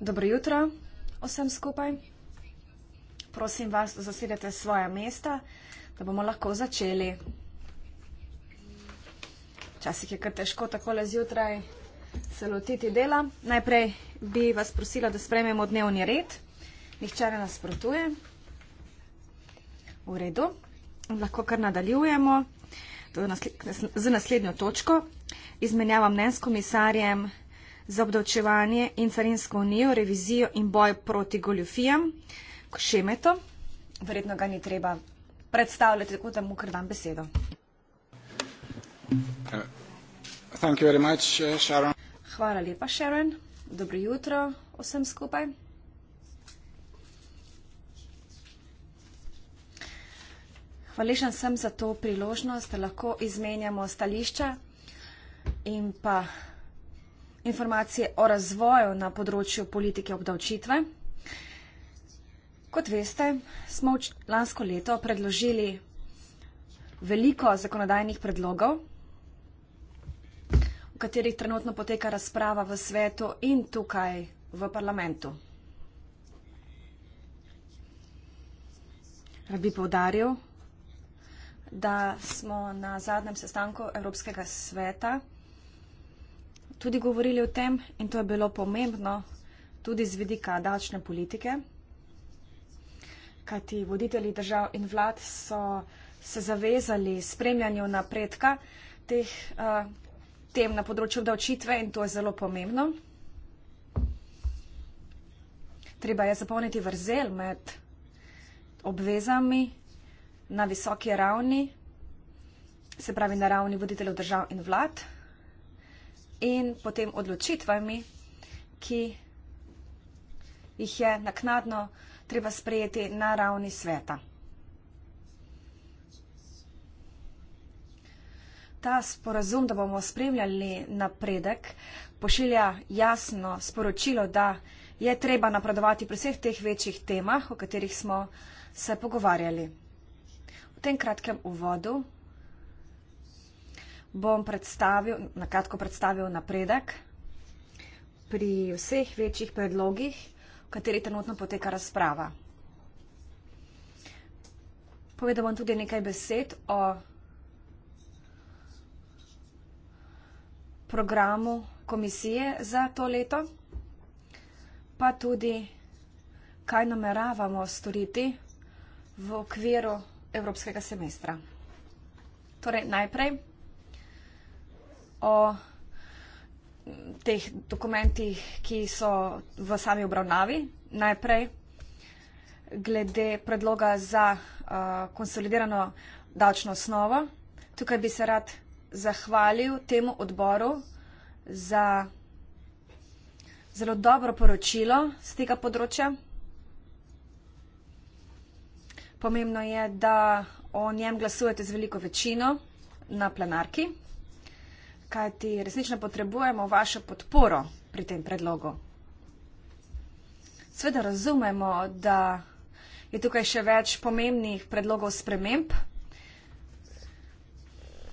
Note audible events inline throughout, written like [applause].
Dobro jutro vsem skupaj. Prosim vas, zasedete svoja mesta, da bomo lahko začeli. Včasih je kar težko takole zjutraj se lotiti dela. Najprej bi vas prosila, da sprejmemo dnevni red. Nihče ne nasprotuje. V redu. Lahko kar nadaljujemo z naslednjo točko. Izmenjava mnen s komisarjem za obdavčevanje in carinsko unijo, revizijo in boj proti goljofijam, Šemeto. Verjetno ga ni treba predstavljati, tako da mu kar dam besedo. Uh, thank you very much, uh, Sharon. Hvala lepa, Sharon. Dobro jutro vsem skupaj. Hvaležen sem za to priložnost, da lahko izmenjamo stališča in pa informacije o razvoju na področju politike obdavčitve. Kot veste, smo lansko leto predložili veliko zakonodajnih predlogov, v katerih trenutno poteka razprava v svetu in tukaj v parlamentu. Rad bi povdaril, da smo na zadnjem sestanku Evropskega sveta tudi govorili o tem in to je bilo pomembno tudi z vidika davčne politike, kajti voditelji držav in vlad so se zavezali spremljanju napredka teh, eh, tem na področju davčitve in to je zelo pomembno. Treba je zapolniti vrzel med obvezami na visoki ravni, se pravi na ravni voditeljev držav in vlad in potem odločitvami, ki jih je naknadno treba sprejeti na ravni sveta. Ta sporazum, da bomo spremljali napredek, pošilja jasno sporočilo, da je treba napredovati pri vseh teh večjih temah, o katerih smo se pogovarjali. V tem kratkem uvodu bom na kratko predstavil napredek pri vseh večjih predlogih, v kateri trenutno poteka razprava. Povedal bom tudi nekaj besed o programu komisije za to leto, pa tudi, kaj nameravamo storiti v okviru evropskega semestra. Torej, najprej o teh dokumentih, ki so v sami obravnavi. Najprej glede predloga za uh, konsolidirano davčno osnovo. Tukaj bi se rad zahvalil temu odboru za zelo dobro poročilo z tega področja. Pomembno je, da o njem glasujete z veliko večino na plenarki, kajti resnično potrebujemo vašo podporo pri tem predlogu. Sveda razumemo, da je tukaj še več pomembnih predlogov sprememb,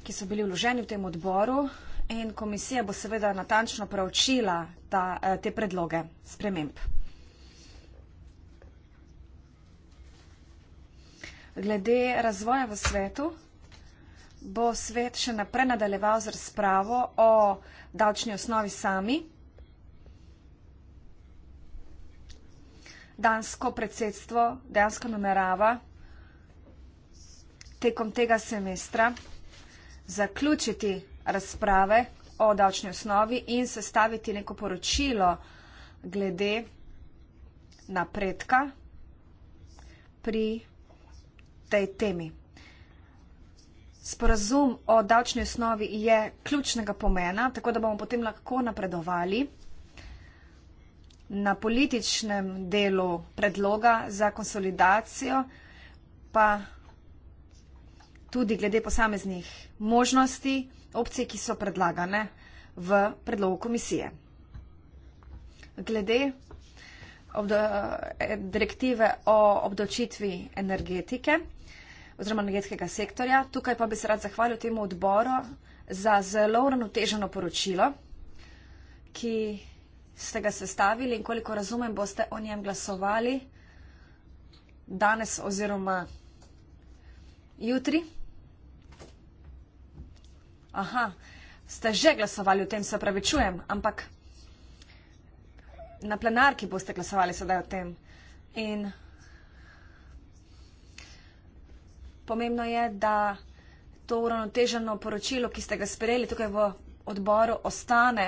ki so bili vloženi v tem odboru in komisija bo seveda natančno preučila ta, eh, te predloge sprememb. Glede razvoja v svetu, bo svet še naprej nadaljeval z razpravo o davčni osnovi sami. Dansko predsedstvo dejansko namerava tekom tega semestra zaključiti razprave o davčni osnovi in sestaviti neko poročilo glede napredka pri tej temi sporazum o davčni osnovi je ključnega pomena, tako da bomo potem lahko napredovali na političnem delu predloga za konsolidacijo, pa tudi glede posameznih možnosti, opcij, ki so predlagane v predlogu komisije. Glede eh, direktive o obdočitvi energetike, oziroma energetskega sektorja. Tukaj pa bi se rad zahvalil temu odboru za zelo uravnoteženo poročilo, ki ste ga sestavili in koliko razumem, boste o njem glasovali danes oziroma jutri. Aha, ste že glasovali o tem, se pravi čujem, ampak na plenarki boste glasovali sedaj o tem. In pomembno je, da to uravnoteženo poročilo, ki ste ga sprejeli tukaj v odboru, ostane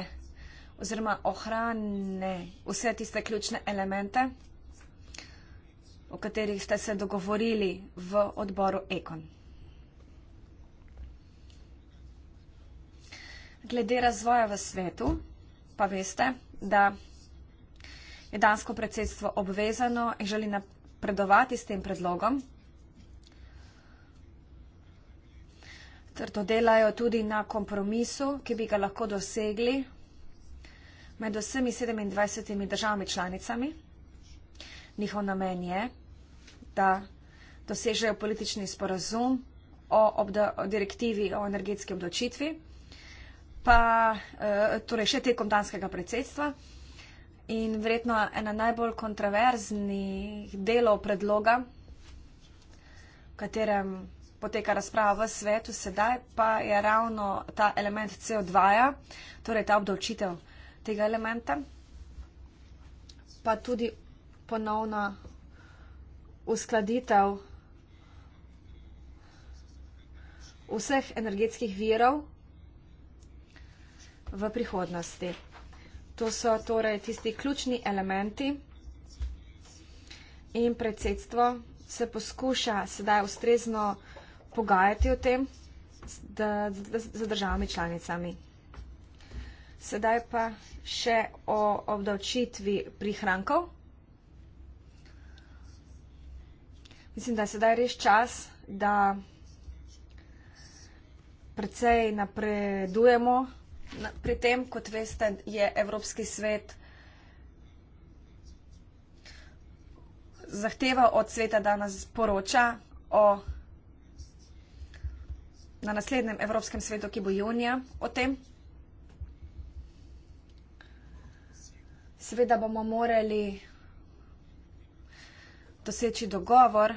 oziroma ohrane vse tiste ključne elemente, o katerih ste se dogovorili v odboru Ekon. Glede razvoja v svetu, pa veste, da je dansko predsedstvo obvezano in želi napredovati s tem predlogom. ter to delajo tudi na kompromisu, ki bi ga lahko dosegli med vsemi 27 državami članicami. Njihov namen je, da dosežejo politični sporazum o, obdo, o direktivi o energetski obdočitvi, pa eh, torej še tekom danskega predsedstva. In verjetno ena najbolj kontroverznih delov predloga, v katerem poteka razprava v svetu, sedaj pa je ravno ta element CO2, ja, torej ta obdavčitev tega elementa, pa tudi ponovna uskladitev vseh energetskih virov v prihodnosti. To so torej tisti ključni elementi in predsedstvo se poskuša sedaj ustrezno razprava pogajati o tem z državami članicami. Sedaj pa še o obdavčitvi prihrankov. Mislim, da je sedaj res čas, da precej napredujemo pri tem, kot veste, je Evropski svet zahteva od sveta, da nas poroča o prihrankov na naslednjem Evropskem svetu, ki bo junija o tem. Seveda bomo morali doseči dogovor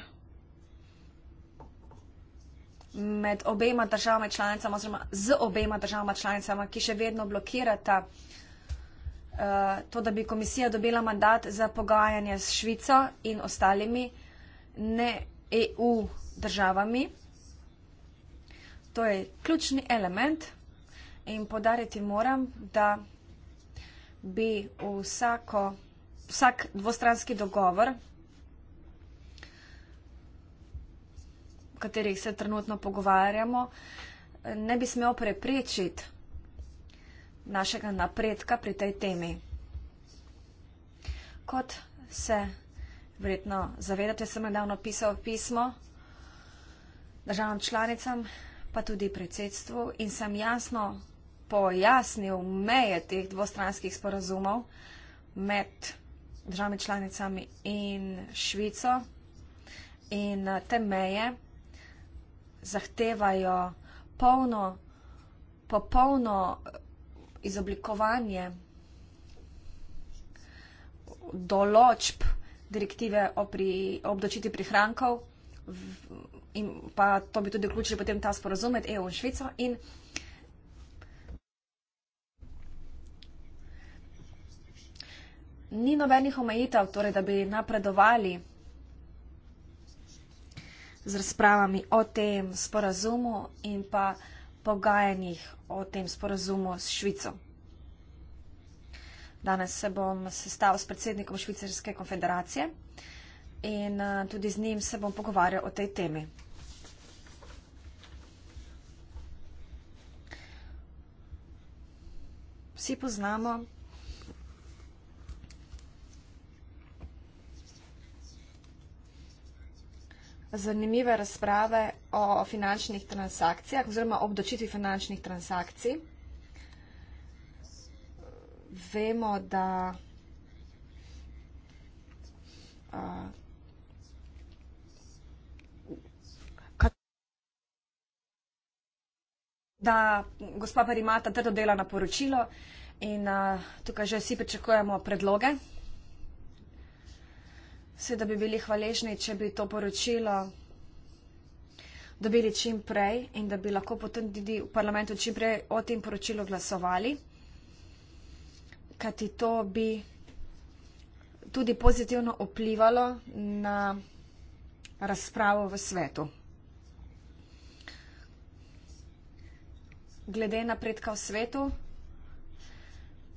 med obema državama članicama oziroma z obema državama članicama, ki še vedno blokirata eh, to, da bi komisija dobila mandat za pogajanje s Švico in ostalimi ne EU državami. To je ključni element in podariti moram, da bi vsako, vsak dvostranski dogovor, v katerih se trenutno pogovarjamo, ne bi smel preprečiti našega napredka pri tej temi. Kot se verjetno zavedate, sem nedavno pisal pismo državnim članicam pa tudi predsedstvu in sem jasno pojasnil meje teh dvostranskih sporazumov med državami članicami in Švico. In eh, te meje zahtevajo polno, popolno eh, izoblikovanje določb direktive o obdočiti prihrankov in pa to bi tudi vključili potem ta sporazum med EU in Švico. In ni nobenih omejitev, torej, da bi napredovali z razpravami o tem sporazumu in pa pogajanjih o tem sporazumu s Švico. Danes se bom sestal s predsednikom Švicarske konfederacije in eh, tudi z njim se bom pogovarjal o tej temi. Vsi poznamo zanimive razprave o finančnih transakcijah oziroma obdočitvi finančnih transakcij. Vemo, da eh, da gospa Perimata trdo dela na poročilo in a, tukaj že vsi pričakujemo predloge. Seveda bi bili hvaležni, če bi to poročilo dobili čim prej in da bi lahko potem tudi v parlamentu čim prej o tem poročilu glasovali, kajti to bi tudi pozitivno vplivalo na razpravo v svetu. glede napredka v svetu,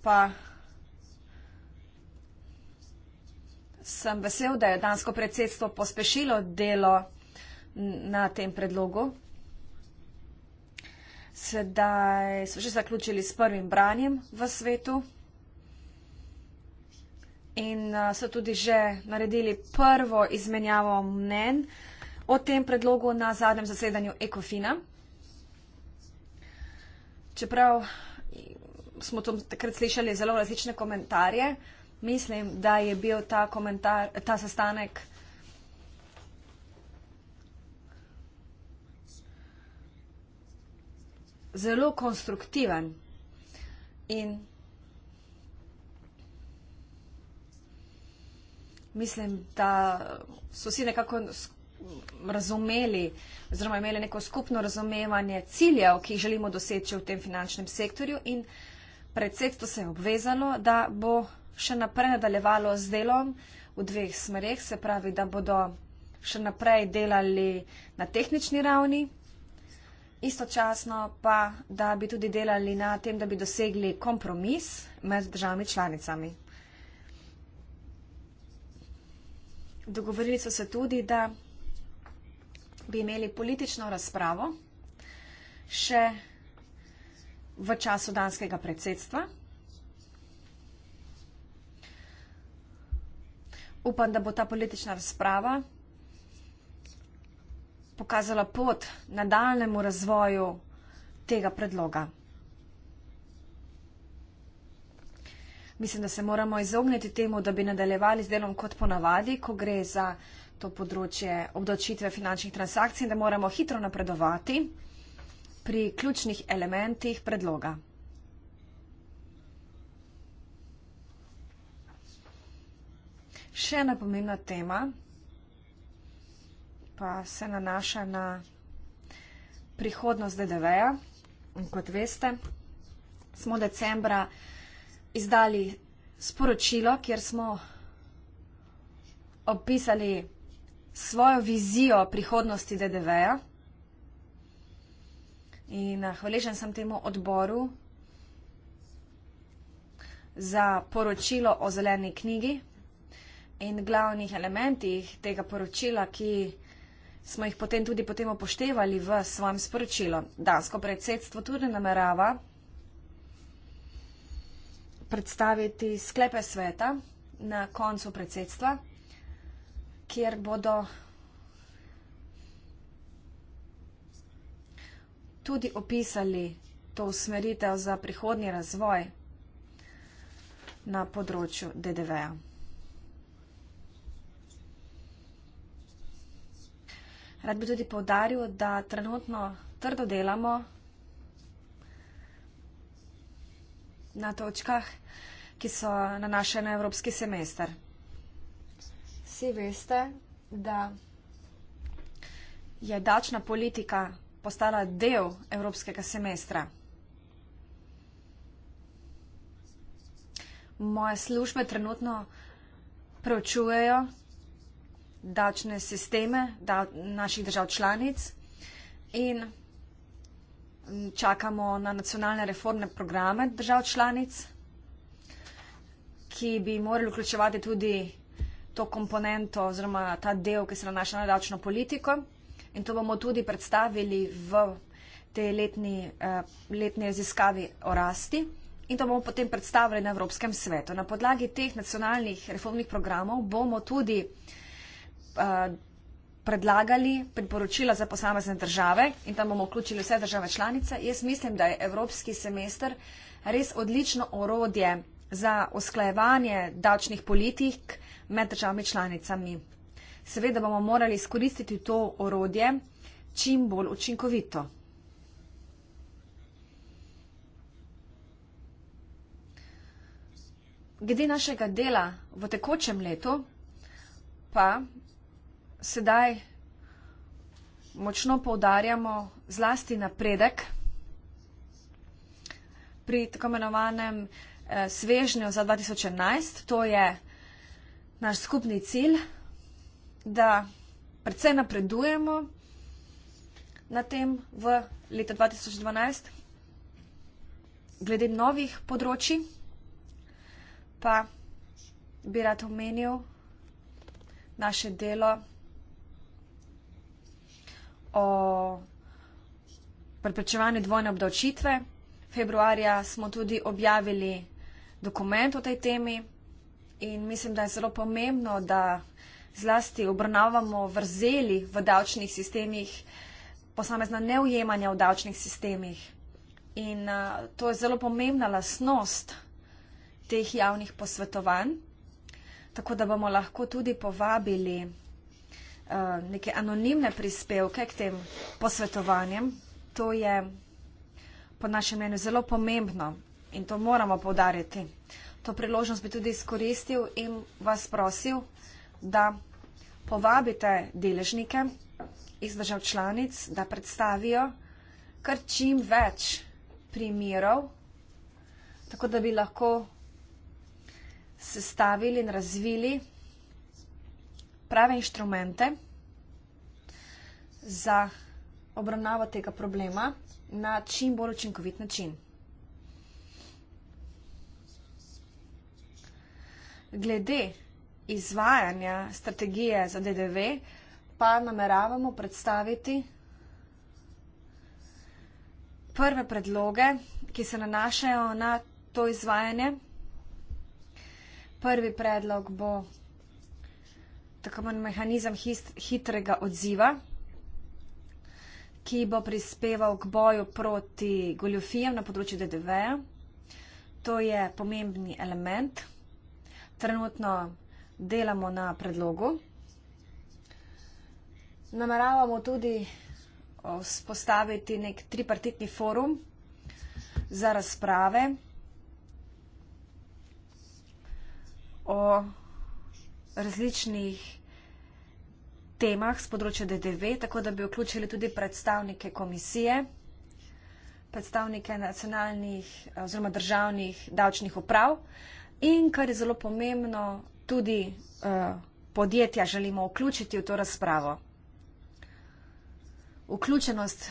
pa sem vesel, da je dansko predsedstvo pospešilo delo na tem predlogu. Sedaj smo že zaključili s prvim branjem v svetu in so tudi že naredili prvo izmenjavo mnen o tem predlogu na zadnjem zasedanju Ekofina čeprav smo to takrat slišali zelo različne komentarje, mislim, da je bil ta, ta sestanek. Zelo konstruktiven in mislim, da so vsi nekako razumeli oziroma imeli neko skupno razumevanje ciljev, ki jih želimo doseči v tem finančnem sektorju in predsedstvo se je obvezalo, da bo še naprej nadaljevalo z delom v dveh smerih, se pravi, da bodo še naprej delali na tehnični ravni, istočasno pa, da bi tudi delali na tem, da bi dosegli kompromis med državami članicami. Dogovorili so se tudi, da bi imeli politično razpravo še v času danskega predsedstva. Upam, da bo ta politična razprava pokazala pot nadaljnemu razvoju tega predloga. Mislim, da se moramo izogniti temu, da bi nadaljevali z delom kot ponavadi, ko gre za to področje obdavčitve finančnih transakcij in da moramo hitro napredovati pri ključnih elementih predloga. Še ena pomembna tema pa se nanaša na prihodnost DDV-ja. Kot veste, smo decembra izdali sporočilo, kjer smo opisali svojo vizijo prihodnosti DDV-ja. In eh, hvaležen sem temu odboru za poročilo o zeleni knjigi in glavnih elementih tega poročila, ki smo jih potem tudi potem upoštevali v svojem sporočilu. Dansko predsedstvo tudi namerava predstaviti sklepe sveta na koncu predsedstva kjer bodo tudi opisali to usmeritev za prihodnji razvoj na področju DDV-ja. Rad bi tudi povdaril, da trenutno trdo delamo na točkah, ki so nanašene na evropski semester vsi veste, da je davčna politika postala del evropskega semestra. Moje službe trenutno preučujejo davčne sisteme da, naših držav članic in čakamo na nacionalne reformne programe držav članic, ki bi morali vključevati tudi to komponento oziroma ta del, ki se nanaša na davčno politiko in to bomo tudi predstavili v tej letni, uh, letni raziskavi o rasti in to bomo potem predstavili na Evropskem svetu. Na podlagi teh nacionalnih reformnih programov bomo tudi uh, predlagali priporočila za posamezne države in tam bomo vključili vse države članice. Jaz mislim, da je Evropski semester res odlično orodje za usklajevanje davčnih politik, med državami članicami. Seveda bomo morali izkoristiti to orodje čim bolj učinkovito. Glede našega dela v tekočem letu pa sedaj močno poudarjamo zlasti napredek pri tako imenovanem eh, svežnju za 2011. To je naš skupni cilj, da predvsej napredujemo na tem v leta 2012, glede novih področji, pa bi rad omenil naše delo o preprečevanju dvojne obdavčitve. Februarja smo tudi objavili dokument o tej temi, in mislim, da je zelo pomembno, da zlasti obrnavamo vrzeli v davčnih sistemih, posamezna neujemanja v davčnih sistemih. In uh, to je zelo pomembna lasnost teh javnih posvetovanj, tako da bomo lahko tudi povabili uh, neke anonimne prispevke k tem posvetovanjem. To je po našem mnenju zelo pomembno in to moramo povdarjati to priložnost bi tudi izkoristil in vas prosil, da povabite deležnike iz držav članic, da predstavijo kar čim več primerov, tako da bi lahko sestavili in razvili prave inštrumente za obravnavo tega problema na čim bolj učinkovit način. Glede izvajanja strategije za DDV pa nameravamo predstaviti prve predloge, ki se nanašajo na to izvajanje. Prvi predlog bo tako imen mehanizem hitrega odziva, ki bo prispeval k boju proti goljofijem na področju DDV-ja. To je pomembni element trenutno delamo na predlogu. Nameravamo tudi spostaviti nek tripartitni forum za razprave o različnih temah z področja DDV, tako da bi vključili tudi predstavnike komisije, predstavnike nacionalnih eh, oziroma državnih davčnih uprav in kar je zelo pomembno, tudi uh, podjetja želimo vključiti v to razpravo. Vključenost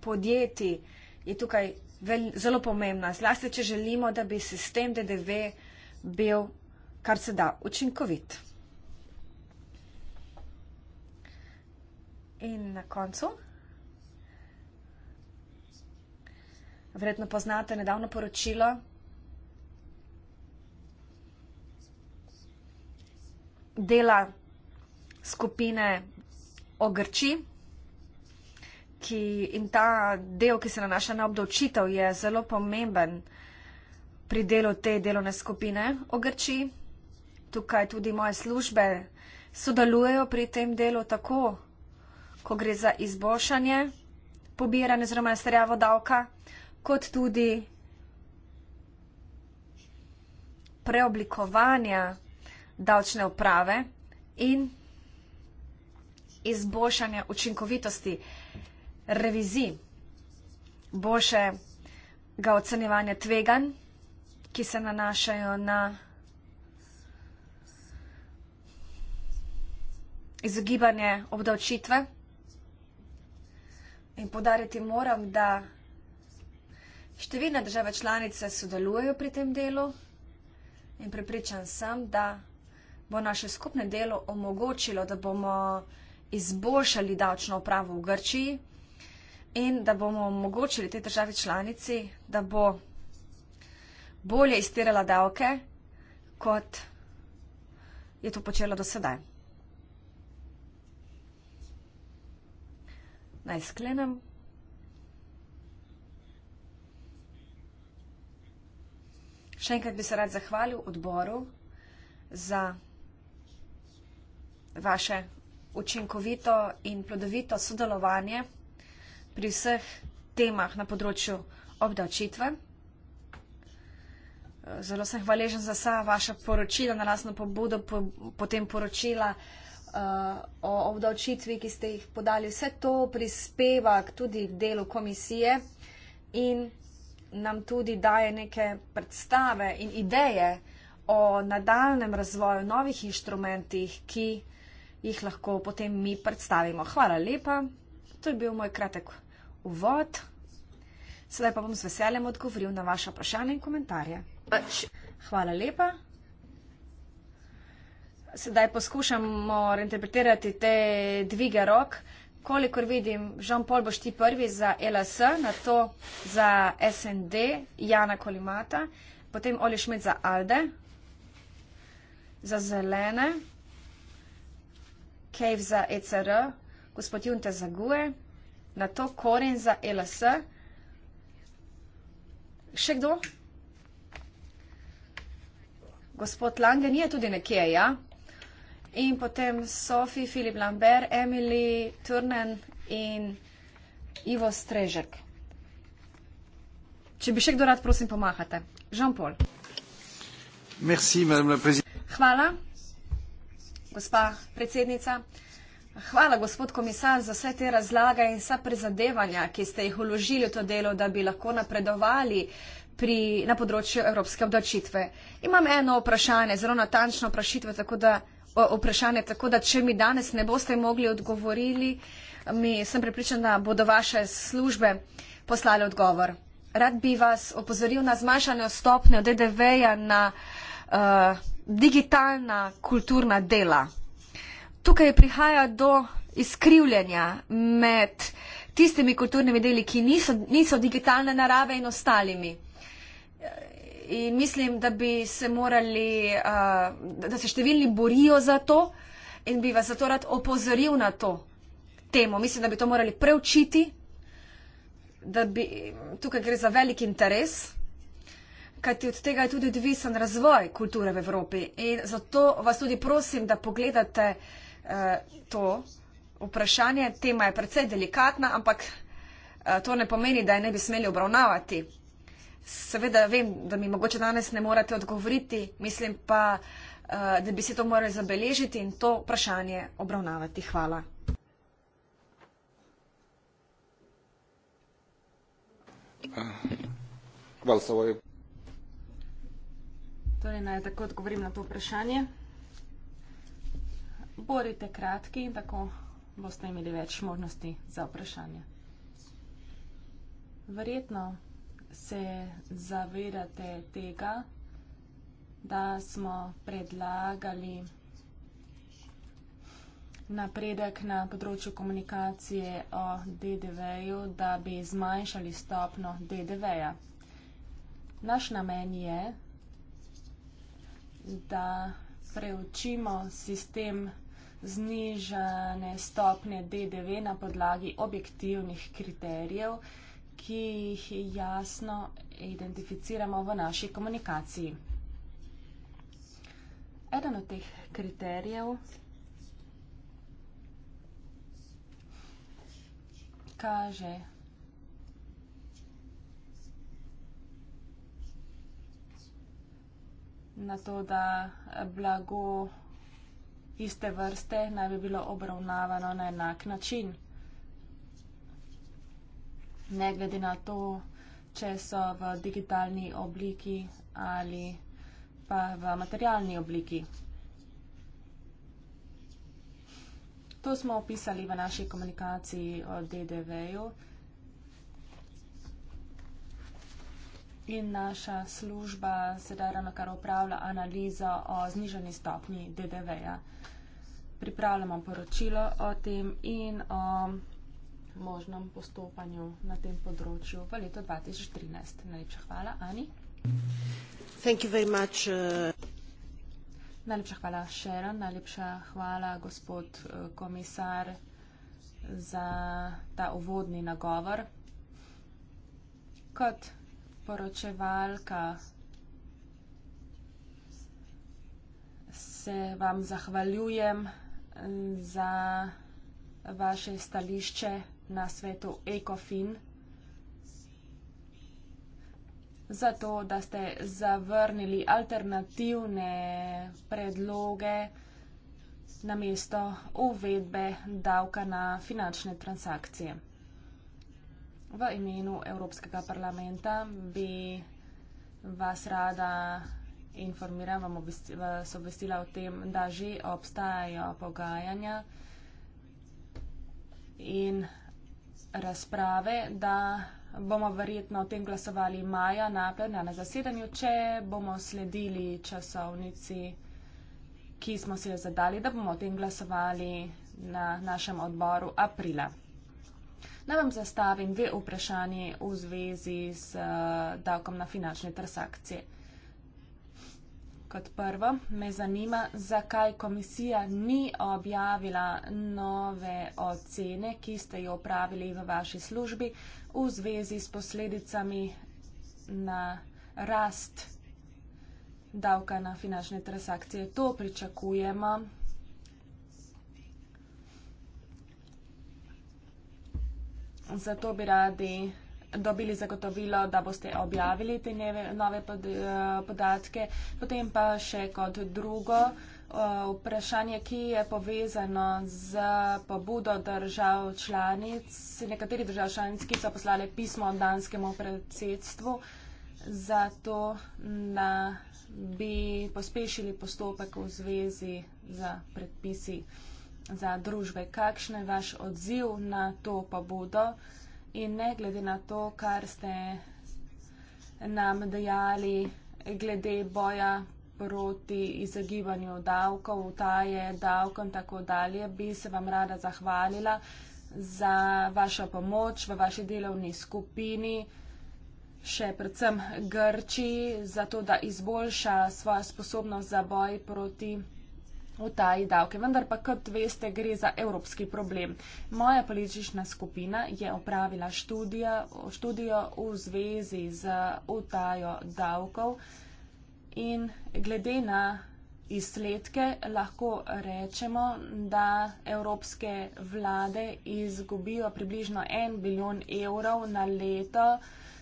podjetij je tukaj vel, zelo pomembna, zlasti, če želimo, da bi sistem DDV bil kar se da učinkovit. In na koncu. Verjetno poznate nedavno poročilo dela skupine Ogrči. Ki, in ta del, ki se nanaša na obdavčitev, je zelo pomemben pri delu te delovne skupine Ogrči. Tukaj tudi moje službe sodelujejo pri tem delu tako, ko gre za izboljšanje pobiranja oziroma starjavo davka, kot tudi preoblikovanja davčne uprave in izboljšanje učinkovitosti revizij, boljšega ocenjevanja tvegan, ki se nanašajo na izogibanje obdavčitve. In podariti moram, da številne države članice sodelujejo pri tem delu in pripričan sem, da bo naše skupne delo omogočilo, da bomo izboljšali davčno upravo v Grčiji in da bomo omogočili tej državi članici, da bo bolje iztirala davke, kot je to počela do sedaj. Naj sklenem. Še enkrat bi se rad zahvalil odboru za vsega, vaše učinkovito in plodovito sodelovanje pri vseh temah na področju obdavčitve. Zelo sem hvaležen za vsa vaša poročila, na lasno pobudo, po, potem poročila uh, o obdavčitvi, ki ste jih podali. Vse to prispeva tudi k delu komisije in nam tudi daje neke predstave in ideje o nadaljem razvoju novih inštrumentih, ki jih lahko potem mi predstavimo. Hvala lepa, to je bil moj kratek uvod. Sedaj pa bom z veseljem odgovoril na vaše vprašanje in komentarje. Hvala lepa. Sedaj poskušamo reinterpretirati te dvige rok. Kolikor vidim, Jean-Paul boš ti prvi za LS, na to za SND, Jana Kolimata, potem Oli Šmit za Alde, za Zelene. Cave za ECR, gospod Junta za GUE, na to Koren za e LS. Še kdo? Gospod Lange nije tudi nekje, ja? In potem Sofi, Filip Lambert, Emily Turnen in Ivo Strežek. Če bi še kdo rad, prosim, pomahate. Jean-Paul. Hvala gospa predsednica. Hvala, gospod komisar, za vse te razlage in vsa prizadevanja, ki ste jih uložili v to delo, da bi lahko napredovali pri, na področju evropske obdavčitve. Imam eno vprašanje, zelo natančno vprašitve, tako da, vprašanje, tako da če mi danes ne boste mogli odgovorili, mi sem pripričana, da bodo vaše službe poslali odgovor. Rad bi vas opozoril na zmanjšanje stopne DDV-ja na uh, Eh, digitalna kulturna dela. Tukaj prihaja do izkrivljanja med tistimi kulturnimi deli, ki niso, niso digitalne narave in ostalimi. In mislim, da bi se morali, uh, da se številni borijo za to in bi vas zato rad opozoril na to temo. Mislim, da bi to morali preučiti, da bi tukaj gre za velik interes kajti od tega je tudi odvisen razvoj kulture v Evropi. In zato vas tudi prosim, da pogledate eh, to vprašanje. Tema je precej delikatna, ampak eh, to ne pomeni, da je ne bi smeli obravnavati. Seveda vem, da mi mogoče danes ne morate odgovoriti, mislim pa, eh, da bi se to morali zabeležiti in to vprašanje obravnavati. Hvala. Uh, well, so I... Torej, naj tako odgovorim na to vprašanje. Borite kratki in tako boste imeli več možnosti za vprašanje. Verjetno se zavedate tega, da smo predlagali napredek na področju komunikacije o DDV-ju, da bi zmanjšali stopno DDV-ja. Naš namen je, da preučimo sistem znižane stopnje DDV na podlagi objektivnih kriterijev, ki jih jasno identificiramo v naši komunikaciji. Eden od teh kriterijev kaže, na to, da blago iste vrste naj bi bilo obravnavano na enak način. Ne glede na to, če so v digitalni obliki ali pa v materialni obliki. To smo opisali v naši komunikaciji o DDV-ju. in naša služba sedaj ravno kar upravlja analizo o zniženi stopni DDV-ja. Pripravljamo poročilo o tem in o možnem postopanju na tem področju v letu 2013. Najlepša hvala, Ani. Thank you very much. Uh, Najlepša hvala, Sharon. Najlepša hvala, gospod uh, komisar, za ta uvodni nagovor. Kot poročevalka, se vam zahvaljujem za vaše stališče na svetu ECOFIN, za to, da ste zavrnili alternativne predloge namesto uvedbe davka na finančne transakcije. V imenu Evropskega parlamenta bi vas rada informirala, vam obvesti, vas obvestila o tem, da že obstajajo pogajanja in razprave, da bomo verjetno o tem glasovali maja na plenarnem zasedanju, če bomo sledili časovnici, ki smo si jo zadali, da bomo o tem glasovali na našem odboru aprila. Naj vam zastavim dve vprašanje v zvezi s eh, davkom na finančne transakcije. Kot prvo, me zanima, zakaj komisija ni objavila nove ocene, ki ste jo upravili v vaši službi v zvezi s posledicami na rast davka na finančne transakcije. To pričakujemo Zato bi radi dobili zagotovilo, da boste objavili te nove eh, podatke. Potem pa še kot drugo eh, vprašanje, ki je povezano z pobudo držav članic. Nekateri držav članic, ki so poslali pismo danskemu predsedstvu, zato da bi pospešili postopek v zvezi z predpisi za družbe. Kakšen je vaš odziv na to pobudo in ne glede na to, kar ste nam dejali glede boja proti izogibanju davkov, utaje davkov in tako dalje, bi se vam rada zahvalila za vašo pomoč v vaši delovni skupini, še predvsem Grči, za to, da izboljša svojo sposobnost za boj proti izogibanju davkov utaji davke, vendar pa, kot veste, gre za evropski problem. Moja politična skupina je opravila študija, študijo v zvezi z utajo davkov in glede na izsledke lahko rečemo, da evropske vlade izgubijo približno en bilijon evrov na leto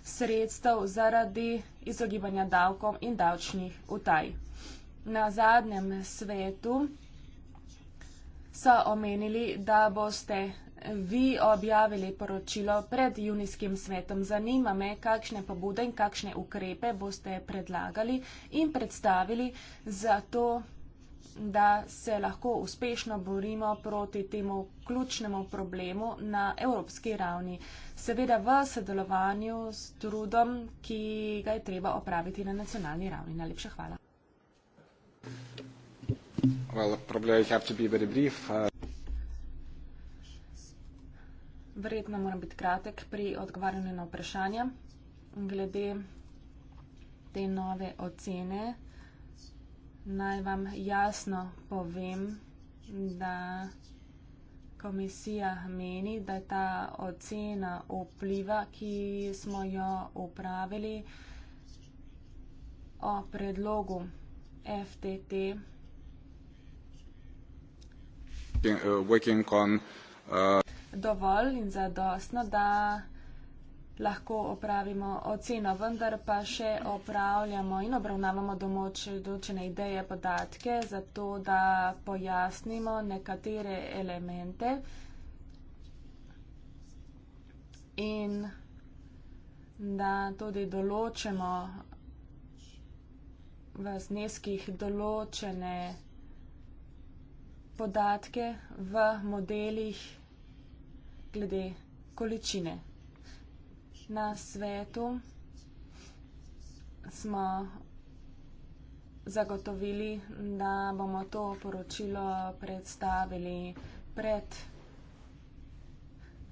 sredstev zaradi izogibanja davkom in davčnih utaji na zadnjem svetu so omenili, da boste vi objavili poročilo pred junijskim svetom. Zanima me, kakšne pobude in kakšne ukrepe boste predlagali in predstavili za to, da se lahko uspešno borimo proti temu ključnemu problemu na evropski ravni. Seveda v sodelovanju s trudom, ki ga je treba opraviti na nacionalni ravni. Najlepša hvala. Well, probably I have to be very brief. Uh, Verjetno moram biti kratek pri odgovarjanju na vprašanja. Glede te nove ocene, naj vam jasno povem, da komisija meni, da je ta ocena vpliva, ki smo jo upravili o predlogu FTT. Uh, working on, uh, Dovolj in zadostno, da lahko opravimo oceno, vendar pa še opravljamo in obravnavamo določene ideje, podatke, zato da pojasnimo nekatere elemente in da tudi določimo uh, v zneskih določene podatke v modelih glede količine. Na svetu smo zagotovili, da bomo to poročilo predstavili pred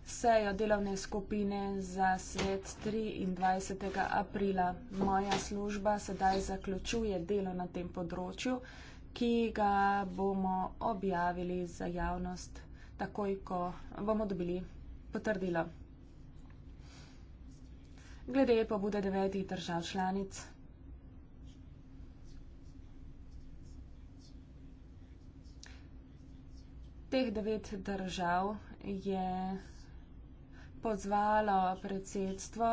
Sejo delovne skupine za svet 23. aprila. Moja služba sedaj zaključuje delo na tem področju, ki ga bomo objavili za javnost takoj, ko bomo dobili potrdilo. Glede pobude devetih držav članic. Teh devet držav je pozvalo predsedstvo,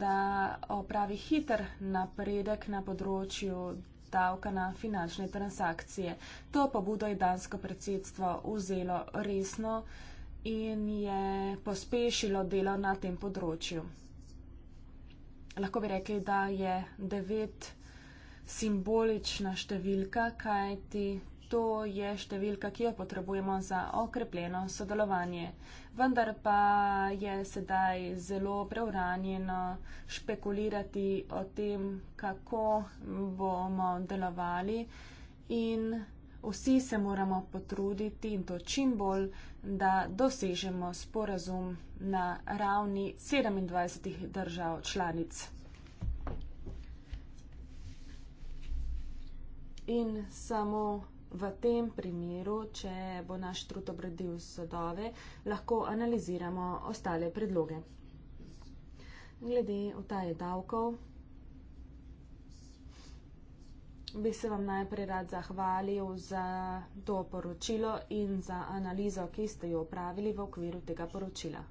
da opravi hiter napredek na področju davka na finančne transakcije. To pobudo je dansko predsedstvo vzelo resno in je pospešilo delo na tem področju. Lahko bi rekli, da je devet simbolična številka, kajti to je številka, ki jo potrebujemo za okrepljeno sodelovanje. Vendar pa je sedaj zelo preuranjeno špekulirati o tem, kako bomo delovali in vsi se moramo potruditi in to čim bolj, da dosežemo sporazum na ravni 27 držav članic. In samo v tem primeru, če bo naš trud obredil sodove, lahko analiziramo ostale predloge. Glede vtaje davkov, bi se vam najprej rad zahvalil za to poročilo in za analizo, ki ste jo upravili v okviru tega poročila.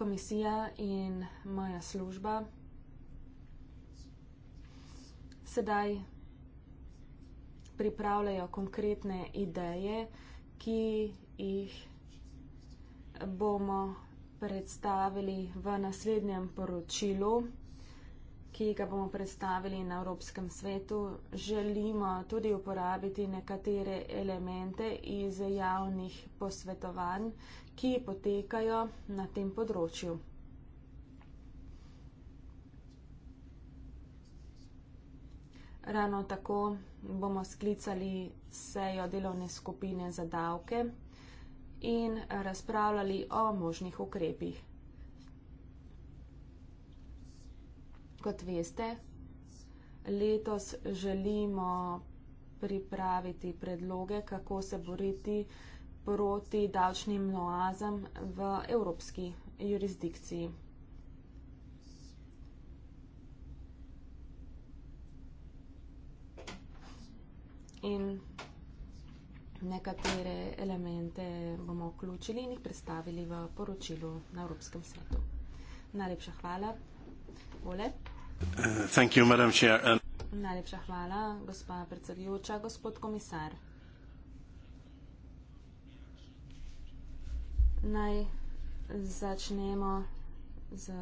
Komisija in moja služba sedaj pripravljajo konkretne ideje, ki jih bomo predstavili v naslednjem poročilu, ki ga bomo predstavili na Evropskem svetu. Želimo tudi uporabiti nekatere elemente iz javnih posvetovanj, ki potekajo na tem področju. Ravno tako bomo sklicali sejo delovne skupine za davke in razpravljali o možnih ukrepih. Kot veste, letos želimo pripraviti predloge, kako se boriti proti davčnim noazam v evropski jurisdikciji. in nekatere elemente bomo vključili in jih predstavili v poročilu na Evropskem svetu. Najlepša hvala. Ole. Eh, thank you, Madam Chair. Najlepša hvala, gospa predsedujoča, gospod komisar. Naj začnemo z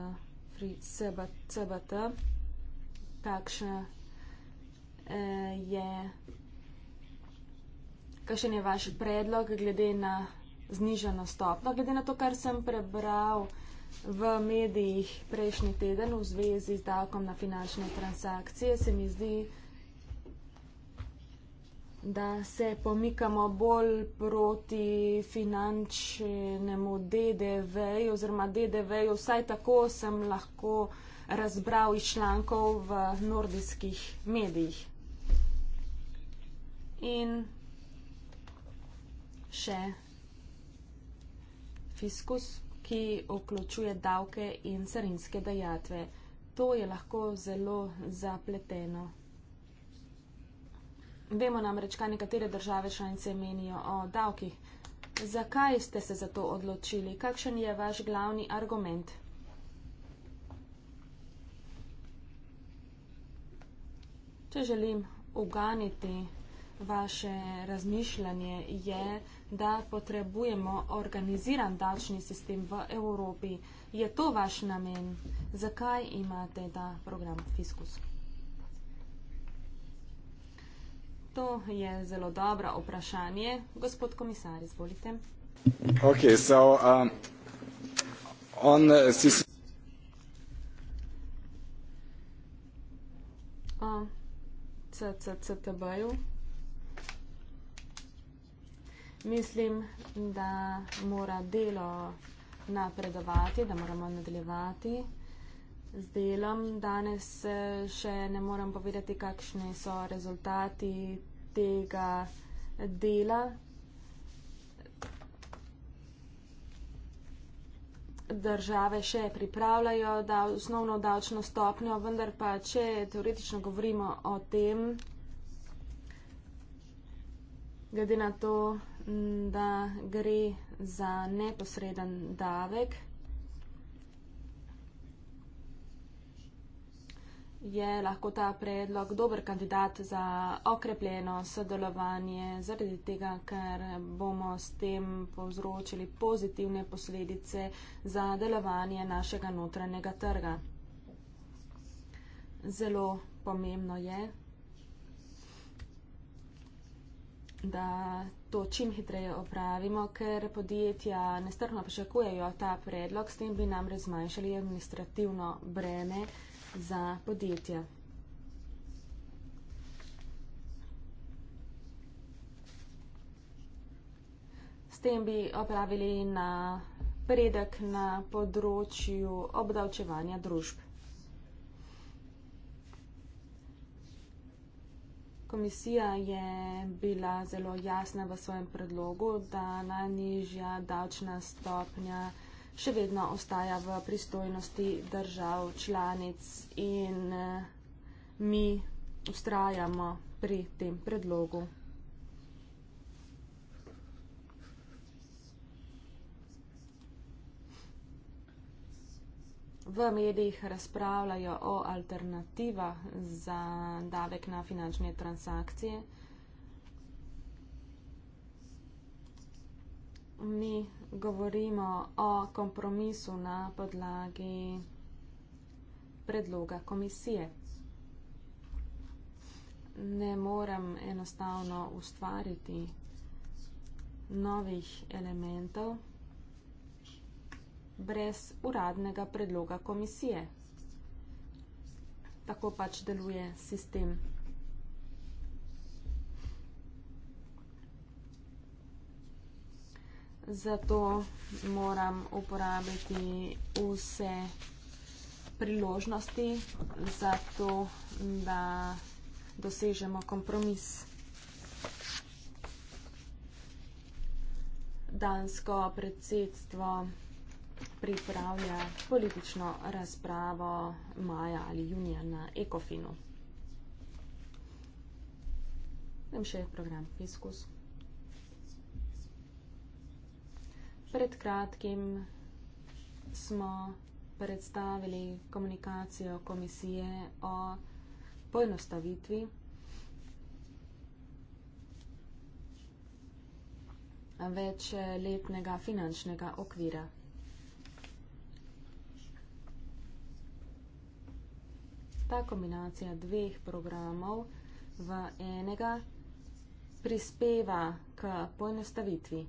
CBT. Takšna eh, je kakšen je vaš predlog glede na znižano stopno, glede na to, kar sem prebral v medijih prejšnji teden v zvezi z davkom na finančne transakcije, se mi zdi, da se pomikamo bolj proti finančnemu DDV oziroma DDV, vsaj tako sem lahko razbral iz člankov v nordijskih medijih. In še fiskus, ki vključuje davke in carinske dajatve. To je lahko zelo zapleteno. Vemo namreč, kaj nekatere države članice menijo o davkih. Zakaj ste se za to odločili? Kakšen je vaš glavni argument? Če želim uganiti vaše razmišljanje, je da potrebujemo organiziran davčni sistem v Evropi. Je to vaš namen? Zakaj imate ta program Fiskus? To je zelo dobro vprašanje. Gospod komisar, izvolite. Ok, so... Um, on, si... Uh, CCCTB-ju mislim, da mora delo napredovati, da moramo nadaljevati z delom. Danes eh, še ne moram povedati, kakšni so rezultati tega dela. Države še pripravljajo da osnovno davčno stopnjo, vendar pa, če teoretično govorimo o tem, glede na to, da gre za neposreden davek, je lahko ta predlog dober kandidat za okrepljeno sodelovanje, zaradi tega, ker bomo s tem povzročili pozitivne posledice za delovanje našega notranjega trga. Zelo pomembno je, da to čim hitreje opravimo, ker podjetja nestrpno pričakujejo ta predlog, s tem bi nam razmanjšali administrativno breme za podjetja. S tem bi opravili na predek na področju obdavčevanja družb. komisija je bila zelo jasna v svojem predlogu, da najnižja davčna stopnja še vedno ostaja v pristojnosti držav članic in eh, mi ustrajamo pri tem predlogu. V medijih razpravljajo o alternativah za davek na finančne transakcije. Mi govorimo o kompromisu na podlagi predloga komisije. Ne morem enostavno ustvariti novih elementov brez uradnega predloga komisije. Tako pač deluje sistem. Zato moram uporabiti vse priložnosti za to, da dosežemo kompromis. Dansko predsedstvo pripravlja politično razpravo maja ali junija na Ekofinu. Vem še program Fiskus. Pred kratkim smo predstavili komunikacijo komisije o poenostavitvi večletnega finančnega okvira ta kombinacija dveh programov v enega prispeva k poenostavitvi.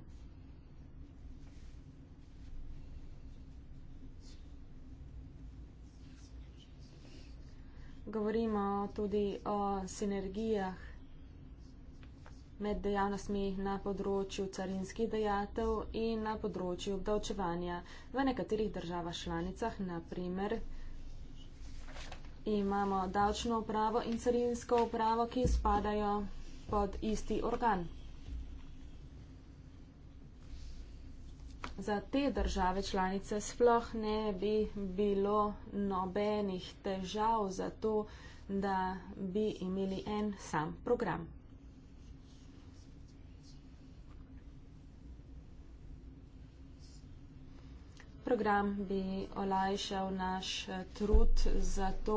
Govorimo tudi o sinergijah med dejavnostmi na področju carinskih dejatev in na področju obdavčevanja. V nekaterih državah članicah, naprimer, imamo davčno upravo in carinsko upravo, ki spadajo pod isti organ. Za te države članice sploh ne bi bilo nobenih težav za to, da bi imeli en sam program. program bi olajšal naš eh, trud za to,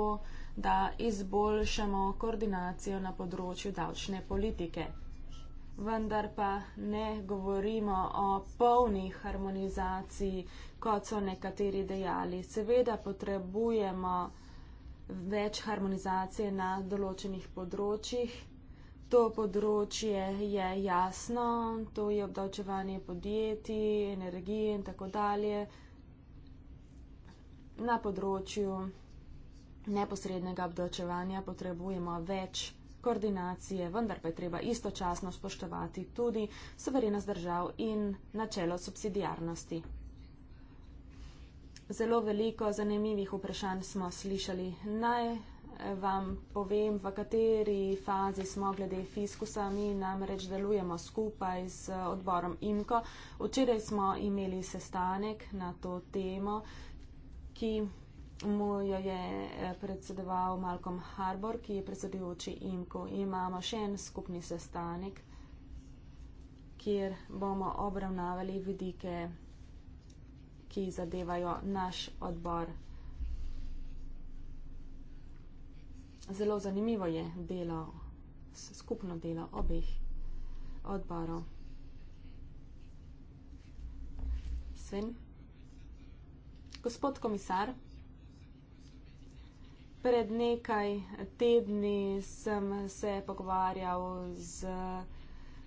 da izboljšamo koordinacijo na področju davčne politike. Vendar pa ne govorimo o polni harmonizaciji, kot so nekateri dejali. Seveda potrebujemo več harmonizacije na določenih področjih. To področje je jasno, to je obdavčevanje podjetij, energije in tako dalje na področju neposrednega obdočevanja potrebujemo več koordinacije, vendar pa je treba istočasno spoštovati tudi soverenost držav in načelo subsidijarnosti. Zelo veliko zanimivih vprašanj smo slišali. Naj vam povem, v kateri fazi smo glede fiskusa. Mi namreč delujemo skupaj z odborom IMKO. Včeraj smo imeli sestanek na to temo ki mu jo je eh, predsedoval Malcolm Harbour, ki je predsedujoči IMKO. Imamo še en skupni sestanek, kjer bomo obravnavali vidike, ki zadevajo naš odbor. Zelo zanimivo je delo, skupno delo obeh odborov. Sven? Gospod komisar, pred nekaj tedni sem se pogovarjal z,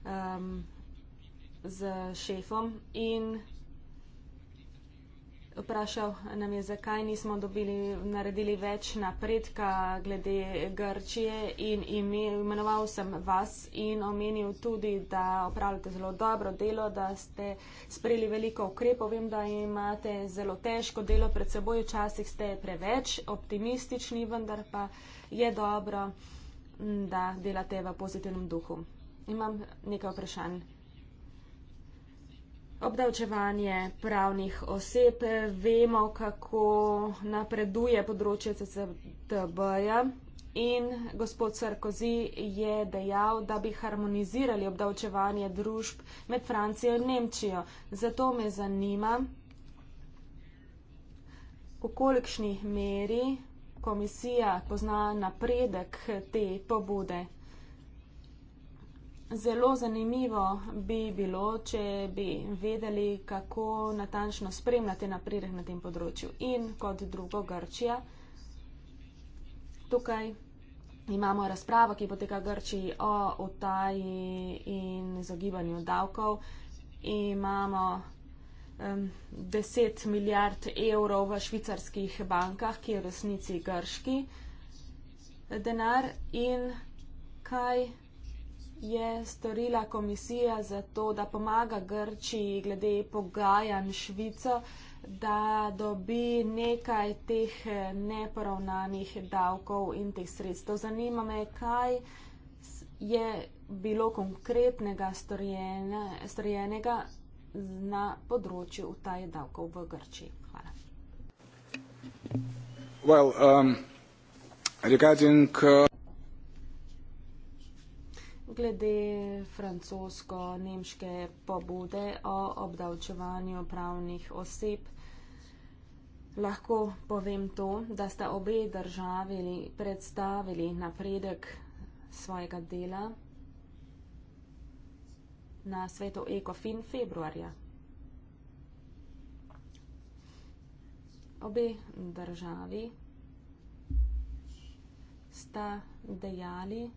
um, z šefom in vprašal nam je, zakaj nismo dobili, naredili več napredka glede Grčije in imel, imenoval sem vas in omenil tudi, da opravljate zelo dobro delo, da ste sprejeli veliko ukrepov. Vem, da imate zelo težko delo pred seboj, včasih ste preveč optimistični, vendar pa je dobro, da delate v pozitivnem duhu. Imam nekaj vprašanj. Obdavčevanje pravnih oseb, vemo, kako napreduje področje CCTB-ja in gospod Sarkozy je dejal, da bi harmonizirali obdavčevanje družb med Francijo in Nemčijo. Zato me zanima, v kolikšni meri komisija pozna napredek te pobude. Zelo zanimivo bi bilo, če bi vedeli, kako natančno spremljate napredek na tem področju. In kot drugo, Grčija. Tukaj imamo razpravo, ki poteka v Grčiji o otaji in zagibanju davkov. Imamo um, 10 milijard evrov v švicarskih bankah, ki je v resnici grški denar. In kaj? je storila komisija za to, da pomaga Grčiji glede pogajanj Švico, da dobi nekaj teh neporavnanih davkov in teh sredstev. Zanima me, kaj je bilo konkretnega storjenega na področju utaje davkov v Grčiji. Hvala. Well, um, regarding uh glede francosko-nemške pobude o obdavčevanju pravnih oseb. Lahko povem to, da sta obe državi predstavili napredek svojega dela na svetu ECOFIN februarja. Obe državi sta dejali, da je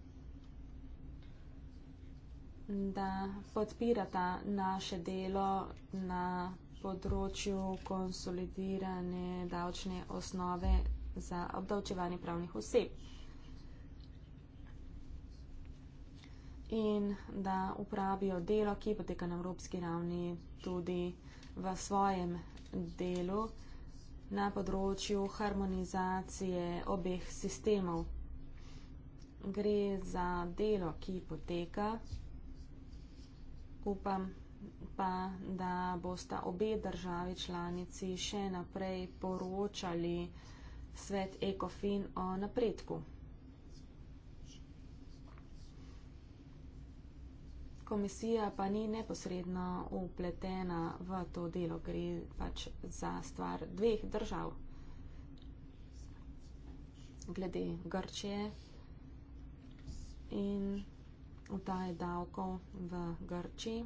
da podpirata naše delo na področju konsolidirane davčne osnove za obdavčevanje pravnih oseb. In da uporabijo delo, ki poteka na evropski ravni, tudi v svojem delu na področju harmonizacije obeh sistemov. Gre za delo, ki poteka Upam pa, da bosta obe državi članici še naprej poročali svet ECOFIN o napredku. Komisija pa ni neposredno upletena v to delo, gre pač za stvar dveh držav. Glede Grčije in utaje davkov v Grčiji.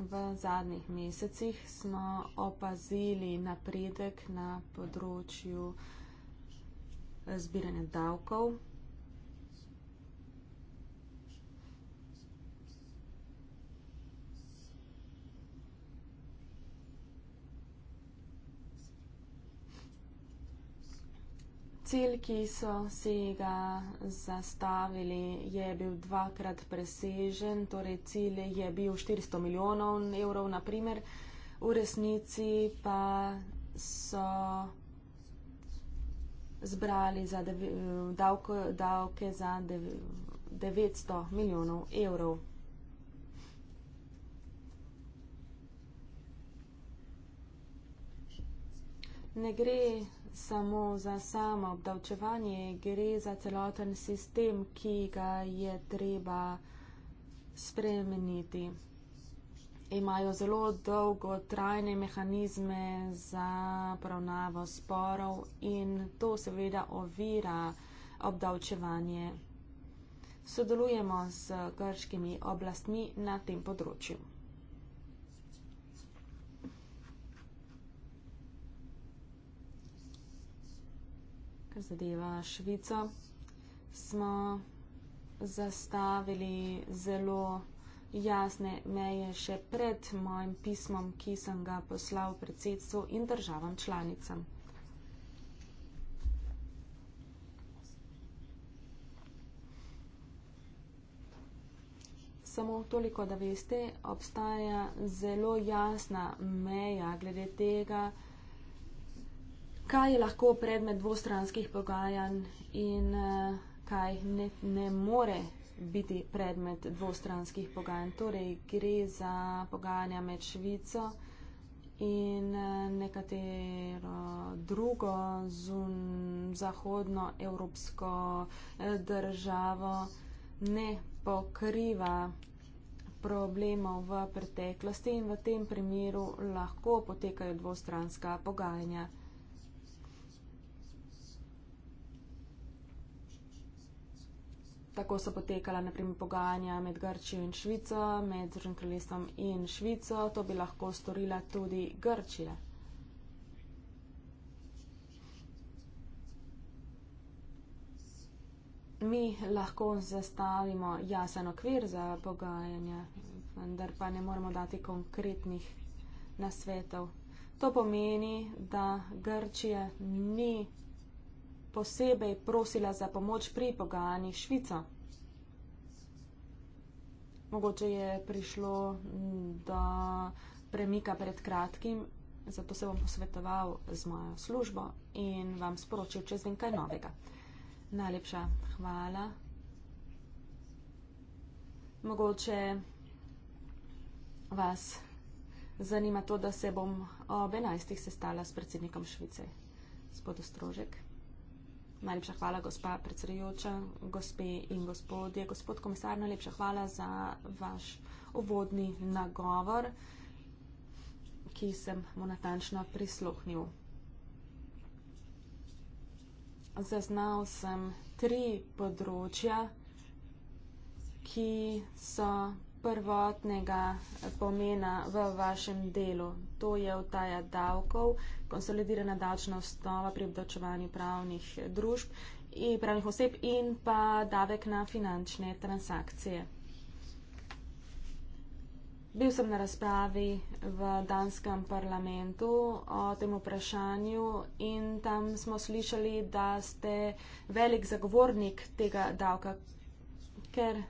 V zadnjih mesecih smo opazili napredek na področju zbiranja davkov. Cilj, ki so si ga zastavili, je bil dvakrat presežen, torej cilj je bil 400 milijonov evrov, naprimer. v resnici pa so zbrali za dev, davko, davke za dev, 900 milijonov evrov. Ne gre samo za samo obdavčevanje, gre za celoten sistem, ki ga je treba spremeniti. Imajo zelo dolgo trajne mehanizme za pravnavo sporov in to seveda ovira obdavčevanje. Sodelujemo s grškimi oblastmi na tem področju. kar zadeva Švico, smo zastavili zelo jasne meje še pred mojim pismom, ki sem ga poslal predsedstvu in državam članicam. Samo toliko, da veste, obstaja zelo jasna meja glede tega, kaj je lahko predmet dvostranskih pogajanj in uh, kaj ne, ne more biti predmet dvostranskih pogajanj. Torej, gre za pogajanja med Švico in uh, nekatero drugo zahodno evropsko uh, državo ne pokriva problemov v preteklosti in v tem primeru lahko potekajo dvostranska pogajanja. tako so potekala naprimer pogajanja med Grčijo in Švico, med Združenim kraljestvom in Švico, to bi lahko storila tudi Grčija. Mi lahko zastavimo jasen okvir za pogajanja, vendar pa ne moremo dati konkretnih nasvetov. To pomeni, da Grčija ni posebej prosila za pomoč pri pogajanjih Švica. Mogoče je prišlo do premika pred kratkim, zato se bom posvetoval z mojo službo in vam sporočil, če zvem kaj novega. Najlepša hvala. Mogoče vas zanima to, da se bom ob 11. sestala s predsednikom Švice, gospod Ostrožek. Najlepša hvala, gospa predsedujoča, gospe in gospodje. Gospod komisar, najlepša hvala za vaš uvodni nagovor, ki sem mu natančno prisluhnil. Zaznal sem tri področja, ki so prvotnega pomena v vašem delu. To je vtaja davkov, konsolidirana davčna osnova pri obdavčevanju pravnih družb in pravnih oseb in pa davek na finančne transakcije. Bil sem na razpravi v danskem parlamentu o tem vprašanju in tam smo slišali, da ste velik zagovornik tega davka. Ker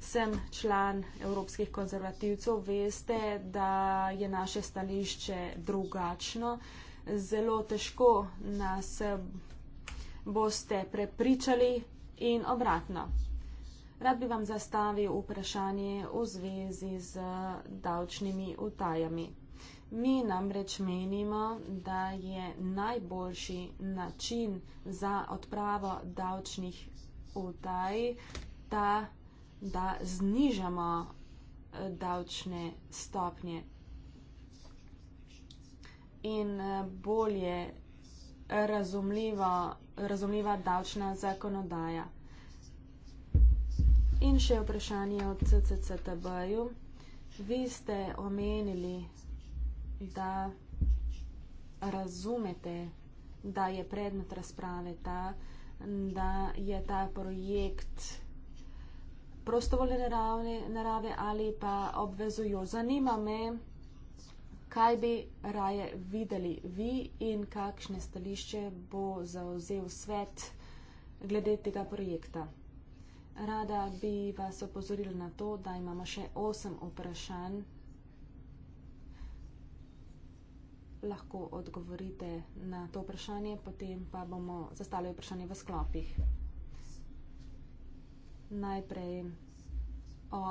sem član evropskih konzervativcev, veste, da je naše stališče drugačno. Zelo težko nas eh, boste prepričali in obratno. Rad bi vam zastavil vprašanje v zvezi z eh, davčnimi utajami. Mi namreč menimo, da je najboljši način za odpravo davčnih utaj ta da znižamo eh, davčne stopnje in eh, bolje razumljiva davčna zakonodaja. In še vprašanje od CCCTB-ju. Vi ste omenili, da razumete, da je predmet razprave ta, da je ta projekt razumljiv, prostovoljne naravne, narave ali pa obvezujo. Zanima me, kaj bi raje videli vi in kakšne stališče bo zauzel svet glede tega projekta. Rada bi vas opozorila na to, da imamo še osem vprašanj. Lahko odgovorite na to vprašanje, potem pa bomo zastavili vprašanje v sklopih najprej o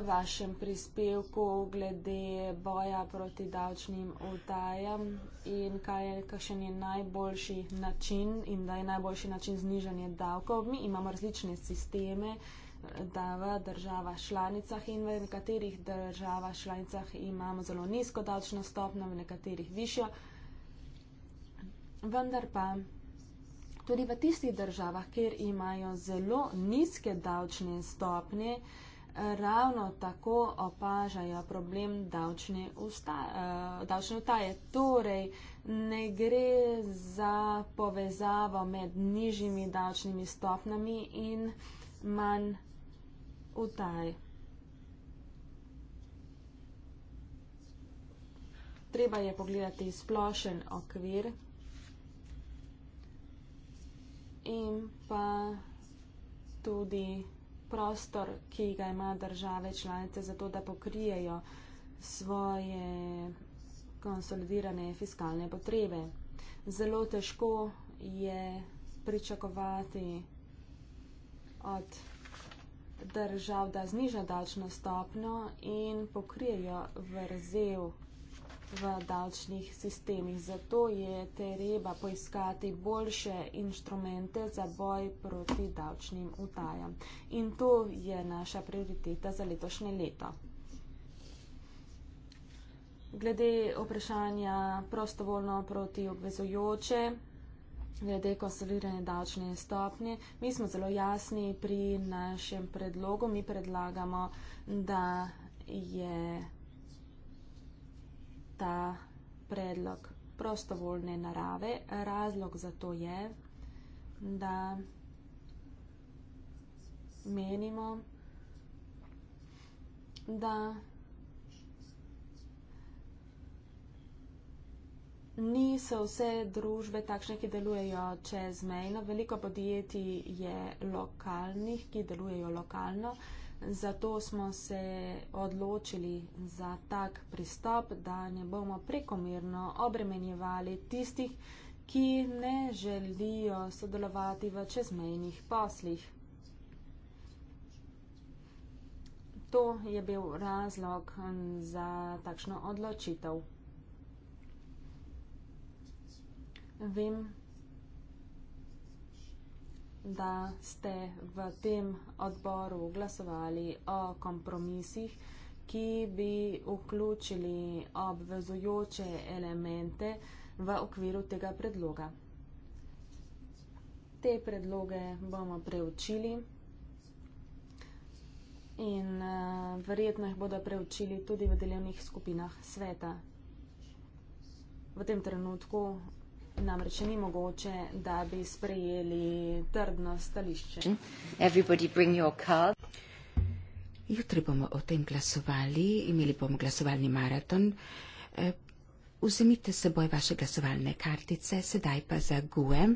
vašem prispevku glede boja proti davčnim utajam in kaj je, kakšen je najboljši način in da je najboljši način znižanje davkov. Mi imamo različne sisteme, da v državah članicah in v nekaterih državah članicah imamo zelo nizko davčno stopno, v nekaterih višjo. Vendar pa tudi v tistih državah, kjer imajo zelo nizke davčne stopnje, ravno tako opažajo problem davčne, usta, eh, davčne utaje. Torej, ne gre za povezavo med nižjimi davčnimi stopnami in manj utaj. Treba je pogledati splošen okvir, in pa tudi prostor, ki ga ima države članice za to, da pokrijejo svoje konsolidirane fiskalne potrebe. Zelo težko je pričakovati od držav, da zniža davčno stopno in pokrijejo vrzel v davčnih sistemih. Zato je treba poiskati boljše inštrumente za boj proti davčnim utajam. In to je naša prioriteta za letošnje leto. Glede vprašanja prostovoljno proti obvezujoče, glede konsolidirane davčne stopnje, mi smo zelo jasni pri našem predlogu. Mi predlagamo, da je ta predlog prostovoljne narave. Razlog za to je, da menimo, da niso vse družbe takšne, ki delujejo čezmejno. Veliko podjetij je lokalnih, ki delujejo lokalno. Zato smo se odločili za tak pristop, da ne bomo prekomerno obremenjevali tistih, ki ne želijo sodelovati v čezmejnih poslih. To je bil razlog za takšno odločitev. Vem, da ste v tem odboru glasovali o kompromisih, ki bi vključili obvezujoče elemente v okviru tega predloga. Te predloge bomo preučili in eh, verjetno jih bodo preučili tudi v delovnih skupinah sveta. V tem trenutku Namreč ni mogoče, da bi sprejeli trdno stališče. Jutri bomo o tem glasovali, imeli bomo glasovalni maraton. Eh, vzemite seboj vaše glasovalne kartice, sedaj pa za GUEM.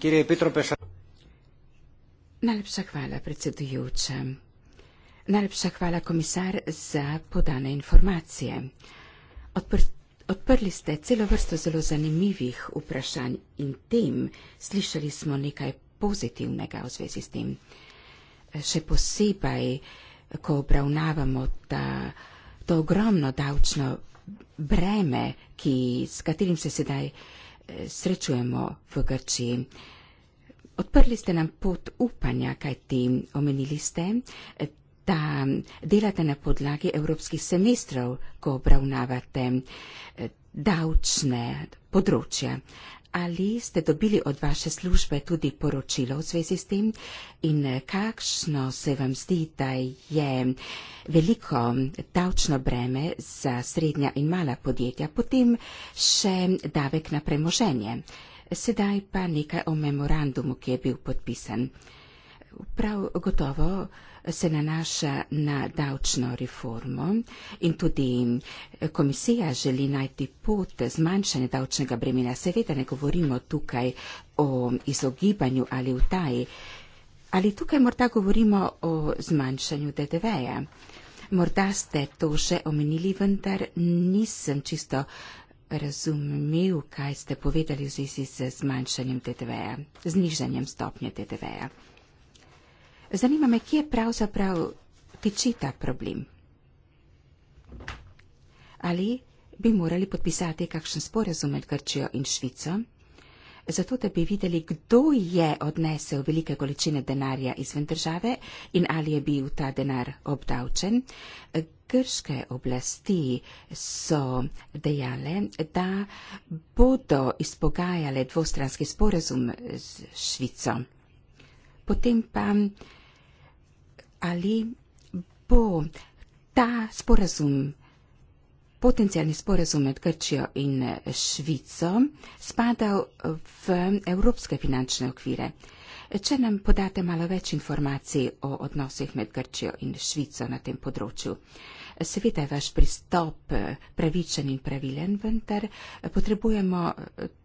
Kje je Petro Peša? Najlepša hvala, predsedujoča. Najlepša hvala, komisar, za podane informacije. Odprt odprli ste celo vrsto zelo zanimivih vprašanj in tem slišali smo nekaj pozitivnega v zvezi s tem. Še posebej, ko obravnavamo ta, to ogromno davčno breme, ki, s katerim se sedaj eh, srečujemo v Grčiji. Odprli ste nam pot upanja, kaj ti omenili ste, da delate na podlagi evropskih semestrov, ko obravnavate eh, davčne področja. Ali ste dobili od vaše službe tudi poročilo v zvezi s tem in eh, kakšno se vam zdi, da je veliko davčno breme za srednja in mala podjetja, potem še davek na premoženje. Sedaj pa nekaj o memorandumu, ki je bil podpisan. Prav gotovo se nanaša na davčno reformo in tudi eh, komisija želi najti pot zmanjšanja davčnega bremena. Seveda ne govorimo tukaj o izogibanju ali utaji. Ali tukaj morda govorimo o zmanjšanju DDV-ja? Morda ste to že omenili, vendar nisem čisto razumel, kaj ste povedali v zvezi z zmanjšanjem DDV-ja, znižanjem stopnje DDV-ja. Zanima me, kje pravzaprav tiči ta problem. Ali bi morali podpisati kakšen sporazum med Grčijo in Švico, zato da bi videli, kdo je odnesel velike količine denarja izven države in ali je bil ta denar obdavčen. Grške oblasti so dejale, da bodo izpogajale dvostranski sporazum z Švico. Potem pa ali bo ta sporazum, potencijalni sporazum med Grčijo in eh, Švico, spadal v evropske finančne okvire. Če nam podate malo več informacij o odnosih med Grčijo in Švico na tem področju. Seveda je vaš pristop eh, pravičen in pravilen, vendar eh, potrebujemo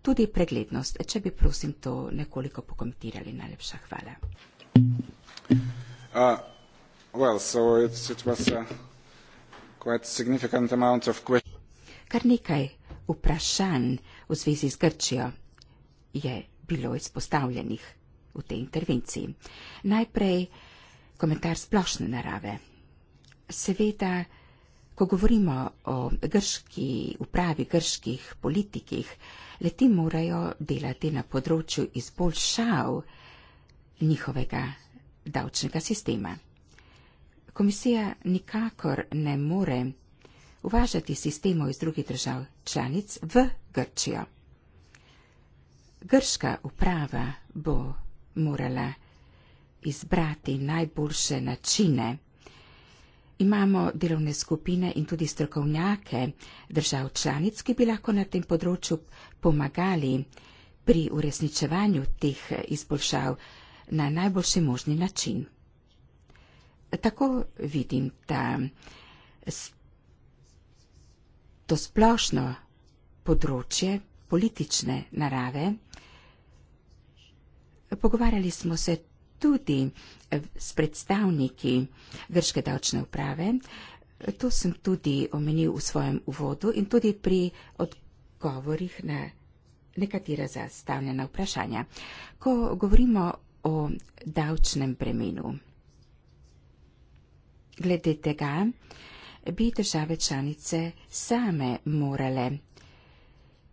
tudi preglednost. Če bi prosim to nekoliko pokomentirali, najlepša hvala. A. Kar nekaj vprašanj v zvezi z Grčijo je bilo izpostavljenih v tej intervenciji. Najprej komentar splošne narave. Seveda, ko govorimo o grški upravi, grških politikih, leti morajo delati na področju izboljšav njihovega davčnega sistema. Komisija nikakor ne more uvažati sistemov iz drugih držav članic v Grčijo. Grška uprava bo morala izbrati najboljše načine. Imamo delovne skupine in tudi strokovnjake držav članic, ki bi lahko na tem področju pomagali pri uresničevanju teh izboljšav na najboljši možni način tako vidim ta, to splošno področje politične narave. Pogovarjali smo se tudi eh, s predstavniki grške davčne uprave. To sem tudi omenil v svojem uvodu in tudi pri odgovorih na nekatera zastavljena vprašanja. Ko govorimo o davčnem bremenu, Glede tega bi države članice same morale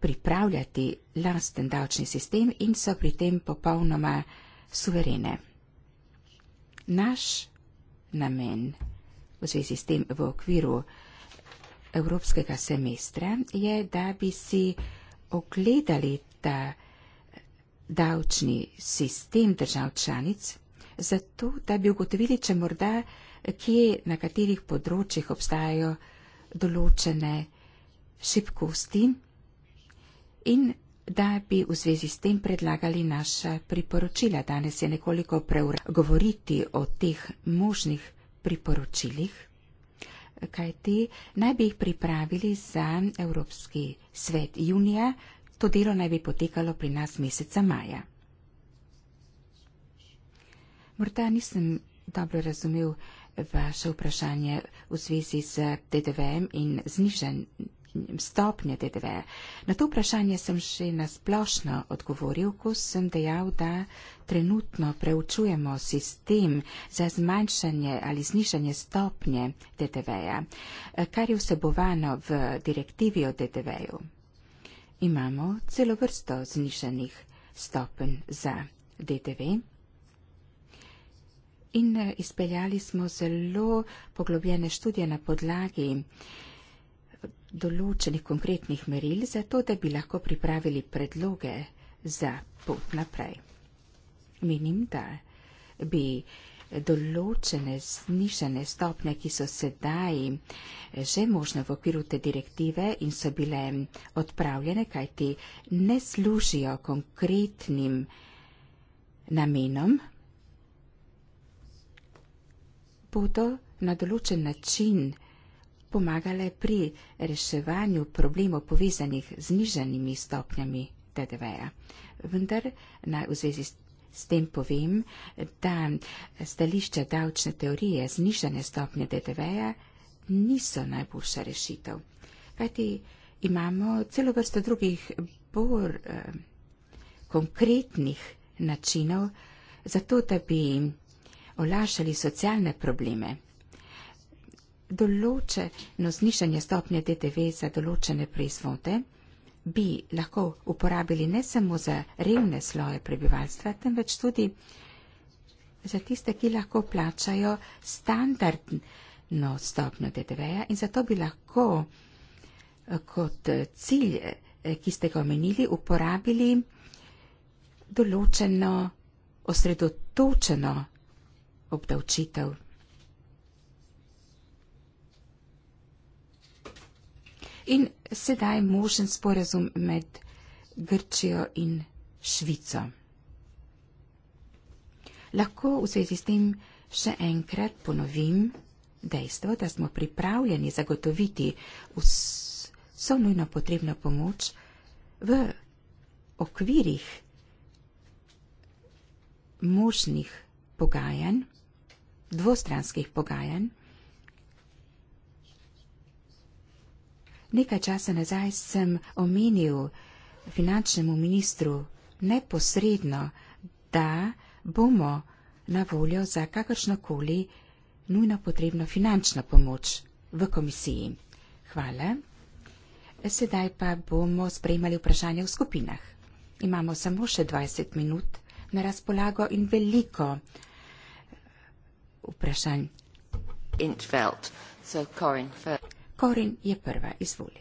pripravljati lasten davčni sistem in so pri tem popolnoma suverene. Naš namen v zvezi s tem v okviru evropskega semestra je, da bi si ogledali ta davčni sistem držav članic, zato da bi ugotovili, če morda kje na katerih področjih obstajajo določene šibkosti in da bi v zvezi s tem predlagali naša priporočila. Danes je nekoliko preuragovoriti o teh možnih priporočilih, kaj ti naj bi jih pripravili za Evropski svet junija, to delo naj bi potekalo pri nas meseca maja. Morda nisem dobro razumel, vaše vprašanje v zvezi z DDV-jem in znižanjem stopnje DDV. Na to vprašanje sem še nasplošno odgovoril, ko sem dejal, da trenutno preučujemo sistem za zmanjšanje ali znižanje stopnje DDV-ja, kar je vsebovano v direktivi o DDV-ju. Imamo celo vrsto znižanih stopenj za DDV. -je in eh, izpeljali smo zelo poglobljene študije na podlagi določenih konkretnih meril, zato da bi lahko pripravili predloge za pot naprej. Menim, da bi določene znižene stopne, ki so sedaj eh, že možne v okviru te direktive in so bile odpravljene, kajti ne služijo konkretnim namenom, poto na določen način pomagale pri reševanju problemov povezanih z nižanimi stopnjami DDV-ja. Vendar naj v zvezi s tem povem, da stališča davčne teorije znižane stopnje DDV-ja niso najboljša rešitev. Kajti imamo celo vrsto drugih bolj eh, konkretnih načinov, zato da bi olašali socialne probleme. Določeno znišanje stopnje DDV za določene proizvode bi lahko uporabili ne samo za revne sloje prebivalstva, temveč tudi za tiste, ki lahko plačajo standardno stopnjo DDV-ja in zato bi lahko eh, kot eh, cilj, eh, ki ste ga omenili, uporabili določeno osredotočeno obdavčitev. In sedaj možen sporazum med Grčijo in Švico. Lahko v zvezi s tem še enkrat ponovim dejstvo, da smo pripravljeni zagotoviti vso nujno potrebno pomoč v okvirih možnih pogajanj dvostranskih pogajanj. Nekaj časa nazaj sem omenil finančnemu ministru neposredno, da bomo na voljo za kakršnokoli nujno potrebno finančno pomoč v komisiji. Hvala. Sedaj pa bomo sprejemali vprašanje v skupinah. Imamo samo še 20 minut na razpolago in veliko vprašanj. Corin je prva, izvoli.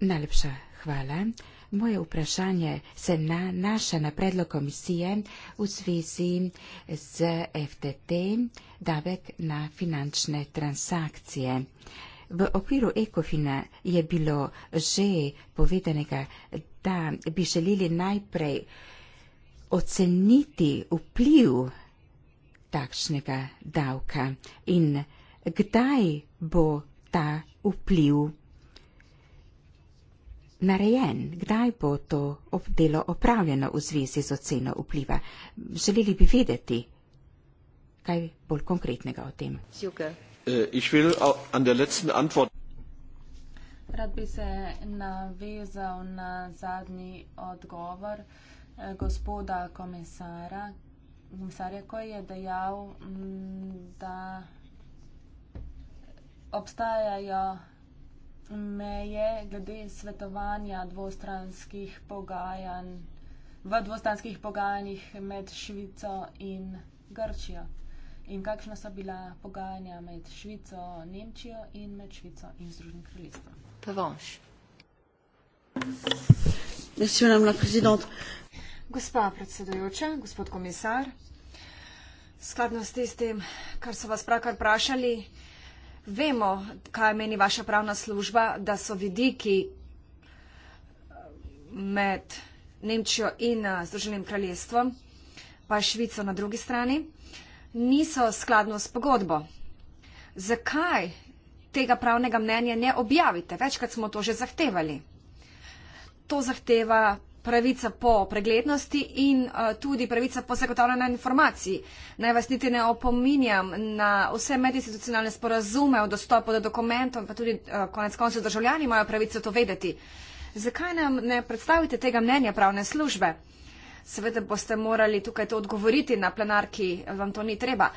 Najlepša hvala. Moje vprašanje se nanaša na predlog komisije v zvezi z FTT davek na finančne transakcije. V okviru ekofina je bilo že povedanega, da bi želeli najprej oceniti vpliv takšnega davka in kdaj bo ta vpliv narejen, kdaj bo to obdelo opravljeno v zvezi z oceno vpliva. Želeli bi vedeti kaj bolj konkretnega o tem. Äh, Rad bi se navezal na zadnji odgovor gospoda komisara, komisarja, ko je dejal, mm, da obstajajo meje glede svetovanja dvostranskih pogajanj v dvostranskih pogajanjih med Švico in Grčijo. In kakšna so bila pogajanja med Švico, Nemčijo in med Švico in Združenim kraljestvom? Pavonš. Merci, madame la présidente. Gospa predsedujoča, gospod komisar, skladno s tistim, kar so vas pravkar vprašali, vemo, kaj meni vaša pravna služba, da so vidiki eh, med Nemčijo in eh, Združenim kraljestvom, pa Švico na drugi strani, niso skladno s pogodbo. Zakaj tega pravnega mnenja ne objavite? Večkrat smo to že zahtevali. To zahteva pravica po preglednosti in uh, tudi pravica po zagotavljanju informacij. Naj vas niti ne opominjam na vse medinstitucionalne sporazume o dostopu do dokumentov, pa tudi uh, konec koncev državljani imajo pravico to vedeti. Zakaj nam ne predstavite tega mnenja pravne službe? Seveda boste morali tukaj to odgovoriti na plenarki, vam to ni treba.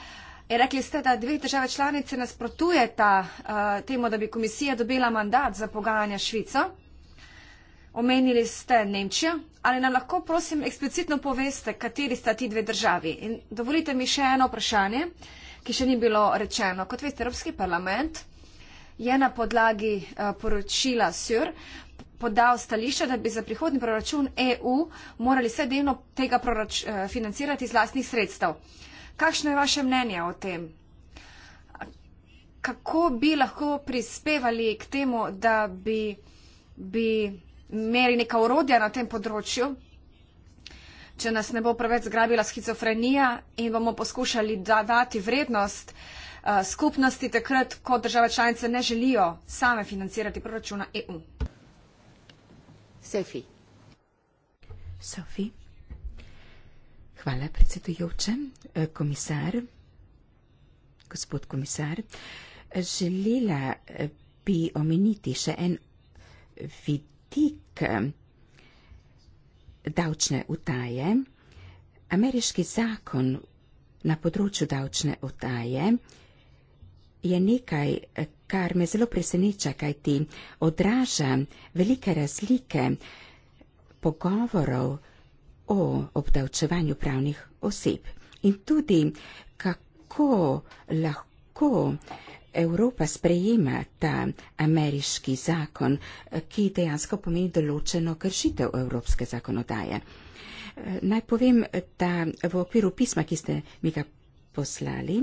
E, rekli ste, da dve države članice nasprotujeta uh, temu, da bi komisija dobila mandat za pogajanja Švico omenili ste Nemčijo, ali nam lahko prosim eksplicitno poveste, kateri sta ti dve državi? In dovolite mi še eno vprašanje, ki še ni bilo rečeno. Kot veste, Evropski parlament je na podlagi eh, poročila SUR podal stališče, da bi za prihodni proračun EU morali vse delno tega prorač, eh, financirati iz vlastnih sredstev. Kakšno je vaše mnenje o tem? Kako bi lahko prispevali k temu, da bi, bi meri neka urodja na tem področju, če nas ne bo preveč zgrabila schizofrenija in bomo poskušali dati vrednost eh, skupnosti takrat, ko države članice ne želijo same financirati proračuna EU. Sofi. Hvala, predsedujoče. Eh, komisar, gospod komisar, želela eh, bi omeniti še en vid tik davčne utaje. Ameriški zakon na področju davčne utaje je nekaj, kar me zelo preseneča, kaj ti odraža velike razlike pogovorov o obdavčevanju pravnih oseb in tudi, kako lahko Evropa sprejema ta ameriški zakon, ki dejansko pomeni določeno kršitev evropske zakonodaje. Naj povem, da v okviru pisma, ki ste mi ga poslali,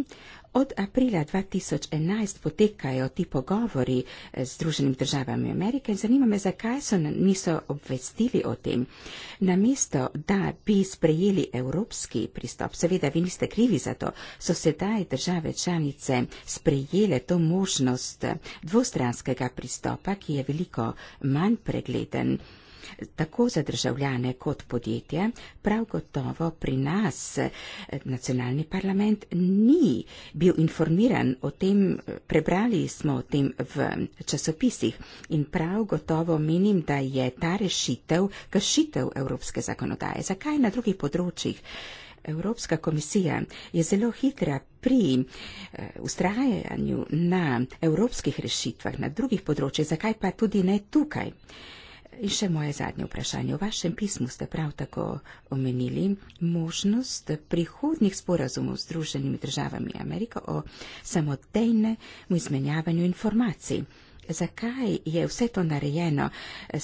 Od aprila 2011 potekajo ti pogovori z Združenim državami Amerike in zanima me, zakaj so niso obvestili o tem. Namesto, da bi sprejeli evropski pristop, seveda vi niste krivi za to, so sedaj države članice sprejele to možnost dvostranskega pristopa, ki je veliko manj pregleden tako za državljane kot podjetje, prav gotovo pri nas eh, nacionalni parlament ni bil informiran o tem, prebrali smo o tem v časopisih in prav gotovo menim, da je ta rešitev kršitev evropske zakonodaje. Zakaj na drugih področjih? Evropska komisija je zelo hitra pri ustrajanju eh, na evropskih rešitvah, na drugih področjih, zakaj pa tudi ne tukaj? In še moje zadnje vprašanje. V vašem pismu ste prav tako omenili možnost prihodnih sporazumov z Združenimi državami Amerike o samodejnem izmenjavanju informacij. Zakaj je vse to narejeno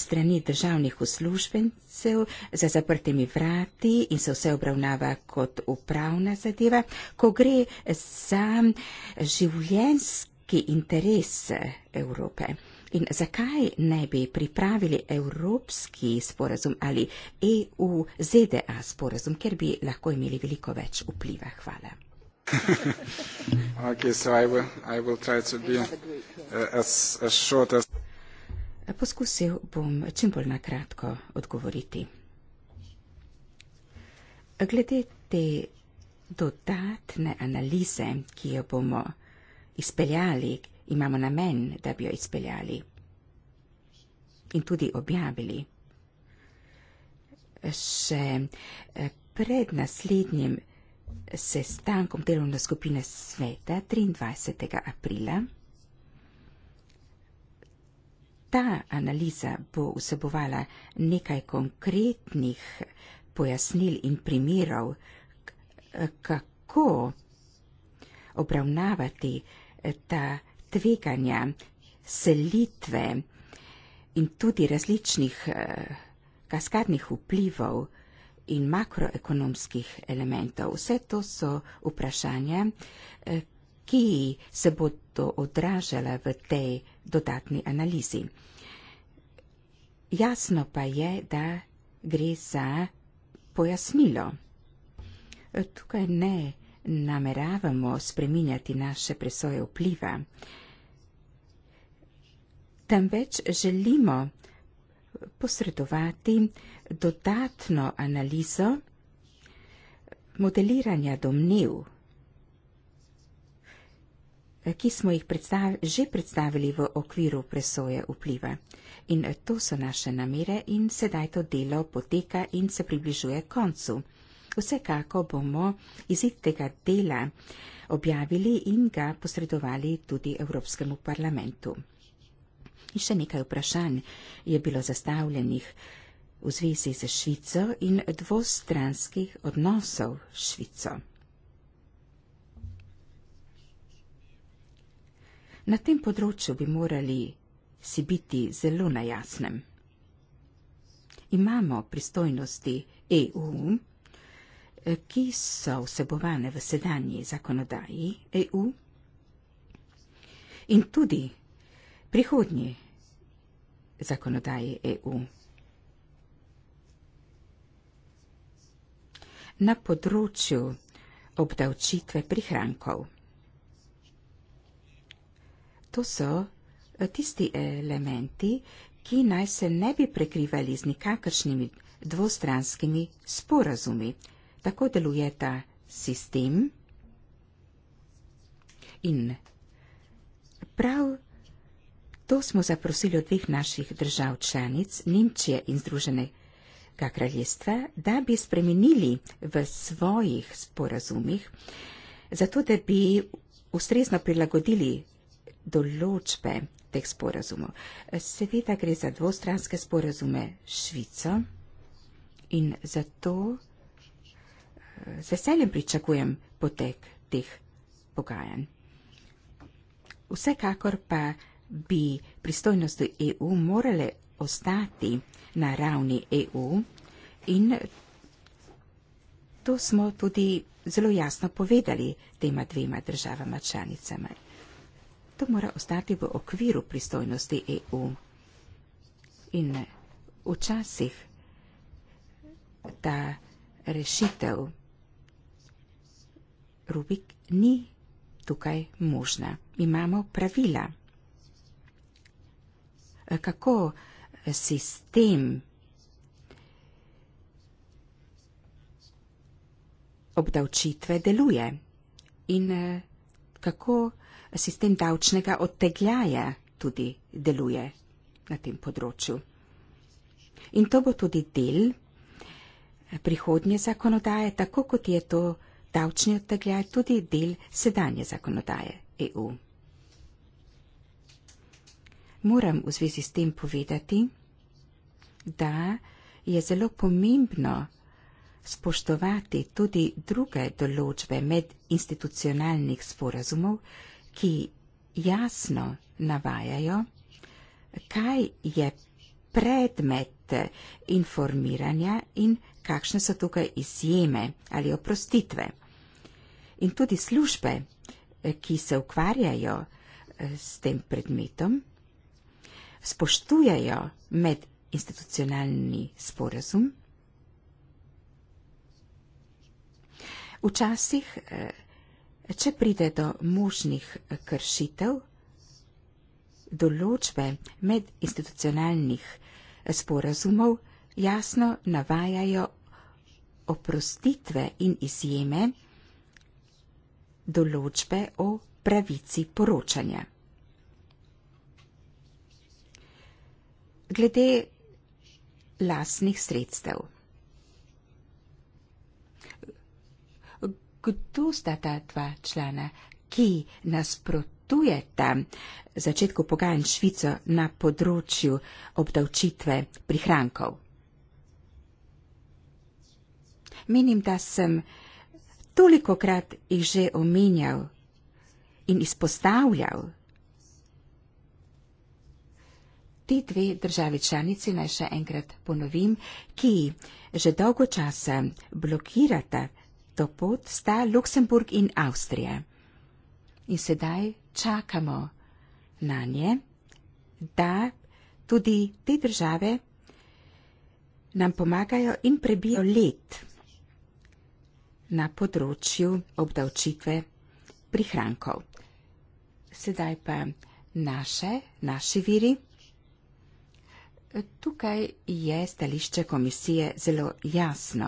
strani državnih uslužbencev za zaprtimi vrati in se vse obravnava kot upravna zadeva, ko gre za življenjski interes Evrope? in zakaj ne bi pripravili evropski sporazum ali EU-ZDA sporazum, ker bi lahko imeli veliko več vpliva. Hvala. Poskusil bom čim bolj na kratko odgovoriti. Glede te dodatne analize, ki jo bomo izpeljali, imamo namen, da bi jo izpeljali in tudi objavili. Še eh, pred naslednjim sestankom delovne skupine sveta 23. aprila. Ta analiza bo vsebovala nekaj konkretnih pojasnil in primerov, kako obravnavati ta analiza tveganja, selitve in tudi različnih eh, kaskadnih vplivov in makroekonomskih elementov. Vse to so vprašanja, eh, ki se bodo odražala v tej dodatni analizi. Jasno pa je, da gre za pojasnilo. Tukaj ne nameravamo spreminjati naše presoje vpliva temveč želimo posredovati dodatno analizo modeliranja domnev, ki smo jih predstav, že predstavili v okviru presoje vpliva. In to so naše namere in sedaj to delo poteka in se približuje koncu. Vsekako bomo izid tega dela objavili in ga posredovali tudi Evropskemu parlamentu in še nekaj vprašanj je bilo zastavljenih v zvezi z Švico in dvostranskih odnosov s Švico. Na tem področju bi morali si biti zelo na jasnem. Imamo pristojnosti EU, ki so vsebovane v sedanji zakonodaji EU in tudi prihodnji zakonodaji EU. Na področju obdavčitve prihrankov. To so eh, tisti elementi, ki naj se ne bi prekrivali z nikakršnimi dvostranskimi sporazumi. Tako deluje ta sistem in prav To smo zaprosili od dveh naših držav članic, Nemčije in Združenega kraljestva, da bi spremenili v svojih sporazumih, zato da bi ustrezno prilagodili določbe teh sporazumov. Seveda gre za dvostranske sporazume Švico in zato eh, z veseljem pričakujem potek teh pogajanj. Vsekakor pa bi pristojnosti EU morale ostati na ravni EU in to smo tudi zelo jasno povedali tema dvema državama članicama. To mora ostati v okviru pristojnosti EU. In včasih ta rešitev Rubik ni tukaj možna. Imamo pravila. Eh, kako eh, sistem obdavčitve deluje in eh, kako sistem davčnega odtegljaja tudi deluje na tem področju. In to bo tudi del prihodnje zakonodaje, tako kot je to davčni odtegljaj tudi del sedanje zakonodaje EU moram v zvezi s tem povedati, da je zelo pomembno spoštovati tudi druge določbe med institucionalnih sporazumov, ki jasno navajajo, kaj je predmet informiranja in kakšne so tukaj izjeme ali oprostitve. In tudi službe, ki se ukvarjajo eh, s tem predmetom, spoštujajo medinstitucionalni sporazum. Včasih, eh, če pride do možnih kršitev določbe medinstitucionalnih eh, sporazumov, jasno navajajo oprostitve in izjeme določbe o pravici poročanja. glede lasnih sredstev. Kdo sta ta dva člana, ki nasprotujeta začetku pogajanj Švico na področju obdavčitve prihrankov? Menim, da sem toliko krat jih že omenjal in izpostavljal, ti dve državi članici, naj še enkrat ponovim, ki že dolgo časa blokirata to pot, sta Luksemburg in Avstrija. In sedaj čakamo na nje, da tudi te države nam pomagajo in prebijo let na področju obdavčitve prihrankov. Sedaj pa naše, naši viri. Tukaj je stališče komisije zelo jasno.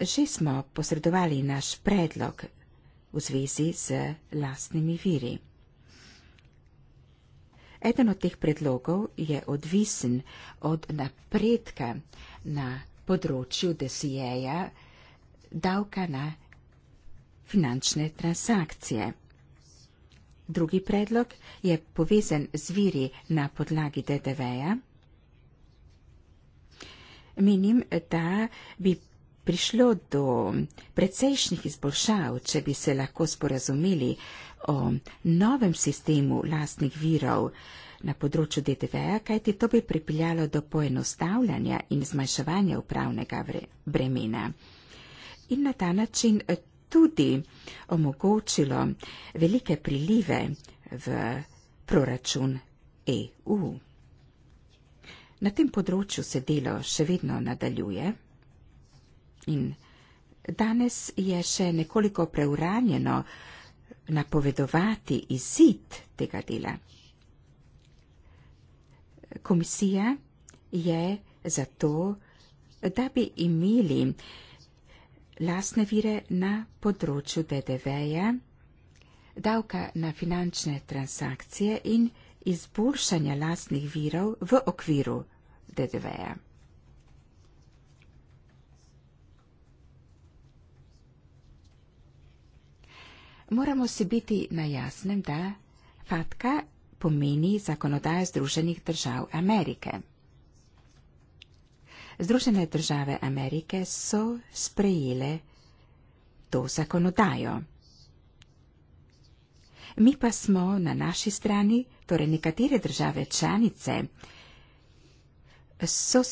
Že smo posredovali naš predlog v zvezi z lastnimi viri. Eden od teh predlogov je odvisen od napredka na področju DCE-ja, davka na finančne transakcije. Drugi predlog je povezan z viri na podlagi DDV-ja. Menim, da bi prišlo do precejšnjih izboljšav, če bi se lahko sporazumeli o novem sistemu lastnih virov na področju DDV-ja, kajti to bi pripeljalo do poenostavljanja in zmanjševanja upravnega bremena. In na ta način tudi omogočilo velike prilive v proračun EU. Na tem področju se delo še vedno nadaljuje in danes je še nekoliko preuranjeno napovedovati izid tega dela. Komisija je zato, da bi imeli lastne vire na področju DDV-ja, davka na finančne transakcije in izboljšanja lastnih virov v okviru DDV-ja. Moramo si biti na jasnem, da FATKA pomeni zakonodaja Združenih držav Amerike. Združene države Amerike so sprejele to zakonodajo. Mi pa smo na naši strani, torej nekatere države članice, so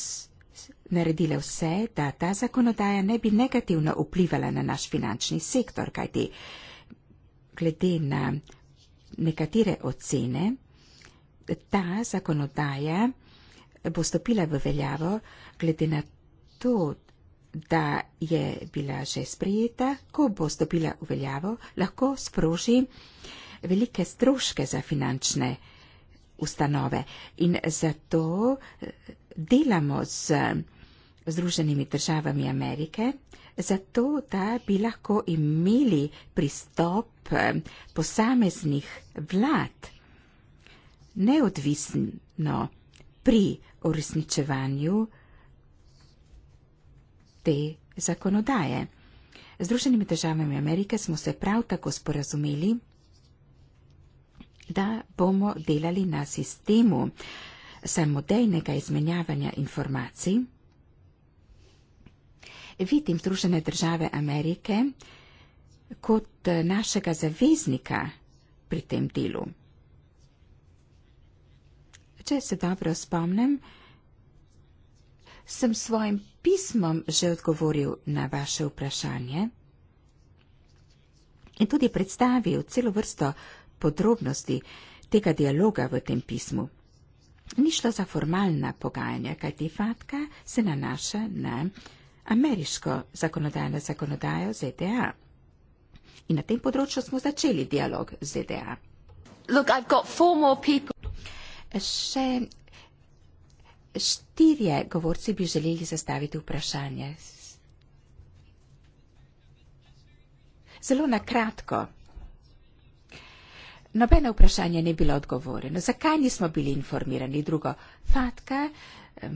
naredile vse, da ta zakonodaja ne bi negativno vplivala na naš finančni sektor, kajti glede na nekatere ocene, ta zakonodaja bo stopila v veljavo, glede na to, da je bila že sprejeta, ko bo stopila v veljavo, lahko sproži velike stroške za finančne ustanove. In zato eh, delamo z eh, Združenimi državami Amerike, zato da bi lahko imeli pristop eh, posameznih vlad neodvisno pri uresničevanju te zakonodaje. Združenimi državami Amerike smo se prav tako sporazumeli, da bomo delali na sistemu samodejnega izmenjavanja informacij. Vidim Združene države Amerike kot našega zaveznika pri tem delu če se dobro spomnim, sem svojim pismom že odgovoril na vaše vprašanje in tudi predstavil celo vrsto podrobnosti tega dialoga v tem pismu. Ni šlo za formalna pogajanja, kajti fatka se nanaša na ameriško zakonodajno zakonodajo ZDA. In na tem področju smo začeli dialog z ZDA. Look, I've got four more people. Še štirje govorci bi želeli zastaviti vprašanje. Zelo na kratko. Nobeno vprašanje ni bilo odgovoreno. Zakaj nismo bili informirani? Drugo, fatka,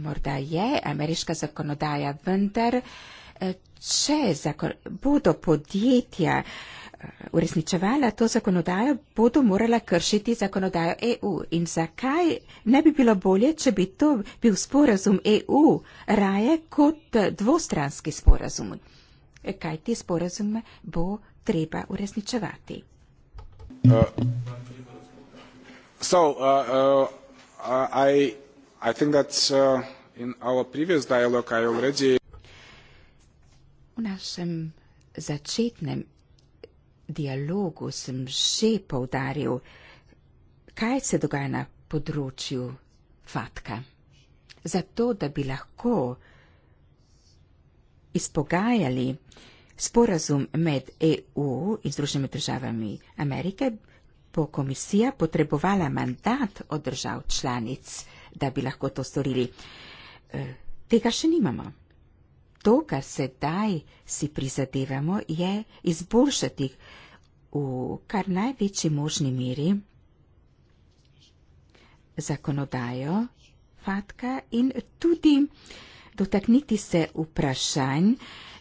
morda je ameriška zakonodaja, vendar, eh, če zakon, bodo podjetja eh, Eh, uresničevala to zakonodajo, bodo morala kršiti zakonodajo EU. In zakaj ne bi bilo bolje, če bi to bil sporazum EU raje kot dvostranski sporazum? Eh, kaj ti sporazum bo treba uresničevati? Uh, so, uh, uh, I, I think that uh, in our previous dialogue I already. V našem začetnem dialogu sem že povdaril, kaj se dogaja na področju fatka. Zato, da bi lahko izpogajali sporazum med EU in Združenimi državami Amerike, bo komisija potrebovala mandat od držav članic, da bi lahko to storili. Eh, tega še nimamo. To, kar sedaj si prizadevamo, je izboljšati v kar največji možni miri zakonodajo fatka in tudi dotakniti se vprašanj,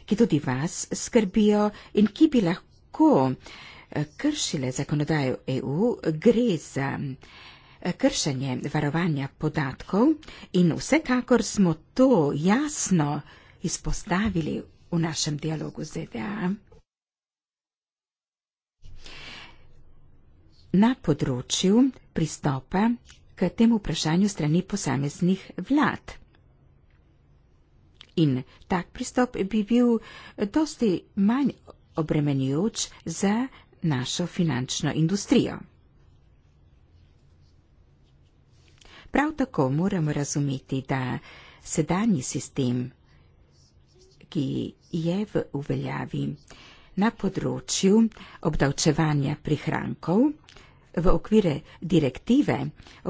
ki tudi vas skrbijo in ki bi lahko eh, kršile zakonodajo EU, gre za eh, kršenje varovanja podatkov in vsekakor smo to jasno izpostavili v našem dialogu z ZDA. na področju pristopa k temu vprašanju strani posameznih vlad. In tak pristop bi bil dosti manj obremenjujoč za našo finančno industrijo. Prav tako moramo razumeti, da sedanji sistem, ki je v uveljavi, na področju obdavčevanja prihrankov v okvire direktive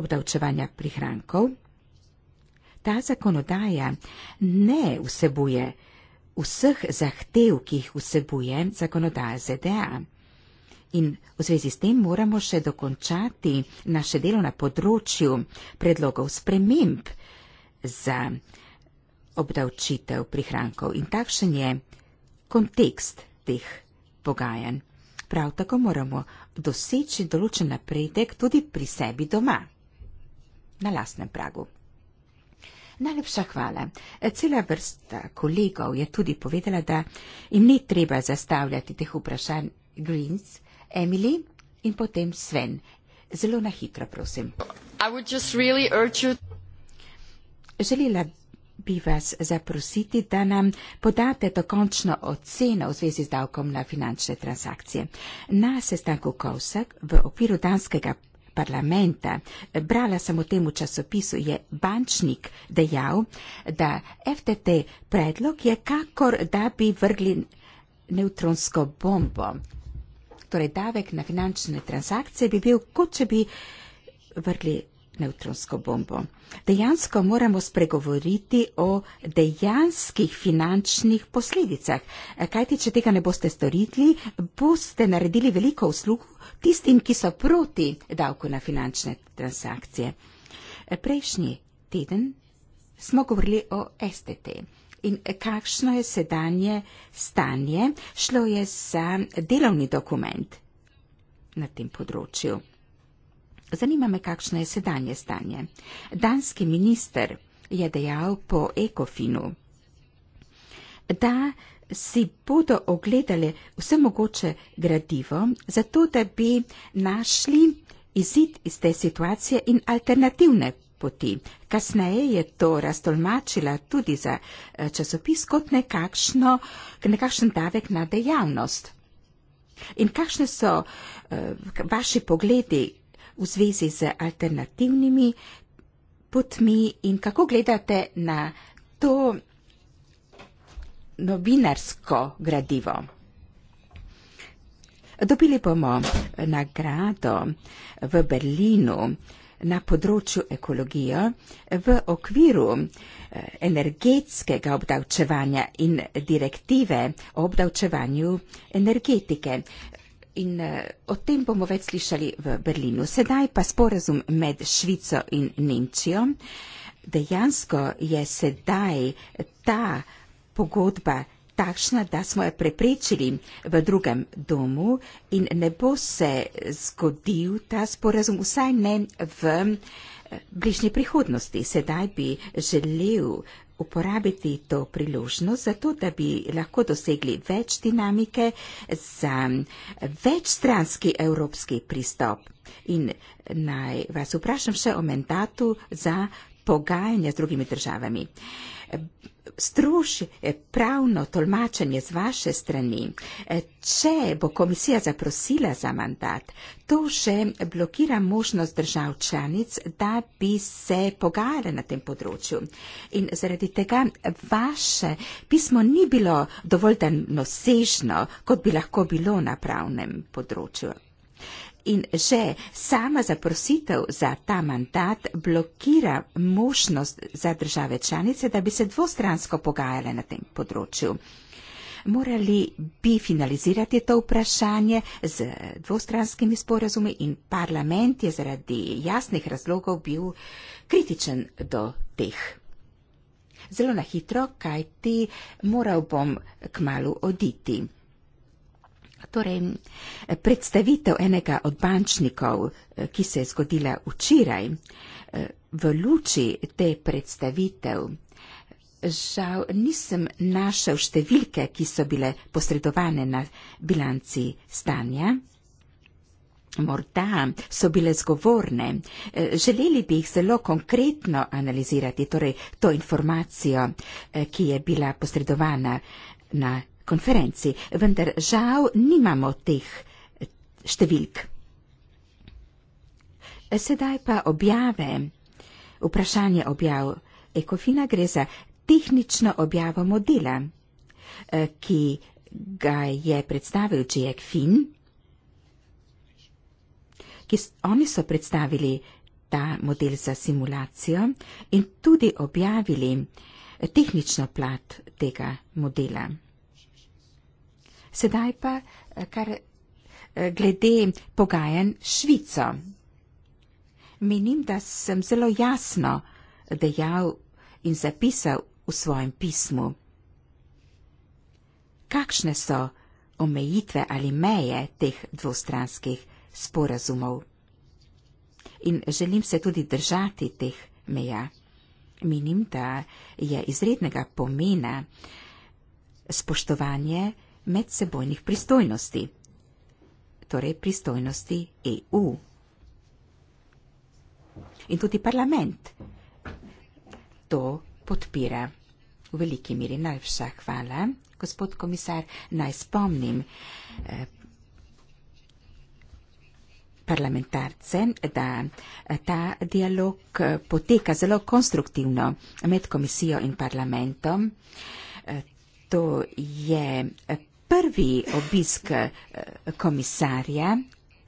obdavčevanja prihrankov, ta zakonodaja ne vsebuje vseh zahtev, ki jih vsebuje zakonodaja ZDA. In v zvezi s tem moramo še dokončati naše delo na področju predlogov sprememb za obdavčitev prihrankov. In takšen je kontekst teh pogajanj. Prav tako moramo doseči določen napredek tudi pri sebi doma, na lastnem pragu. Najlepša hvala. Cela vrsta kolegov je tudi povedala, da jim ni treba zastavljati teh vprašanj Greens, Emily in potem Sven. Zelo na hitro, prosim. Really you... Želela bi vas zaprositi, da nam podate dokončno oceno v zvezi z davkom na finančne transakcije. Na sestanku Kovsak v okviru danskega parlamenta, brala sem v tem časopisu, je bančnik dejal, da FTT predlog je kakor, da bi vrgli neutronsko bombo. Torej, davek na finančne transakcije bi bil, kot če bi vrgli nevtronsko bombo. Dejansko moramo spregovoriti o dejanskih finančnih posledicah, e, kajti če tega ne boste storili, boste naredili veliko uslug tistim, ki so proti davku na finančne transakcije. E, prejšnji teden smo govorili o STT. In kakšno je sedanje stanje, šlo je za delovni dokument na tem področju. Zanima me, kakšno je sedanje stanje. Danski minister je dejal po Ekofinu, da si bodo ogledali vse mogoče gradivo, zato da bi našli izid iz te situacije in alternativne poti. Kasneje je to raztolmačila tudi za eh, časopis kot nekakšno, nekakšen davek na dejavnost. In kakšne so uh, vaši pogledi, v zvezi z alternativnimi potmi in kako gledate na to novinarsko gradivo. Dobili bomo nagrado v Berlinu na področju ekologije v okviru eh, energetskega obdavčevanja in direktive o obdavčevanju energetike in eh, o tem bomo več slišali v Berlinu. Sedaj pa sporazum med Švico in Nemčijo. Dejansko je sedaj ta pogodba takšna, da smo jo preprečili v drugem domu in ne bo se zgodil ta sporazum, vsaj ne v eh, bližnji prihodnosti. Sedaj bi želel uporabiti to priložnost zato, da bi lahko dosegli več dinamike za večstranski evropski pristop. In naj vas vprašam še o mandatu za pogajanja z drugimi državami. Stroši eh, pravno tolmačenje z vaše strani. Eh, če bo komisija zaprosila za mandat, to še blokira možnost držav članic, da bi se pogajale na tem področju. In zaradi tega vaše pismo ni bilo dovolj danosežno, kot bi lahko bilo na pravnem področju in že sama zaprositev za ta mandat blokira možnost za države članice, da bi se dvostransko pogajale na tem področju. Morali bi finalizirati to vprašanje z dvostranskimi sporazumi in parlament je zaradi jasnih razlogov bil kritičen do teh. Zelo na hitro, kaj ti moral bom k malu oditi. Torej, eh, predstavitev enega od bančnikov, eh, ki se je zgodila včeraj, eh, v luči te predstavitev, žal nisem našel številke, ki so bile posredovane na bilanci stanja. Morda so bile zgovorne, želeli bi jih zelo konkretno analizirati, torej to informacijo, ki je bila posredovana na konferenci, vendar žal nimamo teh eh, številk. Sedaj pa objave. Vprašanje objav Ekofina gre za tehnično objavo modela, eh, ki ga je predstavil Jack Finn. Oni so predstavili ta model za simulacijo in tudi objavili eh, tehnično plat tega modela. Sedaj pa eh, kar eh, glede pogajen Švico. Menim, da sem zelo jasno dejal in zapisal v svojem pismu. Kakšne so omejitve ali meje teh dvostranskih sporazumov? In želim se tudi držati teh meja. Menim, da je izrednega pomena spoštovanje medsebojnih pristojnosti, torej pristojnosti EU. In tudi parlament to podpira. V veliki miri najvša hvala, gospod komisar. Naj spomnim eh, parlamentarce, da eh, ta dialog eh, poteka zelo konstruktivno med komisijo in parlamentom. To je prvi obisk eh, komisarja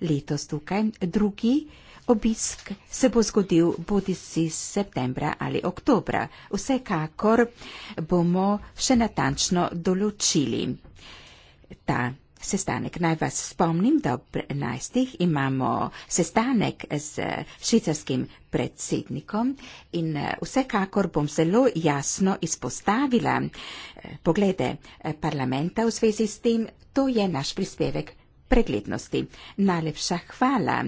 letos tukaj, drugi obisk se bo zgodil bodi si septembra ali oktobra. Vsekakor bomo še natančno določili ta sestanek. Naj vas spomnim, da ob 11. imamo sestanek z švicarskim predsednikom in eh, vsekakor bom zelo jasno izpostavila eh, poglede eh, parlamenta v zvezi s tem. To je naš prispevek preglednosti. Najlepša hvala,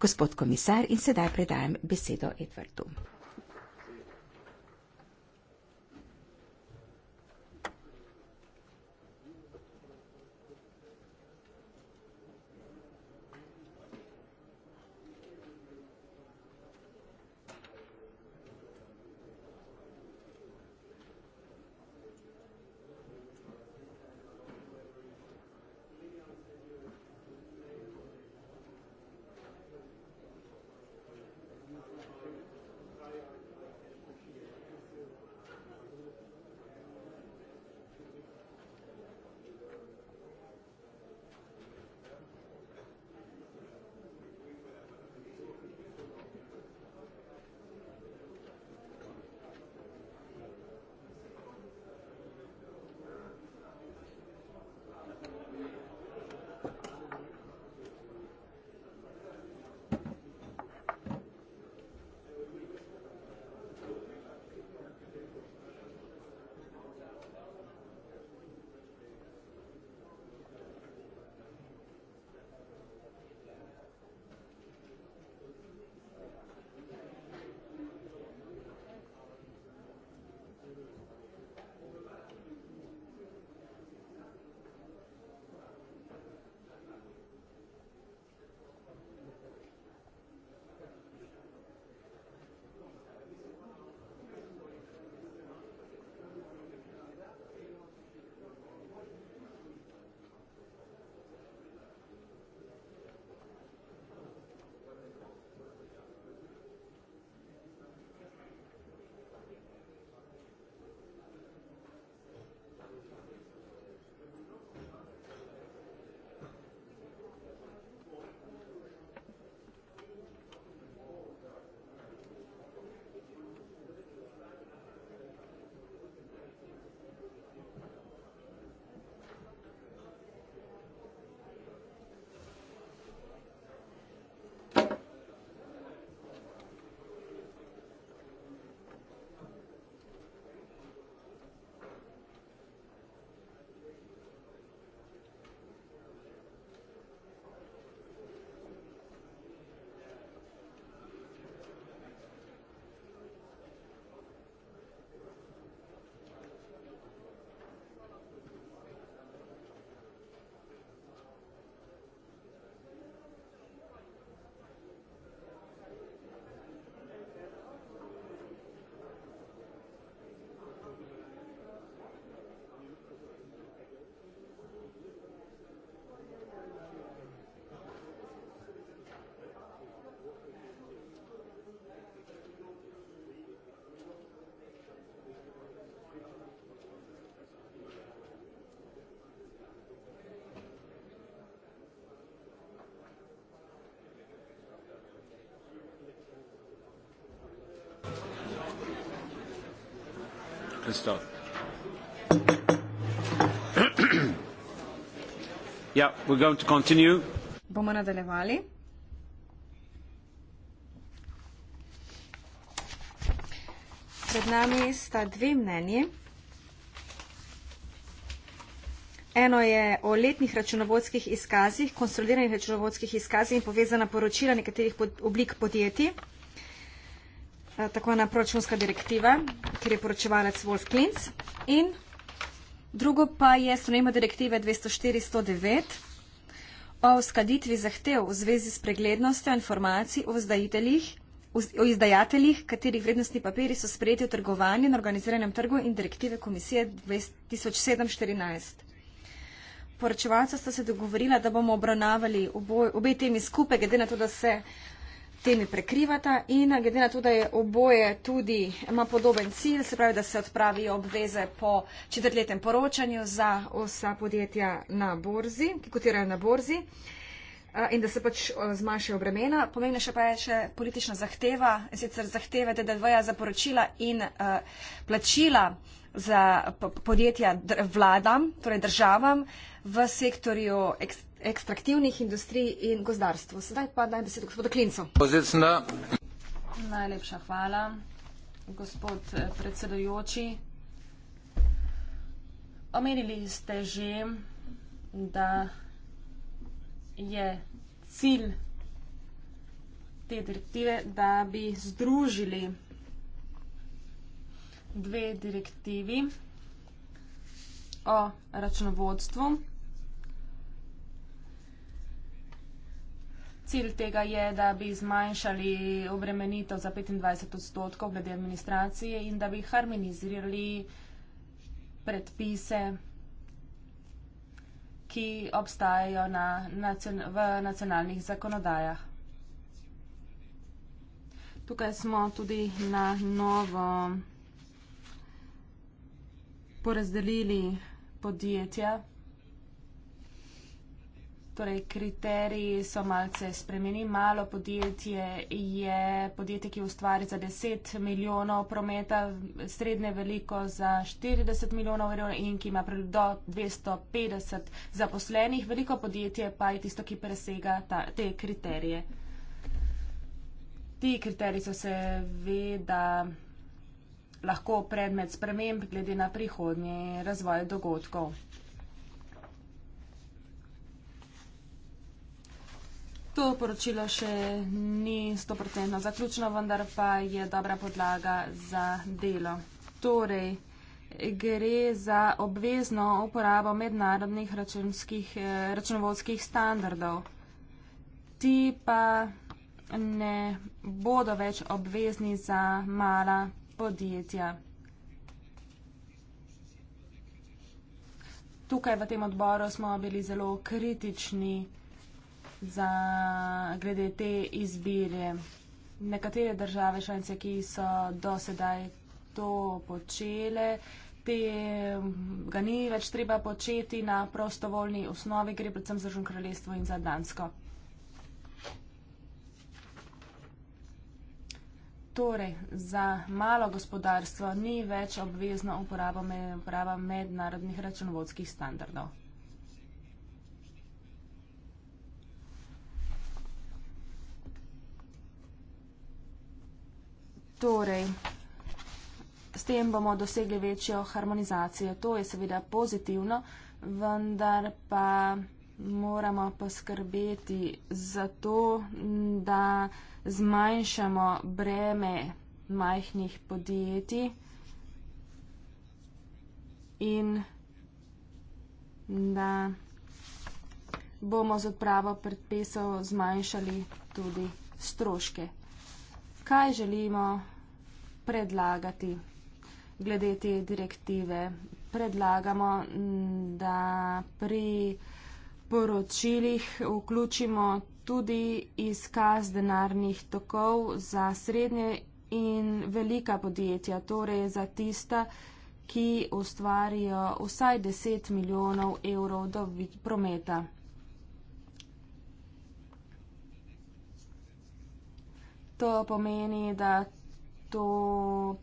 gospod komisar, in sedaj predajam besedo Edvardu. Christoph. [clears throat] yeah, we're going to continue. Bomo nadaljevali. Pred nami sta dve mnenji. Eno je o letnih računovodskih izkazih, konsolidiranih računovodskih izkazih in povezana poročila nekaterih pod, oblik podjetij, eh, tako ena proračunska direktiva ker je poročevalec Wolf Klinc. In drugo pa je sprememba direktive 204-109 o uskladitvi zahtev v zvezi s preglednostjo informacij o, o izdajateljih, katerih vrednostni papiri so sprejeti v trgovanju na organiziranem trgu in direktive komisije 2714. Poročevalca sta se dogovorila, da bomo obravnavali oboj, obe temi skupaj, glede na to, da se temi prekrivata in glede na to, da je oboje tudi ima podoben cilj, se pravi, da se odpravijo obveze po četrtletnem poročanju za vsa podjetja na borzi, ki kotirajo na borzi in da se pač zmanjšajo bremena. Pomembnejša pa je še politična zahteva, sicer zahteve TDV-ja za poročila in uh, plačila za podjetja vladam, torej državam v sektorju ekstraktivnih industrij in gozdarstvu. Sedaj pa naj besedo gospodu Klincu. Pozicna. Najlepša hvala, gospod predsedojoči. Omenili ste že, da je cilj te direktive, da bi združili dve direktivi o računovodstvu. Cilj tega je, da bi zmanjšali obremenitev za 25 odstotkov glede administracije in da bi harmonizirali predpise, ki obstajajo na, nacion, v nacionalnih zakonodajah. Tukaj smo tudi na novo porazdelili podjetja. Torej, kriteriji so malce spremenili. Malo podjetje je podjetje, ki ustvari za 10 milijonov prometa, srednje veliko za 40 milijonov evrov in ki ima do 250 zaposlenih. Veliko podjetje pa je tisto, ki presega ta, te kriterije. Ti kriteriji so seveda lahko predmet sprememb glede na prihodnje razvoje dogodkov. To poročilo še ni 100% zaključno, vendar pa je dobra podlaga za delo. Torej, gre za obvezno uporabo mednarodnih eh, računovodskih standardov. Ti pa ne bodo več obvezni za mala podjetja. Tukaj v tem odboru smo bili zelo kritični za, glede te izbire. Nekatere države članice, ki so do sedaj to počele, te ga ni več treba početi na prostovoljni osnovi, gre predvsem za Žun kraljestvo in za Dansko. Torej, za malo gospodarstvo ni več obvezno uporaba mednarodnih računovodskih standardov. Torej, s tem bomo dosegli večjo harmonizacijo. To je seveda pozitivno, vendar pa moramo poskrbeti za to, da zmanjšamo breme majhnih podjetij in da bomo z odpravo predpisov zmanjšali tudi stroške kaj želimo predlagati glede te direktive. Predlagamo, da pri poročilih vključimo tudi izkaz denarnih tokov za srednje in velika podjetja, torej za tista, ki ustvarijo vsaj 10 milijonov evrov dobit prometa. To pomeni, da to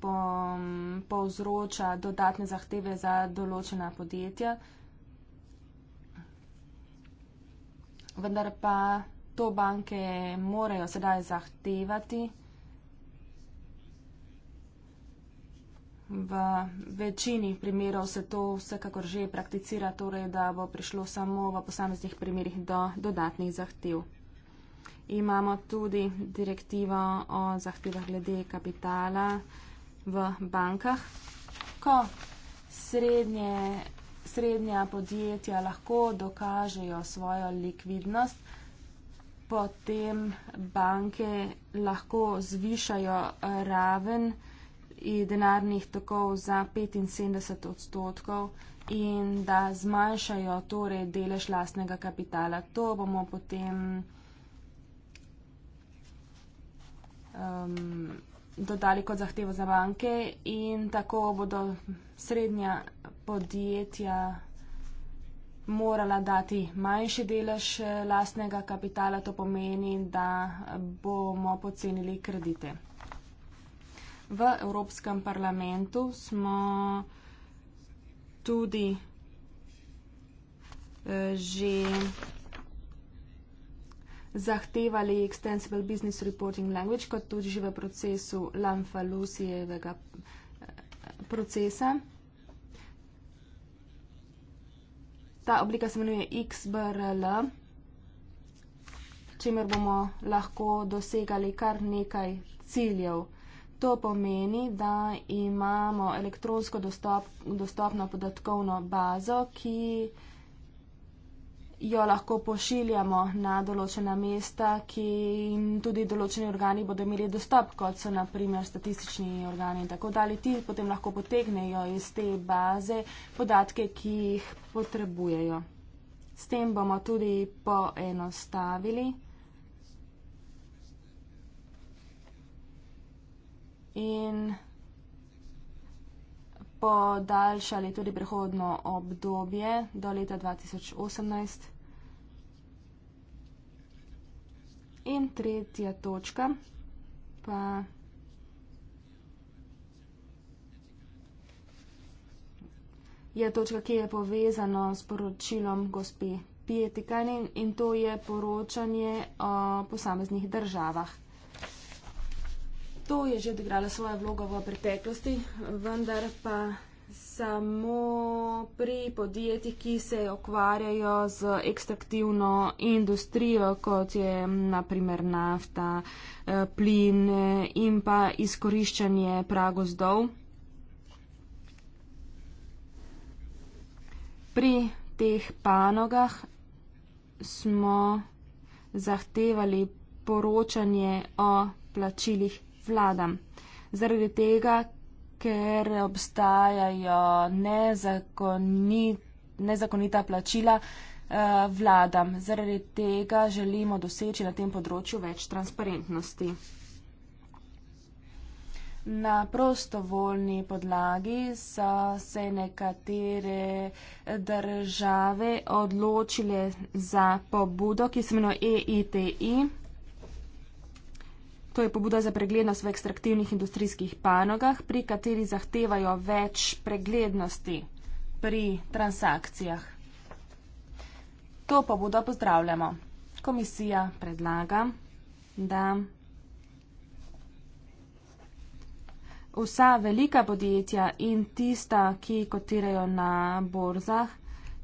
bom, povzroča dodatne zahteve za določena podjetja. Vendar pa to banke morajo sedaj zahtevati v večini primerov se to vsekakor že prakticira, torej da bo prišlo samo v posameznih primerih do dodatnih zahtev imamo tudi direktivo o zahtevah glede kapitala v bankah. Ko srednje, srednja podjetja lahko dokažejo svojo likvidnost, potem banke lahko zvišajo raven denarnih tokov za 75 odstotkov in da zmanjšajo torej delež lastnega kapitala. To bomo potem. um, dodali kot zahtevo za banke in tako bodo srednja podjetja morala dati manjši delež eh, lastnega kapitala, to pomeni, da bomo pocenili kredite. V Evropskem parlamentu smo tudi eh, že zahtevali Extensible Business Reporting Language, kot tudi že v procesu Lamfalusijevega eh, procesa. Ta oblika se imenuje XBRL, čemer bomo lahko dosegali kar nekaj ciljev. To pomeni, da imamo elektronsko dostop, dostopno podatkovno bazo, ki jo lahko pošiljamo na določena mesta, ki jim tudi določeni organi bodo imeli dostop, kot so naprimer statistični organi in tako dalje. Ti potem lahko potegnejo iz te baze podatke, ki jih potrebujejo. S tem bomo tudi poenostavili. In podaljšali tudi prehodno obdobje do leta 2018. In tretja točka pa je točka, ki je povezana s poročilom gospe Pietikanin in to je poročanje o posameznih državah. To je že odigralo svojo vlogo v preteklosti, vendar pa samo pri podjetjih, ki se okvarjajo z ekstraktivno industrijo, kot je naprimer nafta, eh, plin eh, in pa izkoriščanje pragozdov. Pri teh panogah smo zahtevali poročanje o plačilih vladam. Zaradi tega, ker obstajajo nezakonit, nezakonita plačila eh, vladam. Zaradi tega želimo doseči na tem področju več transparentnosti. Na prostovoljni podlagi so se nekatere države odločile za pobudo, ki se imenuje EITI. To je pobuda za preglednost v ekstraktivnih industrijskih panogah, pri kateri zahtevajo več preglednosti pri transakcijah. To pobudo pozdravljamo. Komisija predlaga, da vsa velika podjetja in tista, ki kotirajo na borzah,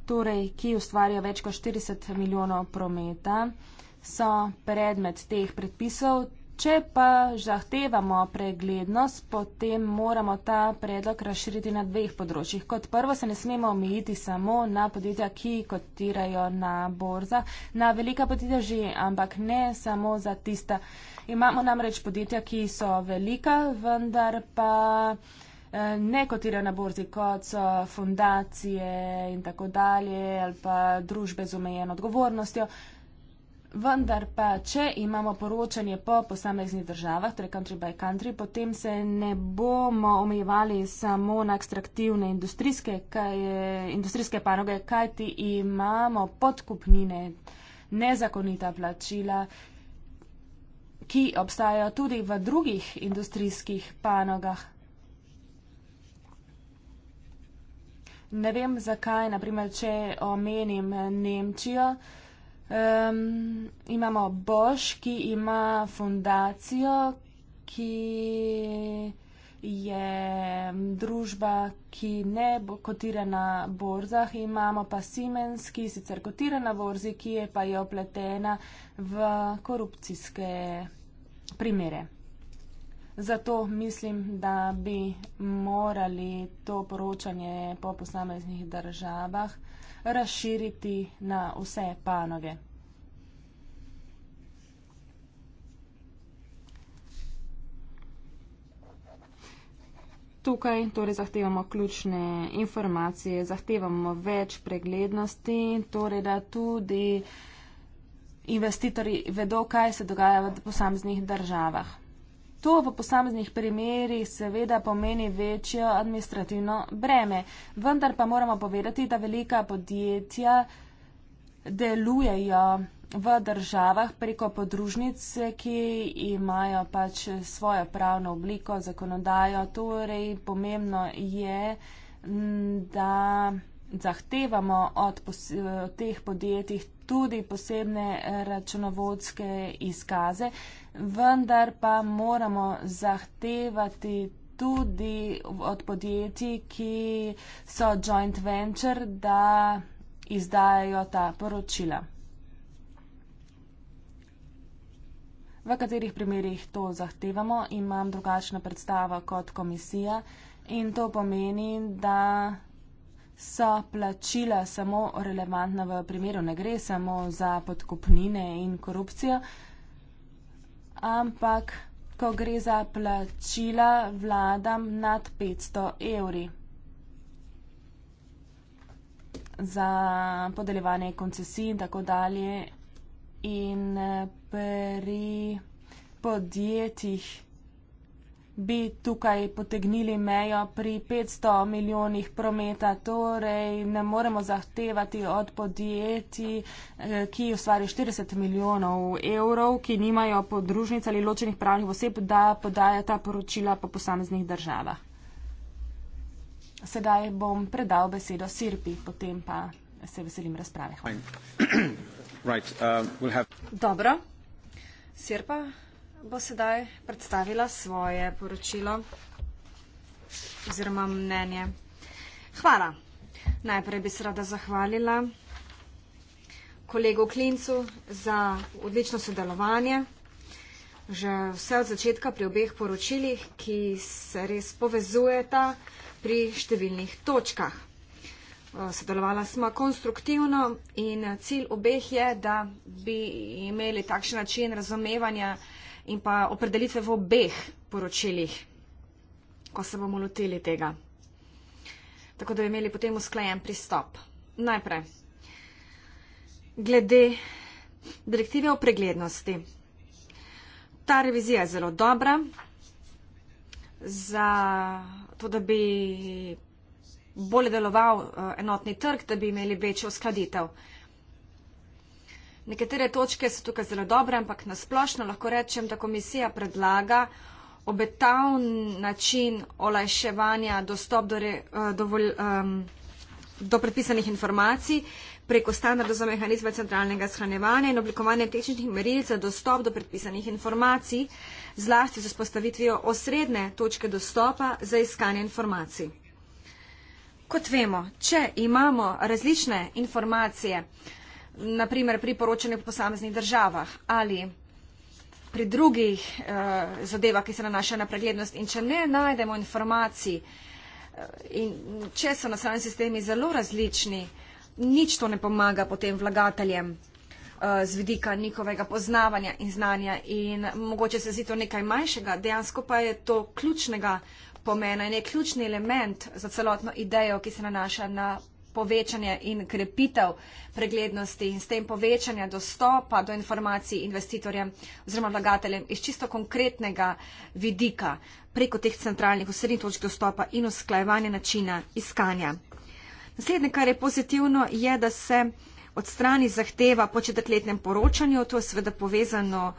torej ki ustvarjajo več kot 40 milijonov prometa, so predmet teh predpisov, Če pa zahtevamo preglednost, potem moramo ta predlog razširiti na dveh področjih. Kot prvo se ne smemo omejiti samo na podjetja, ki kotirajo na borza, na velika podjetja že, ampak ne samo za tista. Imamo namreč podjetja, ki so velika, vendar pa eh, ne kotirajo na borzi, kot so fundacije in tako dalje ali pa družbe z omejeno odgovornostjo. Vendar pa, če imamo poročanje po posameznih državah, torej country by country, potem se ne bomo omejevali samo na ekstraktivne industrijske, kaj, industrijske panoge, kajti imamo podkupnine, nezakonita plačila, ki obstajajo tudi v drugih industrijskih panogah. Ne vem zakaj, naprimer, če omenim Nemčijo. Um, imamo Bosch, ki ima fundacijo, ki je družba, ki ne kotira na borzah. Imamo pa Siemens, ki sicer kotira na borzi, ki je pa je opletena v korupcijske primere. Zato mislim, da bi morali to poročanje po posameznih državah razširiti na vse panoge. Tukaj torej zahtevamo ključne informacije, zahtevamo več preglednosti, torej da tudi investitorji vedo, kaj se dogaja v posameznih državah. To v posameznih primerjih seveda pomeni večjo administrativno breme, vendar pa moramo povedati, da velika podjetja delujejo v državah preko podružnice, ki imajo pač svojo pravno obliko, zakonodajo. Torej, pomembno je, da zahtevamo od eh, teh podjetij tudi posebne eh, računovodske izkaze, vendar pa moramo zahtevati tudi od podjetij, ki so joint venture, da izdajajo ta poročila. V katerih primerjih to zahtevamo, imam drugačno predstavo kot komisija in to pomeni, da so plačila samo relevantna v primeru, ne gre samo za podkupnine in korupcijo, ampak ko gre za plačila vladam nad 500 evri za podeljevanje koncesij in tako dalje in eh, pri podjetjih bi tukaj potegnili mejo pri 500 milijonih prometa. Torej, ne moremo zahtevati od podjetij, eh, ki ustvari 40 milijonov evrov, ki nimajo podružnic ali ločenih pravnih oseb, da podajo ta poročila po posameznih državah. Sedaj bom predal besedo Sirpi, potem pa se veselim razprave. [clears throat] Right, uh, we'll have... Dobro. Sirpa, bo sedaj predstavila svoje poročilo oziroma mnenje. Hvala. Najprej bi se rada zahvalila kolegu Klincu za odlično sodelovanje. Že vse od začetka pri obeh poročilih, ki se res povezujeta pri številnih točkah. Eh, sodelovala smo konstruktivno in cilj obeh je, da bi imeli takšen način razumevanja in pa opredelitve v obeh poročilih, ko se bomo lotili tega. Tako da bi imeli potem usklajen pristop. Najprej, glede direktive o preglednosti. Ta revizija je zelo dobra za to, da bi bolje deloval eh, enotni trg, da bi imeli večjo uskladitev. Nekatere točke so tukaj zelo dobre, ampak nasplošno lahko rečem, da komisija predlaga obetavn način olajševanja dostop do, re, eh, do, vol, um, do predpisanih informacij preko standardov za mehanizme centralnega shranjevanja in oblikovanje tehničnih meril za dostop do predpisanih informacij, zlasti z vzpostavitvijo osrednje točke dostopa za iskanje informacij. Kot vemo, če imamo različne informacije, uh, naprimer pri poročanju po posameznih državah ali pri drugih uh, zadevah, ki se nanašajo na preglednost. In če ne najdemo informacij eh, in če so nacionalni sistemi zelo različni, nič to ne pomaga potem vlagateljem eh, z vidika njihovega poznavanja in znanja in mogoče se zdi to nekaj manjšega, dejansko pa je to ključnega pomena in je ključni element za celotno idejo, ki se nanaša na povečanje in krepitev preglednosti in s tem povečanje dostopa do informacij investitorjem oziroma vlagateljem iz čisto konkretnega vidika preko teh centralnih osrednjih točk dostopa in usklajevanja načina iskanja. Naslednje, kar je pozitivno, je, da se odstrani zahteva po četrtletnem poročanju, to je seveda povezano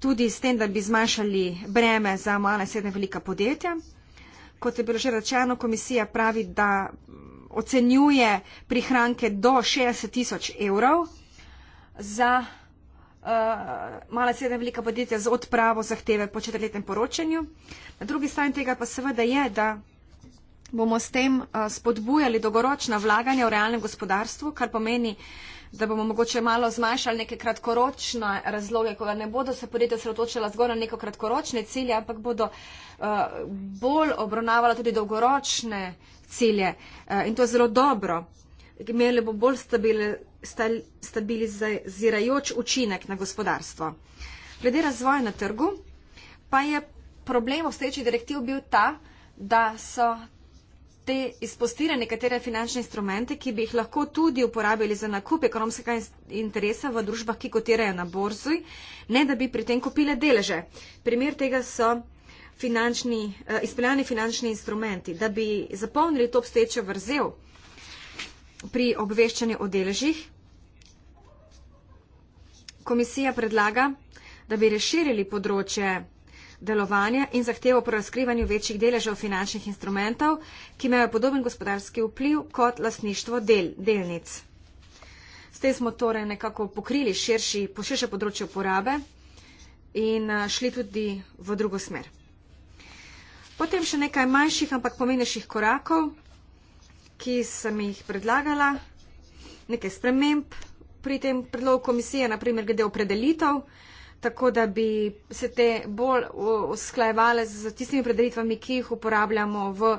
tudi s tem, da bi zmanjšali breme za mala in srednja velika podjetja. Kot je bilo že rečeno, komisija pravi, da ocenjuje prihranke do 60 tisoč evrov za uh, mala srednja velika podjetja z odpravo zahteve po četrletnem poročanju. Na drugi strani tega pa seveda je, da bomo s tem uh, spodbujali dolgoročna vlaganja v realnem gospodarstvu, kar pomeni, da bomo mogoče malo zmanjšali neke kratkoročne razloge, ko ne bodo se podjetja sredotočila zgolj na neko kratkoročne cilje, ampak bodo uh, bolj obravnavala tudi dolgoročne cilje eh, in to je zelo dobro. Imeli bo bolj stabile, stabilizirajoč učinek na gospodarstvo. Glede razvoja na trgu pa je problem obstoječih direktiv bil ta, da so te izpostire nekatere finančne instrumente, ki bi jih lahko tudi uporabili za nakup ekonomskega interesa v družbah, ki kotirajo na borzu, ne da bi pri tem kupile deleže. Primer tega so finančni, eh, izpeljani finančni instrumenti, da bi zapolnili to obstoječo vrzel pri obveščanju o deležih. Komisija predlaga, da bi reširili področje delovanja in zahtevo po razkrivanju večjih deležev finančnih instrumentov, ki imajo podoben gospodarski vpliv kot lasništvo del, delnic. S tem smo torej nekako pokrili širši, po širše področje uporabe in eh, šli tudi v drugo smer. Potem še nekaj manjših, ampak pomenjših korakov, ki sem jih predlagala, nekaj sprememb pri tem predlogu komisije, naprimer glede opredelitev, tako da bi se te bolj usklajevale z tistimi opredelitvami, ki jih uporabljamo v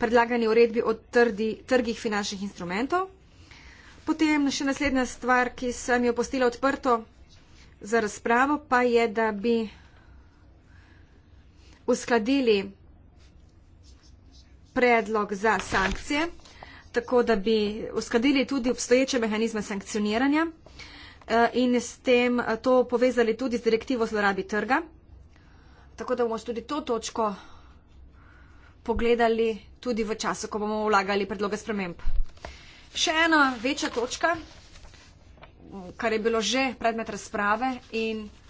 predlagani uredbi o trdi, trgih finančnih instrumentov. Potem še naslednja stvar, ki sem jo postila odprto za razpravo, pa je, da bi uskladili predlog za sankcije, tako da bi uskladili tudi obstoječe mehanizme sankcioniranja eh, in s tem eh, to povezali tudi z direktivo zlorabi trga. Tako da bomo tudi to točko pogledali tudi v času, ko bomo vlagali predloge sprememb. Še ena večja točka, kar je bilo že predmet razprave in predmet,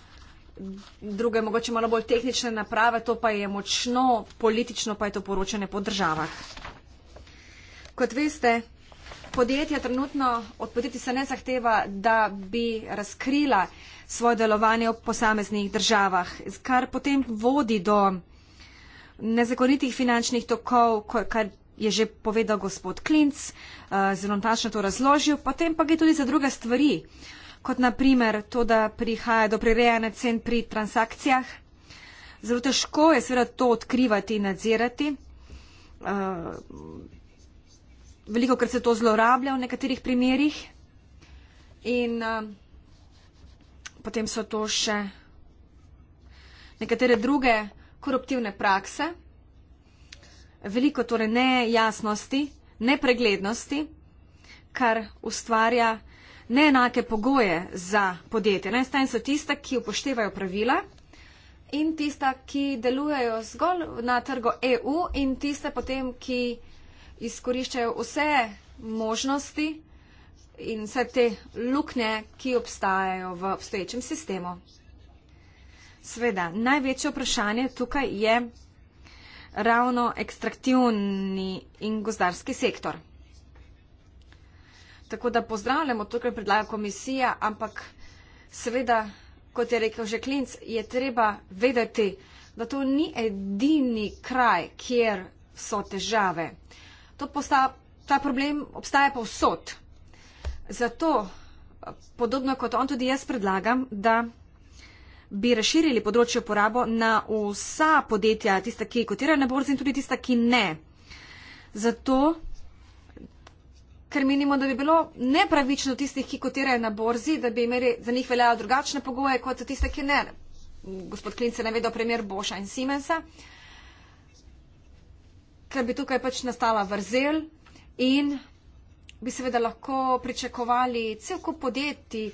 druge, mogoče malo bolj tehnične naprave, to pa je močno politično, pa je to poročanje po državah. Kot veste, podjetja trenutno od podjetij se ne zahteva, da bi razkrila svoje delovanje v posameznih državah, kar potem vodi do nezakonitih finančnih tokov, kar je že povedal gospod Klinc, eh, zelo tačno to razložil, potem pa gre tudi za druge stvari. Uh, kot naprimer to, da prihaja do prirejene cen pri transakcijah. Zelo težko je seveda to odkrivati in nadzirati. Uh, veliko krat se to zlorablja v nekaterih primerjih in uh, potem so to še nekatere druge koruptivne prakse. Veliko torej nejasnosti, nepreglednosti, kar ustvarja neenake pogoje za podjetje. Na eni strani so tista, ki upoštevajo pravila in tista, ki delujejo zgolj na trgu EU in tiste potem, ki izkoriščajo vse možnosti in vse te luknje, ki obstajajo v obstoječem sistemu. Sveda, največje vprašanje tukaj je ravno ekstraktivni in gozdarski sektor. Tako da pozdravljamo to, kar predlaga komisija, ampak seveda, kot je rekel že Klinc, je treba vedeti, da to ni edini kraj, kjer so težave. Posta, ta problem obstaja povsod. Zato, podobno kot on, tudi jaz predlagam, da bi razširili področje uporabo na vsa podjetja, tista, ki kotirajo na borzi in tudi tista, ki ne. Zato ker menimo, da bi bilo nepravično tistih, ki kotirajo na borzi, da bi imeli za njih veljajo drugačne pogoje kot za tiste, ki ne. Gospod Klince navedel primer Boša in Siemensa, ker bi tukaj pač nastala vrzel in bi seveda lahko pričakovali cel kup podjetij,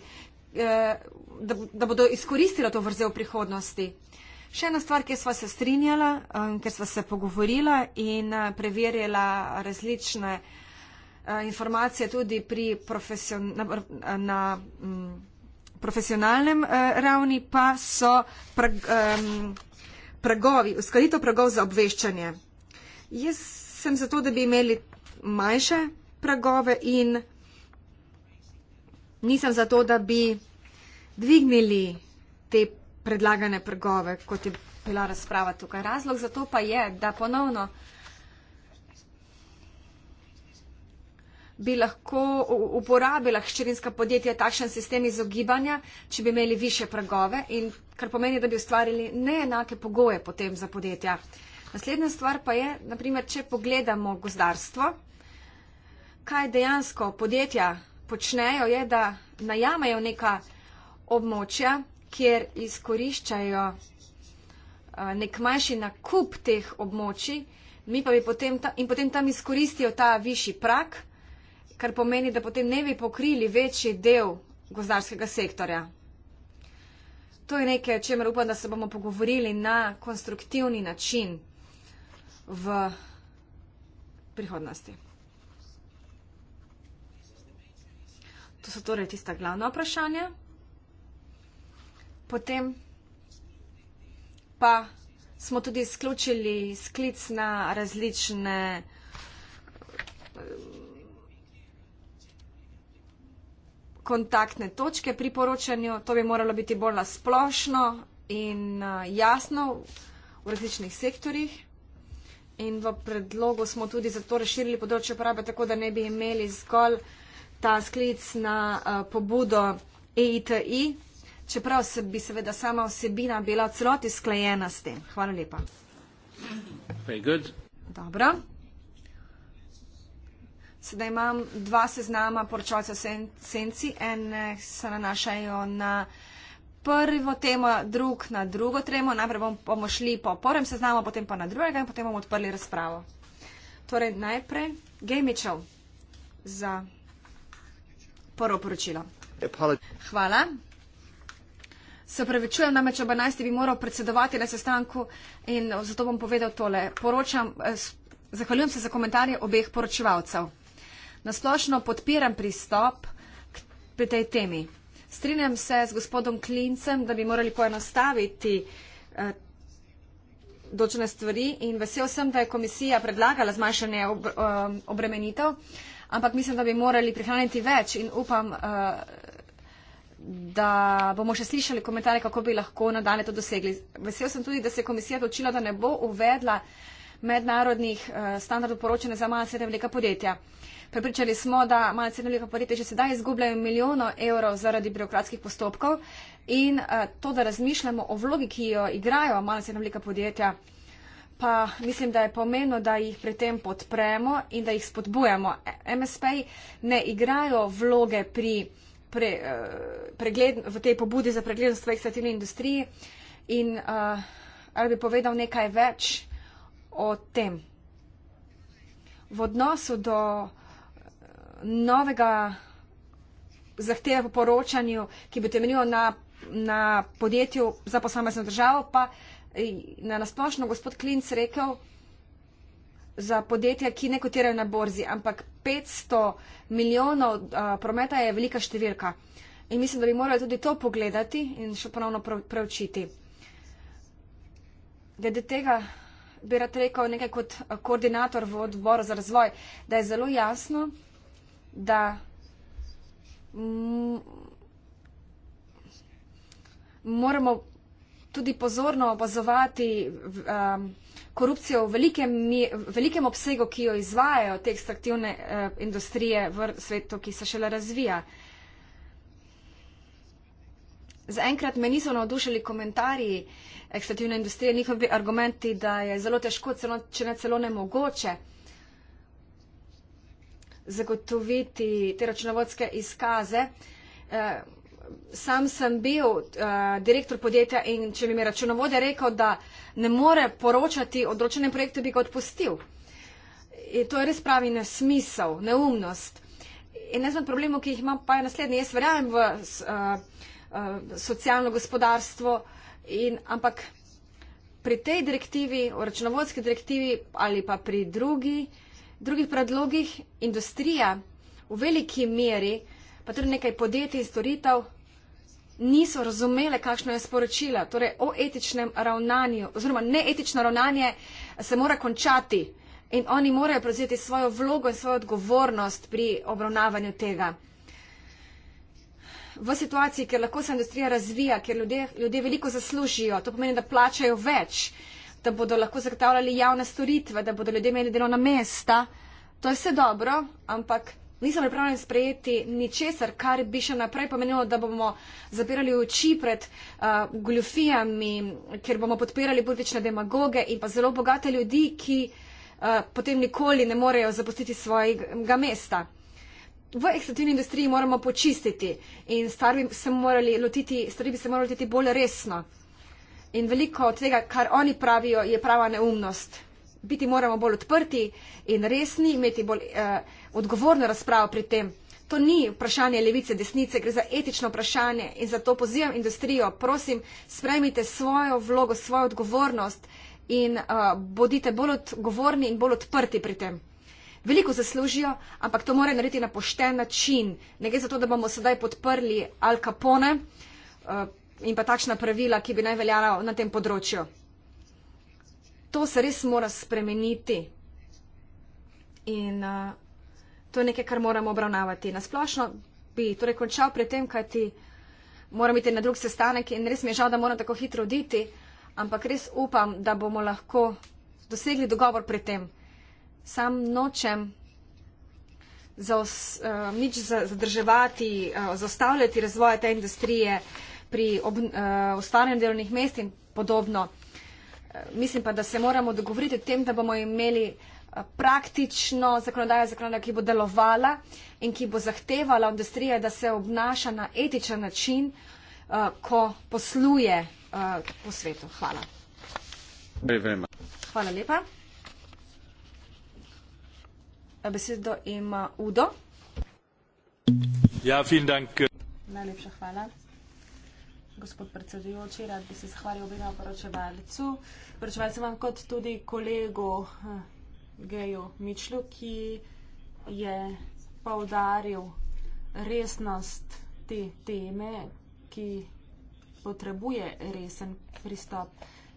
eh, da, da bodo izkoristila to vrzel v prihodnosti. Še ena stvar, ki sva se strinjala, eh, ker sva se pogovorila in eh, preverjala različne Eh, informacije tudi pri profesion, na, na, m, mm, profesionalnem eh, ravni, pa so pra, eh, pragovi, uskladitev pragov za obveščanje. Jaz sem zato, da bi imeli manjše pragove in nisem zato, da bi dvignili te predlagane pragove, kot je bila razprava tukaj. Razlog za to pa je, da ponovno bi lahko uporabila hčerinska podjetja takšen sistem izogibanja, če bi imeli više pragove in kar pomeni, da bi ustvarili neenake pogoje potem za podjetja. Naslednja stvar pa je, naprimer, če pogledamo gozdarstvo, kaj dejansko podjetja počnejo, je, da najamejo neka območja, kjer izkoriščajo eh, nek manjši nakup teh območij, Mi pa bi potem ta, in potem tam izkoristijo ta višji prak kar pomeni, da potem ne bi pokrili večji del gozdarskega sektorja. To je nekaj, o čemer upam, da se bomo pogovorili na konstruktivni način v prihodnosti. To so torej tista glavna vprašanja. Potem pa smo tudi izključili sklic na različne kontaktne točke pri poročanju, to bi moralo biti bolj nasplošno in eh, jasno v različnih sektorjih. In v predlogu smo tudi zato razširili področje uporabe, tako da ne bi imeli zgolj ta sklic na eh, pobudo EITI, čeprav se bi seveda sama osebina bila celoti sklajena s tem. Hvala lepa. Very good. Dobro. Sedaj imam dva seznama poročalcev sen, senci, en se nanašajo na prvo temo, drug na drugo temo. Najprej bomo šli po prvem seznamu, potem pa na drugega in potem bomo odprli razpravo. Torej najprej Gemičev za prvo poročilo. Hvala. Se pravi, čujem namreč, ob 11. bi moral predsedovati na sestanku in zato bom povedal tole. Poročam, eh, zahvaljujem se za komentarje obeh poročevalcev. Nasplošno podpiram pristop k tej temi. Strinjam se z gospodom Klincem, da bi morali poenostaviti eh, dočne stvari in vesel sem, da je komisija predlagala zmanjšanje ob, eh, obremenitev, ampak mislim, da bi morali prihraniti več in upam, eh, da bomo še slišali komentarje, kako bi lahko nadalje to dosegli. Vesel sem tudi, da se je komisija odločila, da ne bo uvedla mednarodnih eh, standardov poročanja za manj srednje velika podjetja. Eh, Prepričali smo, da malo cenovnega podjetja že sedaj izgubljajo milijono evrov zaradi birokratskih postopkov in eh, to, da razmišljamo o vlogi, ki jo igrajo malo cenovnega podjetja, pa mislim, da je pomeno, da jih pri tem podpremo in da jih spodbujamo. E, MSP ne igrajo vloge pri pre, eh, pregled, v tej pobudi za preglednost v ekstrativni industriji in uh, eh, ali bi povedal nekaj več o tem. V odnosu do novega zahteve po poročanju, ki bi temeljilo na, na podjetju za posamezno državo, pa eh, na nasplošno gospod Klinc rekel za podjetja, ki ne kotirajo na borzi, ampak 500 milijonov a, eh, prometa je velika številka. In mislim, da bi morali tudi to pogledati in še ponovno preučiti. Glede tega bi rad rekel nekaj kot eh, koordinator v odboru za razvoj, da je zelo jasno, da moramo tudi pozorno opazovati um, korupcijo v velikem, velikem obsegu, ki jo izvajajo te ekstraktivne uh, industrije v svetu, ki se šele razvija. Zaenkrat me niso navdušili komentarji ekstraktivne industrije, njihovi argumenti, da je zelo težko, celo, če ne celo nemogoče zagotoviti te računovodske izkaze. Eh, sam sem bil eh, direktor podjetja in če bi mi računovodja rekel, da ne more poročati o določenem projektu, bi ga odpustil. In to je res pravi nesmisel, neumnost. In eno od problemov, ki jih imam, pa je naslednji. Jaz verjamem v uh, uh, socialno gospodarstvo, in, ampak pri tej direktivi, o računovodski direktivi ali pa pri drugi, uh, drugih predlogih, industrija v veliki meri, pa tudi nekaj podjetij in storitev, niso razumele, kakšno je sporočila. Torej, o etičnem ravnanju oziroma neetično ravnanje se mora končati in oni morajo prevzeti svojo vlogo in svojo odgovornost pri obravnavanju tega. V situaciji, kjer lahko se industrija razvija, kjer ljudje, ljudje veliko zaslužijo, to pomeni, da plačajo več, da bodo lahko zagotavljali javne storitve, da bodo ljudje imeli delovna mesta. To je vse dobro, ampak nisem pripravljen sprejeti ničesar, kar bi še naprej pomenilo, da bomo zapirali oči pred uh, eh, goljofijami, ker bomo podpirali politične demagoge in pa zelo bogate ljudi, ki uh, potem nikoli ne morejo zapustiti svojega mesta. V ekstraktivni industriji moramo počistiti in stvari bi se morali lotiti, bi se morali lotiti bolj resno in veliko od tega, kar oni pravijo, je prava neumnost. Biti moramo bolj odprti in resni, imeti bolj eh, odgovorno razpravo pri tem. To ni vprašanje levice, desnice, gre za etično vprašanje in zato pozivam industrijo, prosim, sprejmite svojo vlogo, svojo odgovornost in eh, bodite bolj odgovorni in bolj odprti pri tem. Veliko zaslužijo, ampak to mora narediti na pošten način. Ne gre za to, da bomo sedaj podprli Al Capone. Eh, in pa takšna pravila, ki bi naj veljala na tem področju. To se res mora spremeniti in uh, to je nekaj, kar moramo obravnavati. Nasplošno bi torej končal pred tem, kaj ti moram iti na drug sestanek in res mi je žal, da moram tako hitro oditi, ampak res upam, da bomo lahko dosegli dogovor pred tem. Sam nočem za os, uh, nič zadrževati, uh, eh, zastavljati razvoja te industrije. Uh, pri ob, uh, ustvarjanju delovnih mest in podobno. Eh, mislim pa, da se moramo dogovoriti o tem, da bomo imeli eh, praktično zakonodajo, zakonodajo, ki bo delovala in ki bo zahtevala industrije, da se obnaša na etičen način, ko posluje po svetu. Hvala. Hvala lepa. Besedo ima Udo. Ja, dank. Najlepša hvala gospod predsedujoči, rad bi se zahvalil obema poročevalcu. Poročevalce imam kot tudi kolego eh, Geju Mičlu, ki je povdaril resnost te teme, ki potrebuje resen pristop.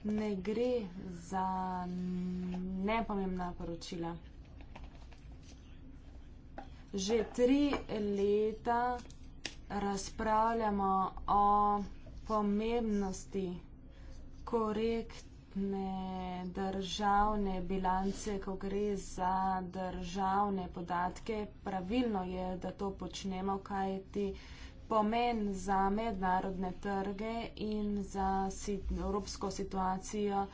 Ne gre za nepomembna poročila. Že tri leta razpravljamo o pomembnosti korektne državne bilance, ko gre za državne podatke. Pravilno je, da to počnemo, kaj ti pomen za mednarodne trge in za evropsko situacijo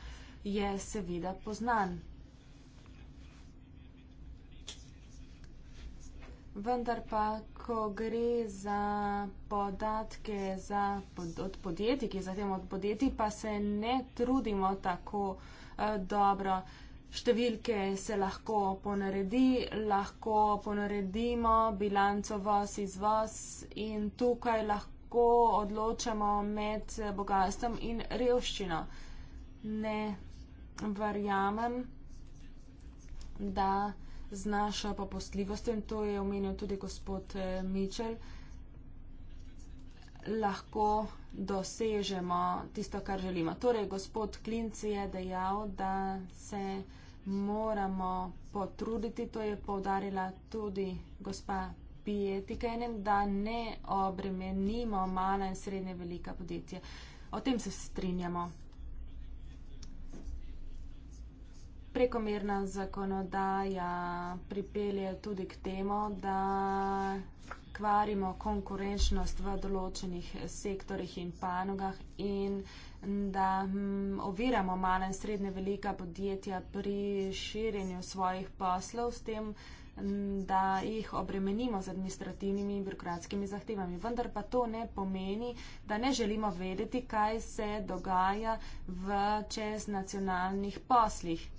je seveda poznan. vendar pa, ko gre za podatke za pod, od podjetij, ki zatem od podjetij, pa se ne trudimo tako eh, dobro. Številke se lahko ponaredi, lahko ponaredimo bilanco vas iz vas in tukaj lahko odločamo med bogatstvom in revščino. Ne verjamem, da z našo popustljivostjo, in to je omenil tudi gospod eh, Mičel, lahko dosežemo tisto, kar želimo. Torej, gospod Klinc je dejal, da se moramo potruditi, to je povdarila tudi gospa Pietikenen, da ne obremenimo mala in srednje velika podjetja. O tem se strinjamo. prekomerna zakonodaja pripelje tudi k temu, da kvarimo konkurenčnost v določenih sektorjih in panogah in da hm, oviramo mala in srednje velika podjetja pri širjenju svojih poslov s tem, hm, da jih obremenimo z administrativnimi in birokratskimi zahtevami. Vendar pa to ne pomeni, da ne želimo vedeti, kaj se dogaja v čeznacionalnih poslih.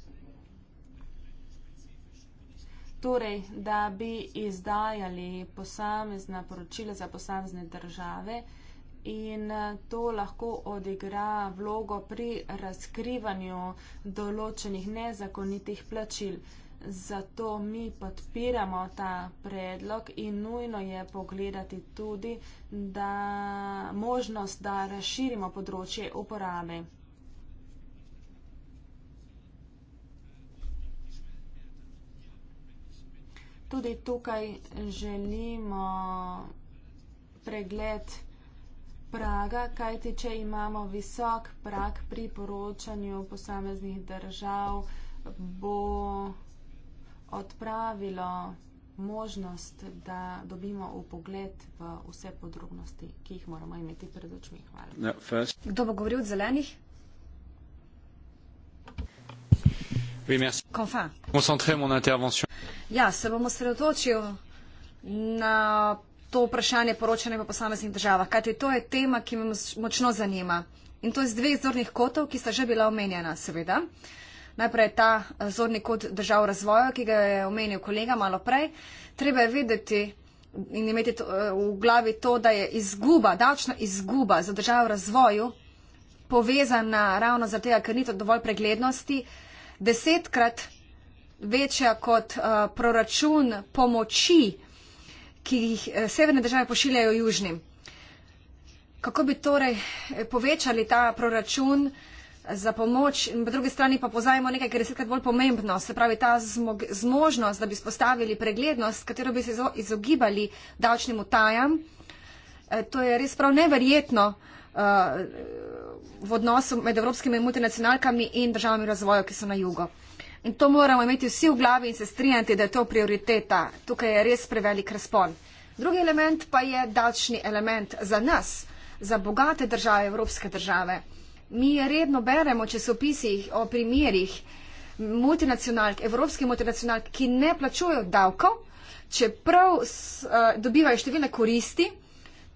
Torej, da bi izdajali posamezna poročila za posamezne države in eh, to lahko odigra vlogo pri razkrivanju določenih nezakonitih plačil. Zato mi podpiramo ta predlog in nujno je pogledati tudi da možnost, da razširimo področje uporabe. tudi tukaj želimo pregled praga, kajti če imamo visok prag pri poročanju posameznih držav, bo odpravilo možnost, da dobimo upogled v vse podrobnosti, ki jih moramo imeti pred očmi. Hvala. No, Kdo bo govoril od zelenih? Oui, merci. Confin. Concentrer mon intervention. Ja, se bom osredotočil na to vprašanje poročanja po posameznih državah. Kajte, to je tema, ki me močno zanima. In to je z dveh zornih kotov, ki sta že bila omenjena, seveda. Najprej ta eh, zorni kot držav razvoja, ki ga je omenil kolega malo prej. Treba je vedeti in imeti to, eh, v glavi to, da je izguba, davčna izguba za državo razvoju povezana ravno zato, ker ni to dovolj preglednosti, desetkrat večja kot uh, proračun pomoči, ki jih uh, severne države pošiljajo južnim. Kako bi torej eh, povečali ta proračun za pomoč, po drugi strani pa pozajemo nekaj, kar je desetkrat bolj pomembno, se pravi ta zmog, zmožnost, da bi spostavili preglednost, katero bi se izogibali davčnim utajam. Uh, to je res prav neverjetno. Uh, v odnosu med evropskimi multinacionalkami in državami razvoja, ki so na jugu. In to moramo imeti vsi v glavi in se strinjati, da je to prioriteta. Tukaj je res prevelik razpon. Drugi element pa je davčni element za nas, za bogate države, evropske države. Mi redno beremo v časopisih o primerjih multinacionalk, evropskih multinacionalk, ki ne plačujo davkov, čeprav uh, dobivajo številne koristi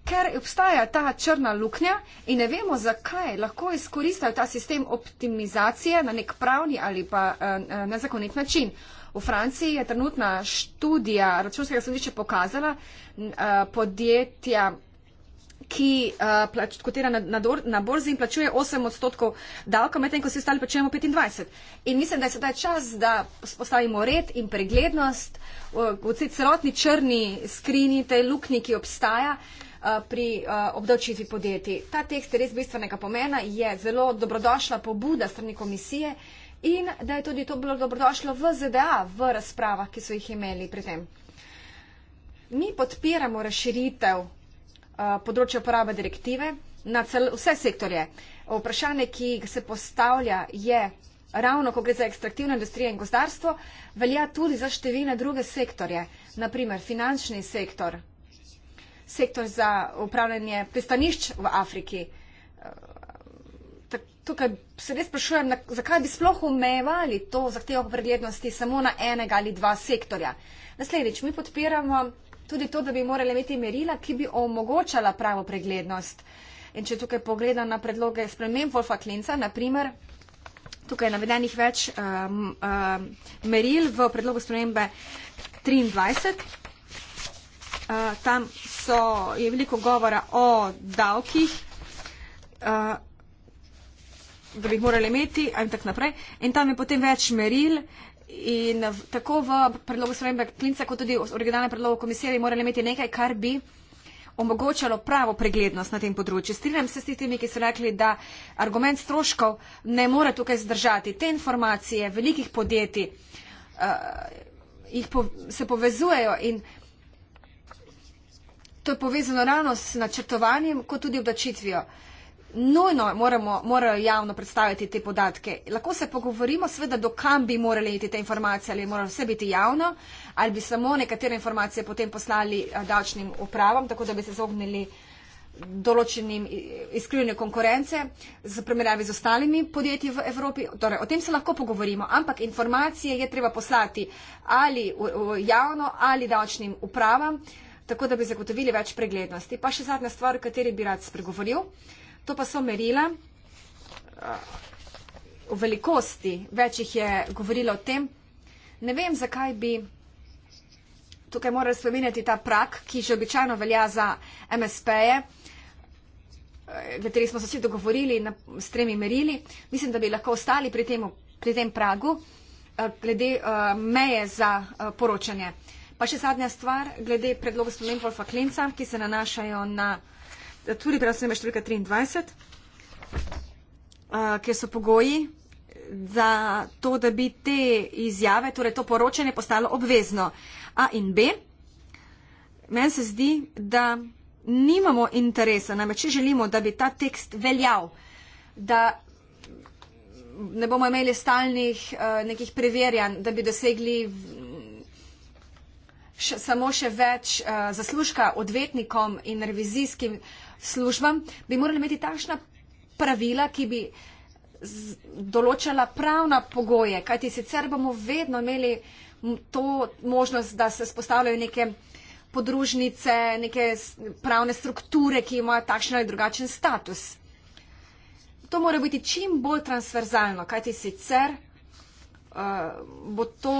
ker obstaja ta črna luknja in ne vemo, zakaj lahko izkoristajo ta sistem optimizacije na nek pravni ali pa eh, eh, nezakonit način. V Franciji je trenutna študija računskega sodišča pokazala eh, podjetja ki uh, kotira na, na, na borzi in plačuje 8 odstotkov davka, medtem ko vsi ostali plačujemo 25. In mislim, da je sedaj čas, da spostavimo red in preglednost v, v celotni črni skrini, tej luknji, ki obstaja, uh, Eh, pri eh, obdavčitvi podjetij. Ta tekst je res bistvenega pomena, je zelo dobrodošla pobuda strani komisije in da je tudi to bilo dobrodošlo v ZDA, v razpravah, ki so jih imeli pri tem. Mi podpiramo razširitev eh, področja uporabe direktive na cel, vse sektorje. Vprašanje, ki se postavlja, je ravno, ko gre za ekstraktivno industrijo in gozdarstvo, velja tudi za številne druge sektorje, naprimer finančni sektor, sektor za upravljanje pristanišč v Afriki. Eh, tukaj se res sprašujem, zakaj bi sploh omejevali to zahtevo po preglednosti samo na enega ali dva sektorja. Naslednjič, mi podpiramo tudi to, da bi morali imeti merila, ki bi omogočala pravo preglednost. In če tukaj pogledam na predloge sprememb Wolfa Klinca, naprimer, tukaj je navedenih več um, um, meril v predlogu spremembe 23. Eh, tam so, je veliko govora o davkih, uh, da bi jih morali imeti in tako naprej. In tam je potem več meril in v, tako v predlogu Sremenbe Klinca, kot tudi v originalnem predlogu komisije bi morali imeti nekaj, kar bi omogočalo pravo preglednost na tem področju. Strinjam se s tistimi, ki so rekli, da argument stroškov ne more tukaj zdržati. Te informacije velikih podjetij uh, po, se povezujejo in to je povezano ravno s načrtovanjem, kot tudi obdačitvijo. Nujno moramo, morajo javno predstaviti te podatke. Lahko se pogovorimo, sveda, do kam bi morali iti te informacije, ali mora vse biti javno, ali bi samo nekatere informacije potem poslali eh, davčnim upravam, tako da bi se zognili določenim izkrivljenju konkurence z primerjavi z ostalimi podjetji v Evropi. Torej, o tem se lahko pogovorimo, ampak informacije je treba poslati ali v, v javno ali davčnim upravam. Uh, tako da bi zagotovili več preglednosti. Pa še zadnja stvar, o kateri bi rad spregovoril, to pa so merila eh, o velikosti, več jih je govorilo o tem. Ne vem, zakaj bi tukaj moral spominjati ta prak, ki že običajno velja za MSP-je, eh, kateri smo se vsi dogovorili na, s tremi merili. Mislim, da bi lahko ostali pri, temu, pri tem pragu eh, glede uh, meje za uh, poročanje. Uh, Pa še zadnja stvar, glede predloga spomen Wolfa Klinca, ki se nanašajo na eh, tudi preostanem številka 23, eh, kjer so pogoji za to, da bi te izjave, torej to poročanje, postalo obvezno. A in B, meni se zdi, da nimamo interesa, namreč če želimo, da bi ta tekst veljal, da ne bomo imeli stalnih eh, nekih preverjanj, da bi dosegli še, samo še več uh, zaslužka odvetnikom in revizijskim službam, bi morali imeti takšna pravila, ki bi določala pravna pogoje, kajti sicer bomo vedno imeli to možnost, da se spostavljajo neke podružnice, neke pravne strukture, ki imajo takšen ali drugačen status. To mora biti čim bolj transverzalno, kajti sicer uh, bo to,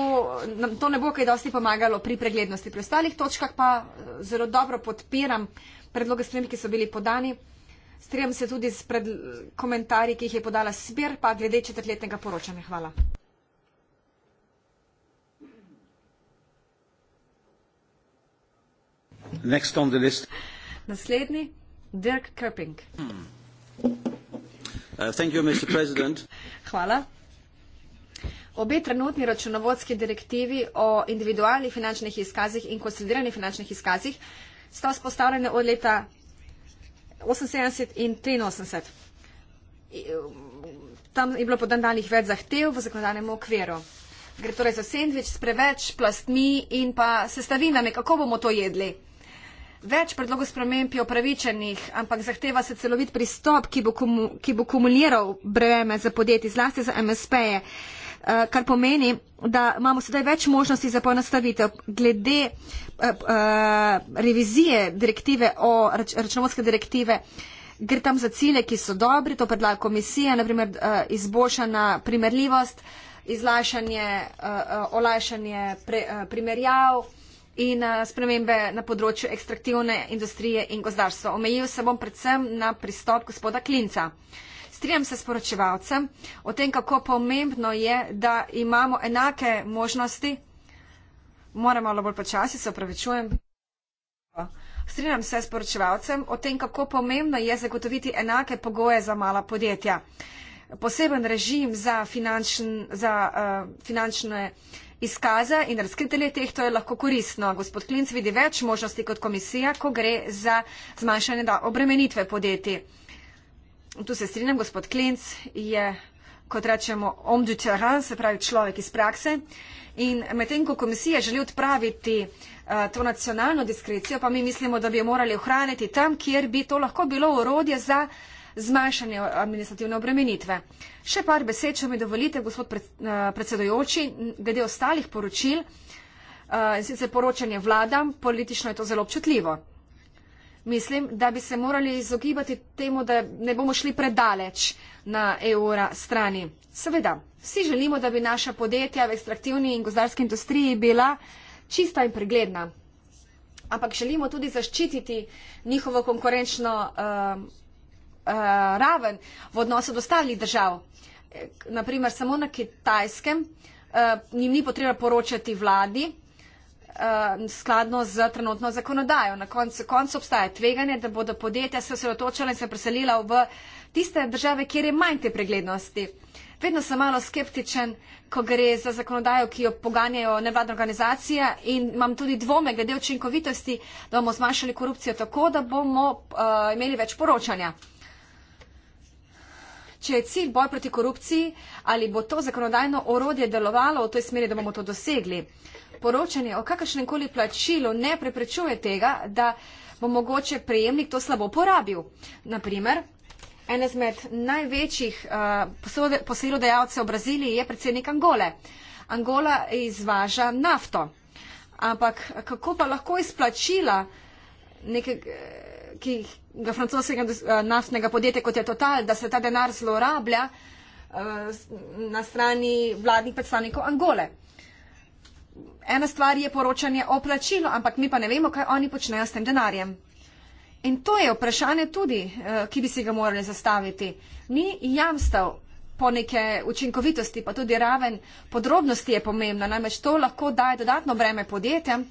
nam, to ne bo kaj dosti pomagalo pri preglednosti. Pri ostalih točkah pa eh, zelo dobro podpiram predloge sprem, ki so bili podani. Strijam se tudi s komentarji, ki jih je podala Sbir, pa glede četrtletnega poročanja. Hvala. Next on the list. Naslednji, Dirk Köping. Hmm. Uh, thank you, Mr. President. Hvala. Obe trenutni računovodski direktivi o individualnih finančnih izkazih in konsolidiranih finančnih izkazih sta vzpostavljene od leta 78 in 83. Um, tam je bilo podan danih več zahtev v zakonodanem okviru. Gre torej za sendvič s preveč plastmi in pa sestavinami, kako bomo to jedli. Več predlogov sprememb je opravičenih, ampak zahteva se celovit pristop, ki bo, komu, ki bo kumuliral breme za podjetje, zlasti za MSP-je. Eh, kar pomeni, da imamo sedaj več možnosti za poenostavitev glede eh, eh, revizije direktive o računovodske direktive. Gre tam za cilje, ki so dobri, to predlaga komisija, naprimer izboljšana primerljivost, izlašanje, olajšanje primerjav in spremembe na področju ekstraktivne industrije in gozdarstva. Omejil se bom predvsem na pristop gospoda Klinca. Strinjam se s poročevalcem o tem, kako pomembno je, da imamo enake možnosti. Moram malo bolj počasi, se opravičujem. Strinjam se s poročevalcem o tem, kako pomembno je zagotoviti enake pogoje za mala podjetja. Poseben režim za, finančn, za uh, finančne izkaze in razkritelje teh, to je lahko koristno. Gospod Klinc vidi več možnosti kot komisija, ko gre za zmanjšanje obremenitve podjetij tu se strinjam, gospod Klinc je, kot rečemo, om du terrain, se pravi človek iz prakse. In medtem, ko komisija želi odpraviti uh, to nacionalno diskrecijo, pa mi mislimo, da bi jo morali ohraniti tam, kjer bi to lahko bilo urodje za zmanjšanje eh, administrativne obremenitve. Še par besed, če mi dovolite, gospod pred, uh, eh, predsedojoči, glede ostalih poročil, uh, sicer poročanje vladam, politično je to zelo občutljivo mislim, da bi se morali izogibati temu, da ne bomo šli predaleč na evra strani. Seveda, vsi želimo, da bi naša podjetja v ekstraktivni in gozdarski industriji bila čista in pregledna. Ampak želimo tudi zaščititi njihovo konkurenčno uh, uh, raven v odnosu do ostalih držav. E, Naprimer, samo na kitajskem uh, njim ni potreba poročati vladi, Eh, skladno z trenutno zakonodajo. Na koncu, koncu obstaja tveganje, da bodo podjetja se osredotočila in se preselila v tiste države, kjer je manj te preglednosti. Vedno sem malo skeptičen, ko gre za zakonodajo, ki jo poganjajo nevladne organizacije in imam tudi dvome glede učinkovitosti, da bomo zmanjšali korupcijo tako, da bomo uh, imeli več poročanja. Če je cilj boj proti korupciji, ali bo to zakonodajno orodje delovalo v toj smeri, da bomo to dosegli? Uh, poročanje o kakršnem koli plačilu ne preprečuje tega, da bo mogoče prejemnik to slabo porabil. Naprimer, en izmed največjih uh, eh, posilodajalcev v Braziliji je predsednik Angole. Angola izvaža nafto. Ampak kako pa lahko izplačila nekega francoskega eh, naftnega podjetja, kot je Total, da se ta denar zlorablja uh, na strani vladnih predstavnikov Angole? Ena stvar je poročanje o plačilu, ampak mi pa ne vemo, kaj oni počnejo s tem denarjem. In to je vprašanje tudi, eh, ki bi si ga morali zastaviti. Ni jamstav po neke učinkovitosti, pa tudi raven podrobnosti je pomembna. Namreč to lahko daje dodatno breme podjetjem,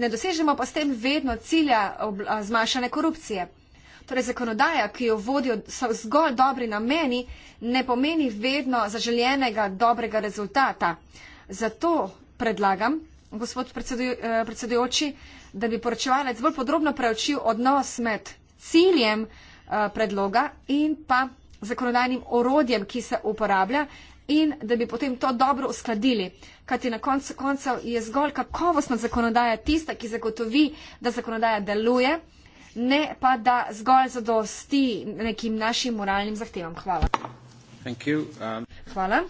ne dosežemo pa s tem vedno cilja zmanjšane korupcije. Torej, zakonodaja, ki jo vodijo zgolj dobri nameni, ne pomeni vedno zaželjenega dobrega rezultata. Zato predlagam, gospod eh, predsedujoči, da bi poročevalec bolj podrobno preučil odnos med ciljem eh, predloga in pa zakonodajnim orodjem, ki se uporablja in da bi potem to dobro uskladili, kajti na koncu koncev je zgolj kakovostna zakonodaja tista, ki zagotovi, da zakonodaja deluje, ne pa da zgolj zadosti nekim našim moralnim zahtevam. Hvala. Um Hvala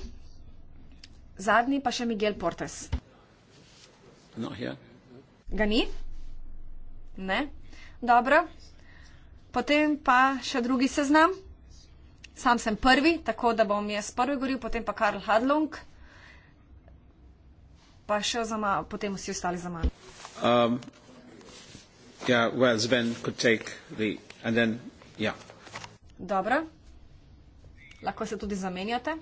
zadnji pa še Miguel Portes. No, ja. Ga ni? Ne. Dobro. Potem pa še drugi seznam. Sam sem prvi, tako da bom jaz prvi govoril, potem pa Karl Hadlung, pa še za malo, potem vsi ostali za mano. Um, yeah, well, Sven could take the and then, yeah. Dobro. Lahko se tudi zamenjate.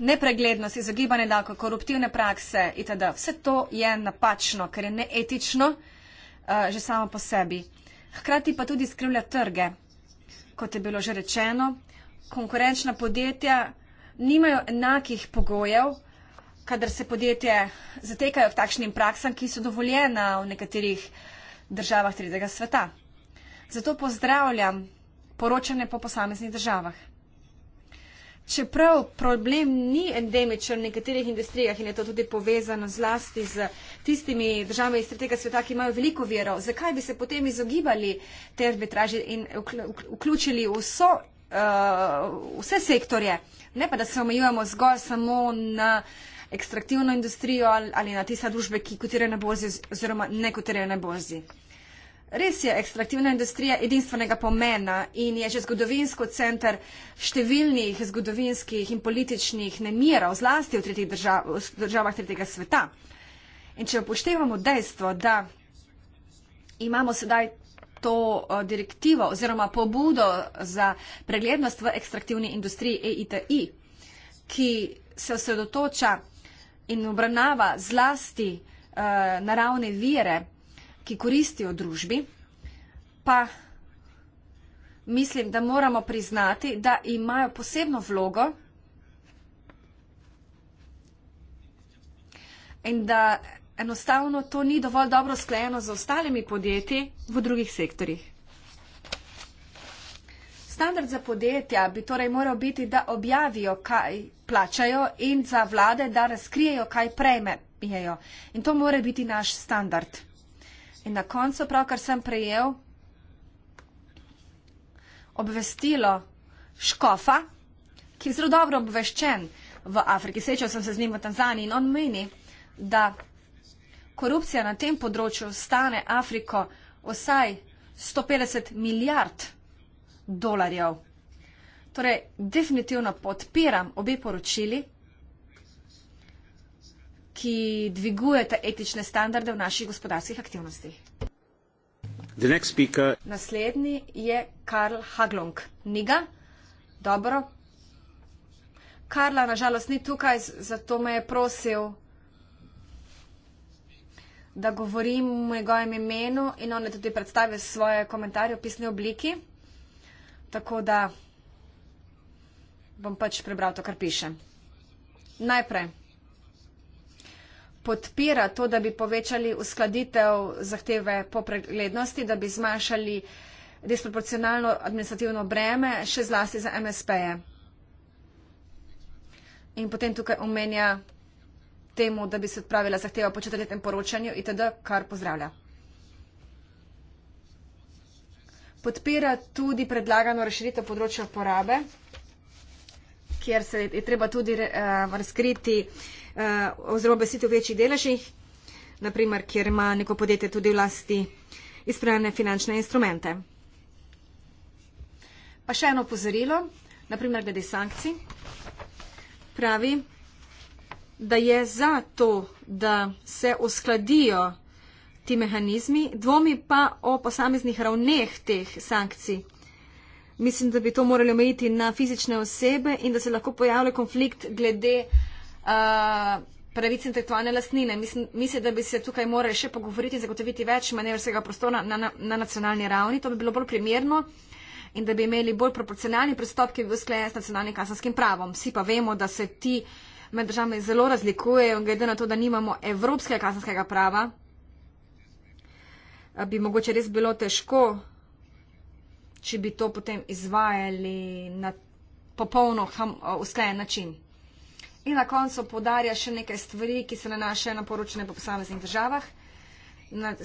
nepreglednost, izogibanje davkov, koruptivne prakse itd. Vse to je napačno, ker je neetično eh, že samo po sebi. Hkrati pa tudi skrivlja trge, kot je bilo že rečeno. Konkurenčna podjetja nimajo enakih pogojev, kadar se podjetje zatekajo k takšnim praksam, ki so dovoljena v nekaterih državah tretjega sveta. Zato pozdravljam poročanje po posameznih državah. Čeprav problem ni endemičen v nekaterih industrijah in je to tudi povezano zlasti z tistimi državami iz tretjega sveta, ki imajo veliko verov, zakaj bi se potem izogibali te arbitraži in vključili vso, uh, vse sektorje, ne pa da se omejujemo zgolj samo na ekstraktivno industrijo ali, ali na tiste družbe, ki kotirajo na borzi oziroma ne kotirajo na borzi? Res je ekstraktivna industrija edinstvenega pomena in je že zgodovinsko center številnih zgodovinskih in političnih nemirov, zlasti v, držav, v državah tretjega sveta. In če upoštevamo dejstvo, da imamo sedaj to eh, direktivo oziroma pobudo za preglednost v ekstraktivni industriji EITI, ki se osredotoča in obravnava zlasti uh, naravne vire, ki koristijo družbi, pa mislim, da moramo priznati, da imajo posebno vlogo in da enostavno to ni dovolj dobro sklejeno z ostalimi podjetji v drugih sektorjih. Standard za podjetja bi torej moral biti, da objavijo, kaj plačajo in za vlade, da razkrijejo, kaj prejmejo. In to mora biti naš standard. In na koncu pravkar sem prejel obvestilo Škofa, ki je zelo dobro obveščen v Afriki. Srečal sem se z njim v Tanzaniji in on meni, da korupcija na tem področju stane Afriko vsaj 150 milijard dolarjev. Torej, definitivno podpiram obe poročili ki dvigujete etične standarde v naših gospodarskih aktivnostih. Naslednji je Karl Haglong. Niga? Dobro. Karla nažalost ni tukaj, zato me je prosil, da govorim v njegovem imenu in on je tudi predstavil svoje komentarje v pisni obliki. Tako da bom pač prebral to, kar piše. Najprej podpira to, da bi povečali uskladitev zahteve po preglednosti, da bi zmanjšali disproporcionalno administrativno breme, še zlasti za MSP-je. In potem tukaj omenja temu, da bi se odpravila zahteva po četrtem poročanju itd., kar pozdravlja. Podpira tudi predlagano razširitev področja uporabe, kjer se je treba tudi uh, razkriti uh, Eh, oziroma besiti v večjih deležih, naprimer, kjer ima neko podjetje tudi v lasti izpravljene finančne instrumente. Pa še eno pozorilo, naprimer glede sankcij, pravi, da je za to, da se uskladijo ti mehanizmi, dvomi pa o posameznih ravneh teh sankcij. Mislim, da bi to morali omejiti na fizične osebe in da se lahko pojavlja konflikt glede pravic intelektualne lastnine. Mislim, misli, da bi se tukaj morali še pogovoriti in zagotoviti več manevrskega prostora na, na, na nacionalni ravni. To bi bilo bolj primerno in da bi imeli bolj proporcionalni pristop, ki bi bil sklejen s nacionalnim kazanskim pravom. Vsi pa vemo, da se ti med državami zelo razlikujejo, glede na to, da nimamo evropskega kazanskega prava. Bi mogoče res bilo težko, če bi to potem izvajali na popolno usklejen način. In na koncu podarja še nekaj stvari, ki se nanašajo na poročanje po posameznih državah.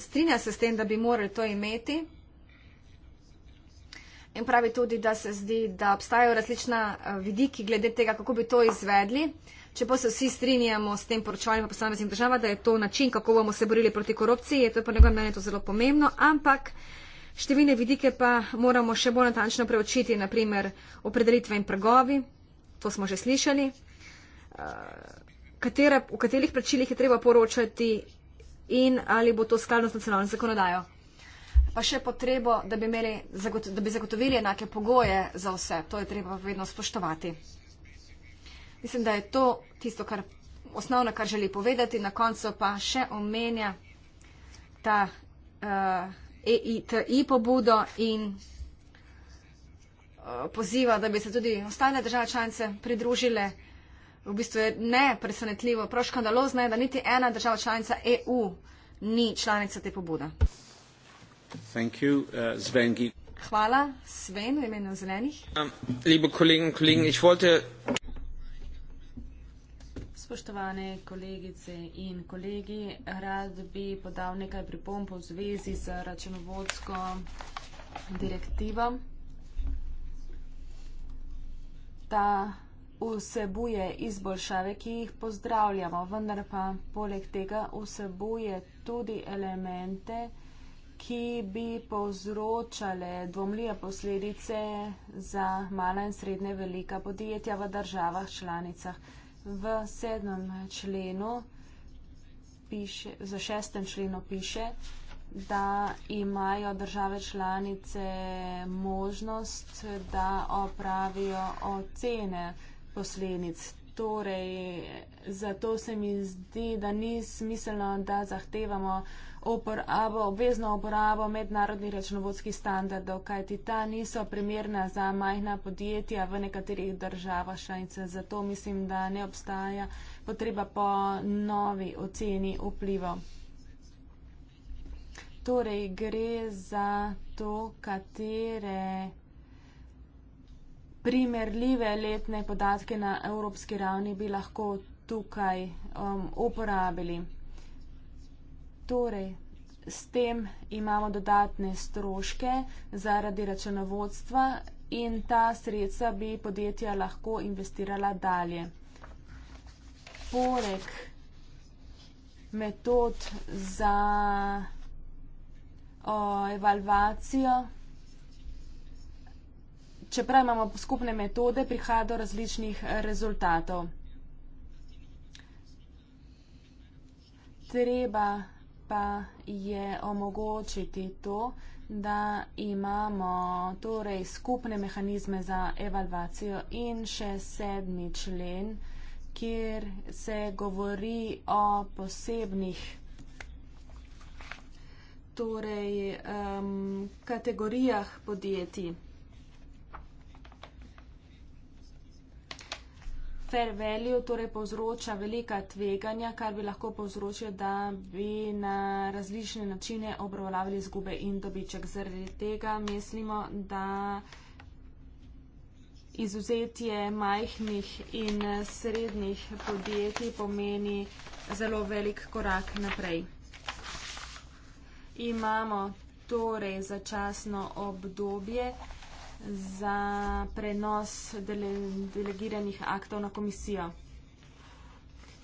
Strinja se s tem, da bi morali to imeti. In pravi tudi, da se zdi, da obstajajo različna eh, vidiki glede tega, kako bi to izvedli. Čeprav se vsi strinjamo s tem poročanjem po posameznih državah, da je to način, kako bomo se borili proti korupciji, je to po njegovem mnenju zelo pomembno. Ampak. Številne vidike pa moramo še bolj natančno preučiti, naprimer opredelitve in prgovi, to smo že slišali katere, v katerih plačilih je treba poročati in ali bo to skladno z nacionalno zakonodajo. Pa še potrebo, da bi, imeli, da bi zagotovili enake pogoje za vse. To je treba vedno spoštovati. Mislim, da je to tisto, kar osnovno, kar želi povedati. Na koncu pa še omenja ta uh, eh, EITI pobudo in uh, poziva, da bi se tudi ostale države članice pridružile v bistvu je ne presenetljivo, prav škandalozno je, da niti ena država članica EU ni članica te pobude. You, uh, Hvala, Sven, v imenu zelenih. Uh, Spoštovane kolegice in kolegi, rad bi podal nekaj pripomp v zvezi z računovodsko direktivo. Ta vsebuje izboljšave, ki jih pozdravljamo, vendar pa poleg tega vsebuje tudi elemente, ki bi povzročale dvomljive posledice za mala in srednje velika podjetja v državah članicah. V sedmem členu piše, za šestem členu piše, da imajo države članice možnost, da opravijo ocene posledic. Torej, zato se mi zdi, da ni smiselno, da zahtevamo oporabo, obvezno uporabo mednarodnih računovodskih standardov, kajti ta niso primerna za majhna podjetja v nekaterih državah šanice. Zato mislim, da ne obstaja potreba po novi oceni vplivo. Torej, gre za to, katere primerljive letne podatke na evropski ravni bi lahko tukaj um, uporabili. Torej, s tem imamo dodatne stroške zaradi računovodstva in ta sredstva bi podjetja lahko investirala dalje. Poleg metod za o, evalvacijo, čeprav imamo skupne metode, prihaja do različnih eh, rezultatov. Treba pa je omogočiti to, da imamo torej skupne mehanizme za evalvacijo in še sedmi člen, kjer se govori o posebnih torej, um, kategorijah podjetij. fair value, torej povzroča velika tveganja, kar bi lahko povzročil, da bi na različne načine obravnavali zgube in dobiček. Zaradi tega mislimo, da izuzetje majhnih in srednjih podjetij pomeni zelo velik korak naprej. Imamo torej začasno obdobje, za prenos dele, delegiranih aktov na komisijo.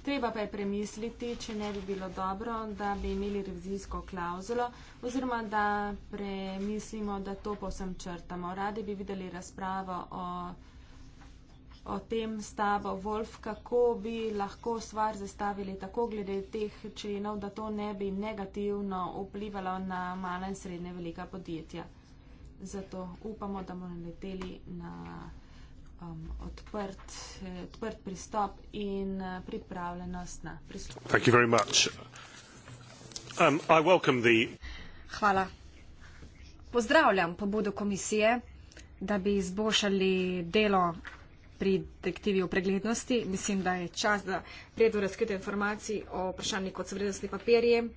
Treba pa je premisliti, če ne bi bilo dobro, da bi imeli revizijsko klauzulo oziroma da premislimo, da to povsem črtamo. Radi bi videli razpravo o, o tem stavo Wolf, kako bi lahko stvar zastavili tako glede teh členov, da to ne bi negativno vplivalo na mala in srednje velika podjetja zato upamo, da bomo naleteli na um, odprt, eh, odprt pristop in uh, pripravljenost na prisluh. Um, the... Hvala. Pozdravljam pobudo komisije, da bi izboljšali delo pri detektivi o preglednosti. Mislim, da je čas, da predu razkrite informacije o vprašanju kot so vrednostni papirji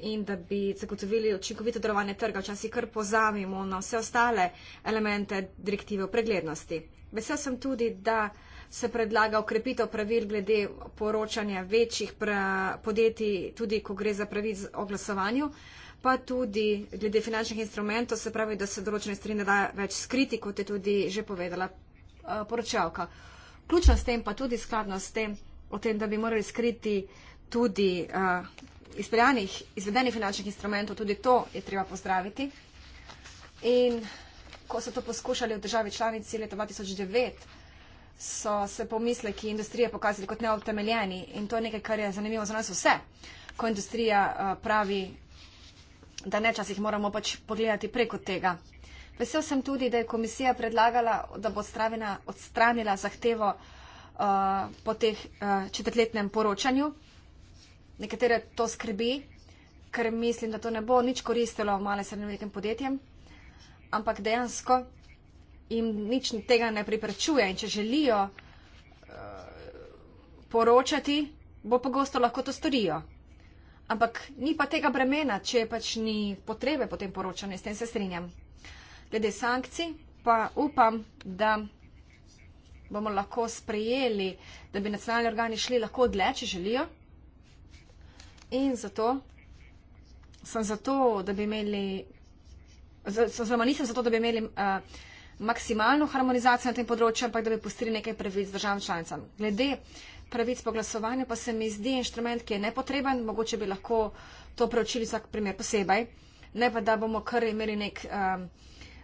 in da bi zagotovili učinkovito delovanje trga, včasih kar pozavimo na vse ostale elemente direktive o preglednosti. Vesel sem tudi, da se predlaga ukrepitev pravil glede poročanja večjih podjetij, tudi ko gre za pravic o glasovanju, pa tudi glede finančnih instrumentov, se pravi, da se določene stvari ne da več skriti, kot je tudi že povedala eh, poročevalka. Ključno s tem pa tudi skladno s tem, o tem, da bi morali skriti tudi uh, izpeljanih, izvedenih finančnih instrumentov, tudi to je treba pozdraviti. In ko so to poskušali v državi članici leta 2009, so se pomisleki industrije pokazali kot neutemeljeni in to je nekaj, kar je zanimivo za nas vse, ko industrija eh, pravi, da nečasih moramo pač pogledati preko tega. Vesel sem tudi, da je komisija predlagala, da bo odstranila zahtevo uh, po teh uh, četrtletnem poročanju nekatere to skrbi, ker mislim, da to ne bo nič koristilo malim srednjim velikim podjetjem, ampak dejansko jim nič tega ne priprečuje in če želijo eh, poročati, bo pogosto lahko to storijo. Ampak ni pa tega bremena, če pač ni potrebe po tem poročanju, s tem se strinjam. Glede sankcij pa upam, da bomo lahko sprejeli, da bi nacionalni organi šli lahko odle, če želijo. In zato sem zato, da bi imeli. Oziroma, nisem zato, da bi imeli uh, maksimalno harmonizacijo na tem področju, ampak da bi postili nekaj pravic državam članicam. Glede pravic po glasovanju pa se mi zdi inštrument, ki je nepotreben, mogoče bi lahko to preučili vsak primer posebej, ne pa da bomo kar imeli nek um,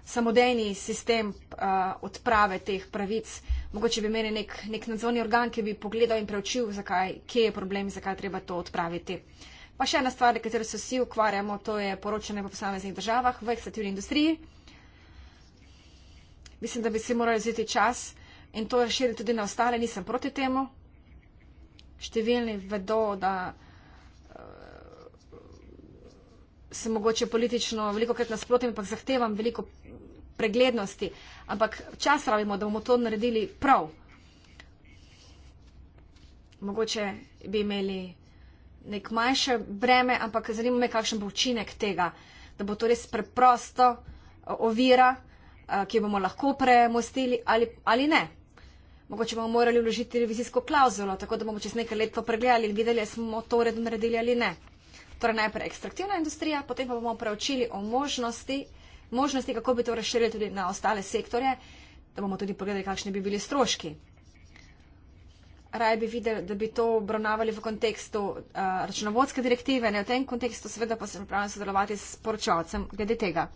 samodejni sistem uh, odprave teh pravic uh, mogoče bi imeli nek, nek nadzorni organ, ki bi pogledal in preučil, zakaj, kje je problem in zakaj treba to odpraviti. Pa še ena stvar, na katero se vsi ukvarjamo, to je poročanje po posameznih državah v ekstrativni industriji. Mislim, da bi si morali vzeti čas in to razširiti tudi na ostale, nisem proti temu. Številni vedo, da eh, se mogoče politično veliko krat nasprotim, ampak zahtevam veliko preglednosti, ampak čas rabimo, da bomo to naredili prav. Mogoče bi imeli nek manjše breme, ampak zanima me, kakšen bo učinek tega, da bo to res preprosto eh, ovira, eh, ki bomo lahko premostili ali, ali ne. Mogoče bomo morali vložiti revizijsko klauzulo, tako da bomo čez nekaj let to pregledali in videli, ali smo to uredno naredili ali ne. Torej najprej ekstraktivna industrija, potem pa bomo preučili o možnosti možnosti, kako bi to razširili tudi na ostale sektorje, da bomo tudi pogledali, kakšni bi bili stroški. Raje bi videli, da bi to obravnavali v kontekstu uh, računovodske direktive, ne v tem kontekstu, seveda pa sem pripravljen sodelovati s poročevalcem glede tega.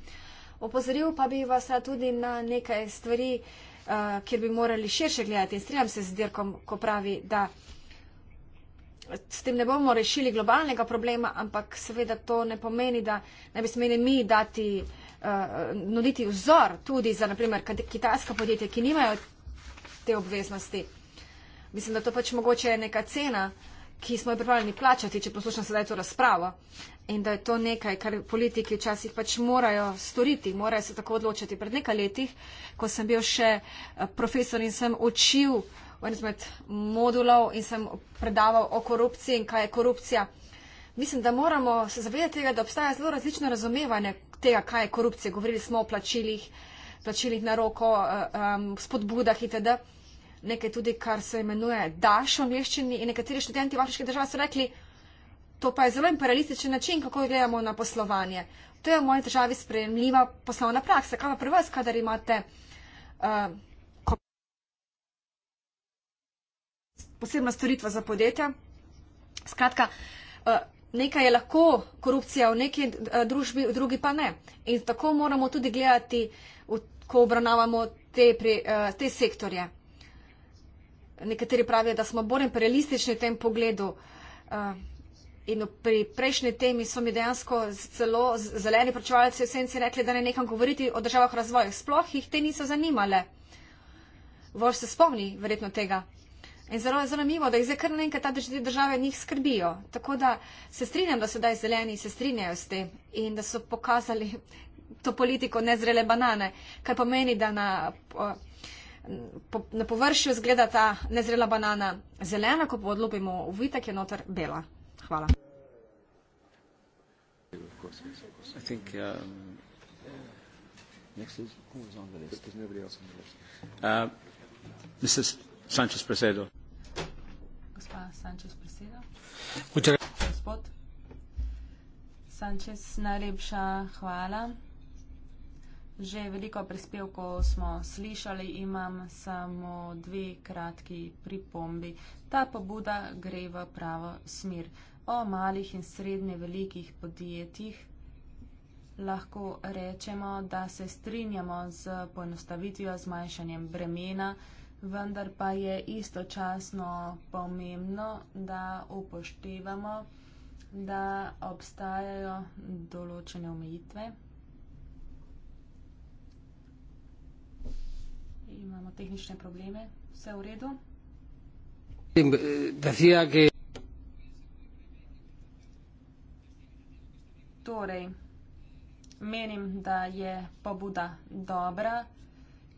Opozoril pa bi vas tudi na nekaj stvari, uh, kjer bi morali širše gledati. In strinjam se z Dirkom, ko pravi, da s tem ne bomo rešili globalnega problema, ampak seveda to ne pomeni, da ne bi smeli mi dati uh, uh, nuditi vzor tudi za naprimer kitajska podjetja, ki nimajo te obveznosti. Mislim, da to pač mogoče je neka cena, ki smo jo pripravljeni plačati, če poslušam sedaj to razpravo. In da je to nekaj, kar politiki včasih pač morajo storiti, morajo se tako odločiti. Pred nekaj letih, ko sem bil še eh, profesor in sem učil v enem izmed modulov in sem predaval o korupciji in kaj je korupcija mislim, da moramo se zavedati tega, da obstaja zelo različno razumevanje tega, kaj je korupcija. Govorili smo o plačilih, plačilih na roko, um, spodbudah itd. Nekaj tudi, kar se imenuje daš v mješčini in nekateri študenti v afriških državah so rekli, to pa je zelo imperialističen način, kako gledamo na poslovanje. To je v moji državi sprejemljiva poslovna praksa. Kaj pa pri vas, kadar imate. Uh, posebna storitva za podjetja. Skratka, eh, Nekaj je lahko korupcija v neki eh, družbi, v drugi pa ne. In tako moramo tudi gledati, ko obravnavamo te, pri, eh, te sektorje. Nekateri pravijo, da smo bolj imperialistični v tem pogledu. Eh, in pri prejšnji temi so mi dejansko celo zeleni pročevalci v senci rekli, da ne nekam govoriti o državah razvoja. Sploh jih te niso zanimale. Vol se spomni verjetno tega. In zelo je zanimivo, da jih zdaj kar nekaj ta države, države njih skrbijo. Tako da se strinjam, da sedaj zeleni se strinjajo s tem in da so pokazali to politiko nezrele banane, kar pomeni, da na, po, na površju zgleda ta nezrela banana zelena, ko podlobimo uvitek je notr bela. Hvala. Um, uh, Mrs. Sanchez-Presedo gospa Sančes preseda. Gospod Sančes, najlepša hvala. Že veliko prispevkov smo slišali, imam samo dve kratki pripombi. Ta pobuda gre v pravo smer. O malih in srednje velikih podjetjih lahko rečemo, da se strinjamo z poenostavitvijo, zmanjšanjem bremena vendar pa je istočasno pomembno, da upoštevamo, da obstajajo določene omejitve. Imamo tehnične probleme, vse v redu. Torej, menim, da je pobuda dobra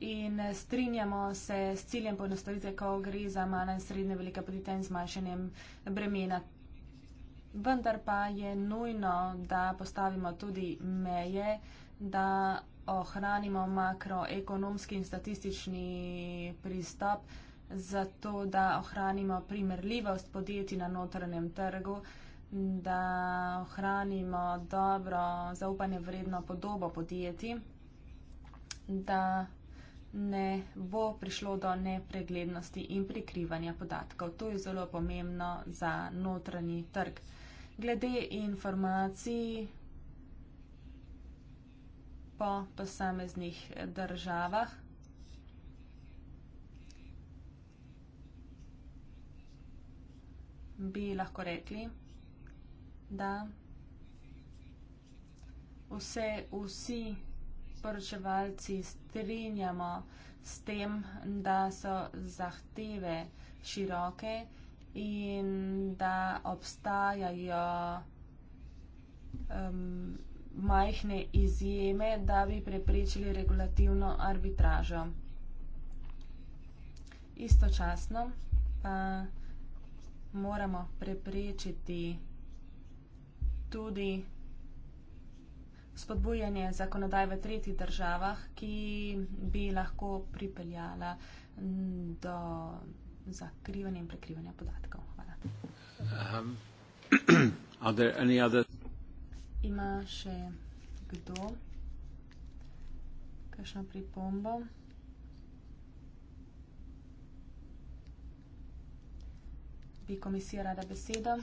in strinjamo se s ciljem poenostavitve, ko gre za mala in srednje velika podjetja in zmanjšanjem bremena. Vendar pa je nujno, da postavimo tudi meje, da ohranimo makroekonomski in statistični pristop, zato da ohranimo primerljivost podjetij na notranjem trgu, da ohranimo dobro zaupanje vredno podobo podjetij, da ne bo prišlo do nepreglednosti in prikrivanja podatkov. To je zelo pomembno za notranji trg. Glede informacij po posameznih državah. bi lahko rekli, da vse, vsi sporočevalci strinjamo s tem, da so zahteve široke in da obstajajo um, majhne izjeme, da bi preprečili regulativno arbitražo. Istočasno pa moramo preprečiti tudi spodbujanje zakonodaje v tretjih državah, ki bi lahko pripeljala do zakrivanja in prekrivanja podatkov. Hvala. Um, [clears throat] other... Ima še kdo kakšno pripombo? Bi komisija rada besedo?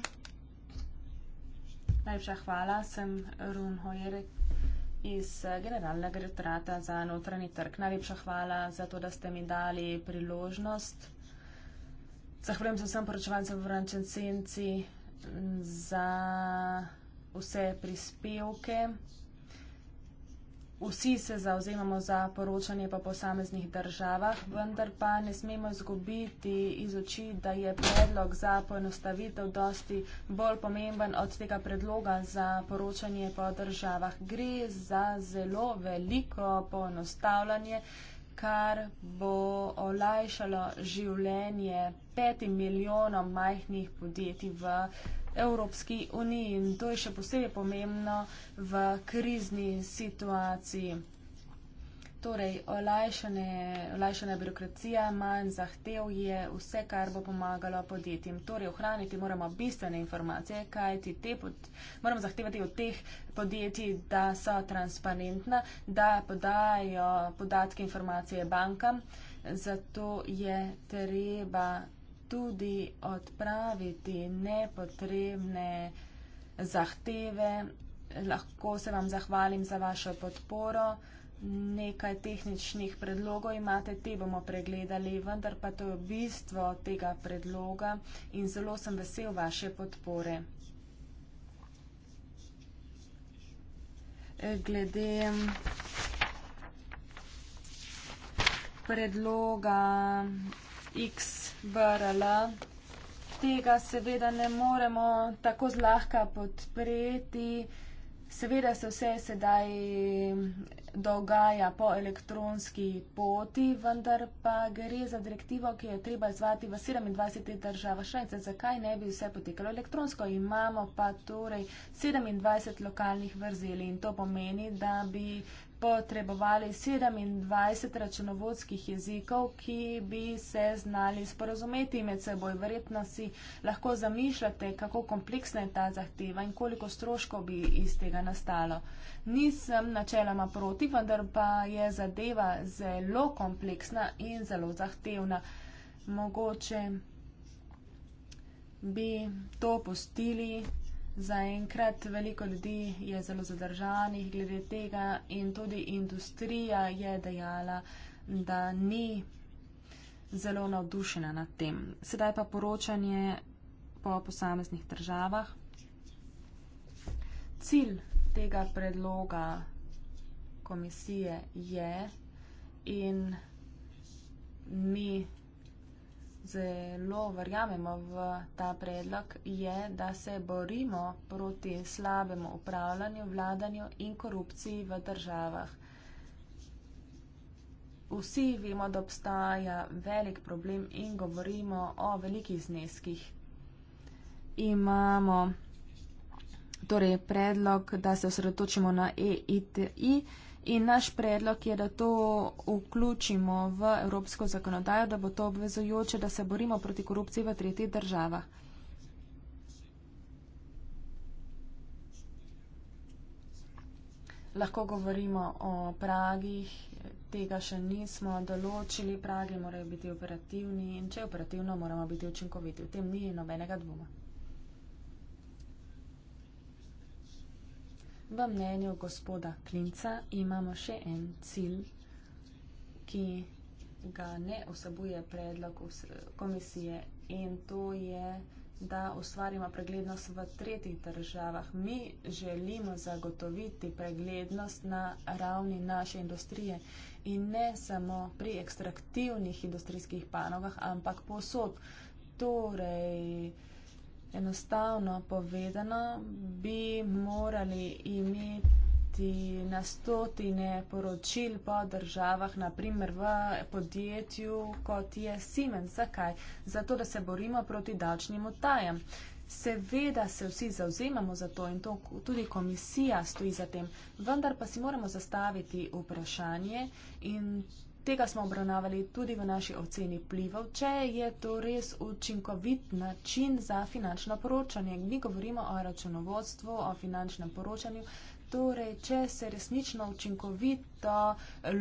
Najlepša hvala. Sem Run Hojerek iz eh, Generalnega direktorata za notranji trg. Najlepša hvala za to, da ste mi dali priložnost. Zahvaljujem se vsem poročevalcem v Rančencenci mm, za vse prispevke vsi se zauzemamo za poročanje po posameznih državah, vendar pa ne smemo izgubiti iz oči, da je predlog za poenostavitev dosti bolj pomemben od tega predloga za poročanje po državah. Gre za zelo veliko poenostavljanje kar bo olajšalo življenje petim milijonom majhnih podjetij v Evropski uniji in to je še posebej pomembno v krizni situaciji. Torej, olajšane, olajšana birokracija, manj zahtev je vse, kar bo pomagalo podjetjem. Torej, ohraniti moramo bistvene informacije, kaj ti te pod, moramo zahtevati od teh podjetij, da so transparentna, da podajo podatke informacije bankam. Zato je treba tudi odpraviti nepotrebne zahteve. Lahko se vam zahvalim za vašo podporo. Nekaj tehničnih predlogov imate, te bomo pregledali, vendar pa to je bistvo tega predloga in zelo sem vesel vaše podpore. Glede predloga x brl. Tega seveda ne moremo tako zlahka podpreti. Seveda se vse sedaj dogaja po elektronski poti, vendar pa gre za direktivo, ki jo treba izvati v 27 država šence. Zakaj ne bi vse potekalo elektronsko? Imamo pa torej 27 lokalnih vrzeli in to pomeni, da bi potrebovali 27 računovodskih jezikov, ki bi se znali sporozumeti med seboj. Verjetno si lahko zamišljate, kako kompleksna je ta zahteva in koliko stroškov bi iz tega nastalo. Nisem načeloma proti, vendar pa je zadeva zelo kompleksna in zelo zahtevna. Mogoče bi to postili Zaenkrat veliko ljudi je zelo zadržanih glede tega in tudi industrija je dejala, da ni zelo navdušena nad tem. Sedaj pa poročanje po posameznih državah. Cilj tega predloga komisije je in mi zelo verjamemo v ta predlog, je, da se borimo proti slabemu upravljanju, vladanju in korupciji v državah. Vsi vemo, da obstaja velik problem in govorimo o velikih zneskih. Imamo torej predlog, da se osredotočimo na EITI. In naš predlog je, da to vključimo v evropsko zakonodajo, da bo to obvezujoče, da se borimo proti korupciji v tretjih državah. Lahko govorimo o pragih, tega še nismo določili, pragi morajo biti operativni in če je operativno, moramo biti učinkoviti. V tem ni nobenega dvoma. v mnenju gospoda Klinca imamo še en cilj, ki ga ne vsebuje predlog komisije in to je, da ustvarimo preglednost v tretjih državah. Mi želimo zagotoviti preglednost na ravni naše industrije in ne samo pri ekstraktivnih industrijskih panogah, ampak posod. Torej, Enostavno povedano, bi morali imeti na stotine poročil po državah, naprimer v podjetju kot je Siemens. Zakaj? Zato, da se borimo proti davčnim utajam. Seveda se vsi zauzemamo za to in to tudi komisija stoji za tem, vendar pa si moramo zastaviti vprašanje in tega smo obravnavali tudi v naši oceni plivov, če je to res učinkovit način za finančno poročanje. Mi govorimo o računovodstvu, o finančnem poročanju. Torej, če se resnično učinkovito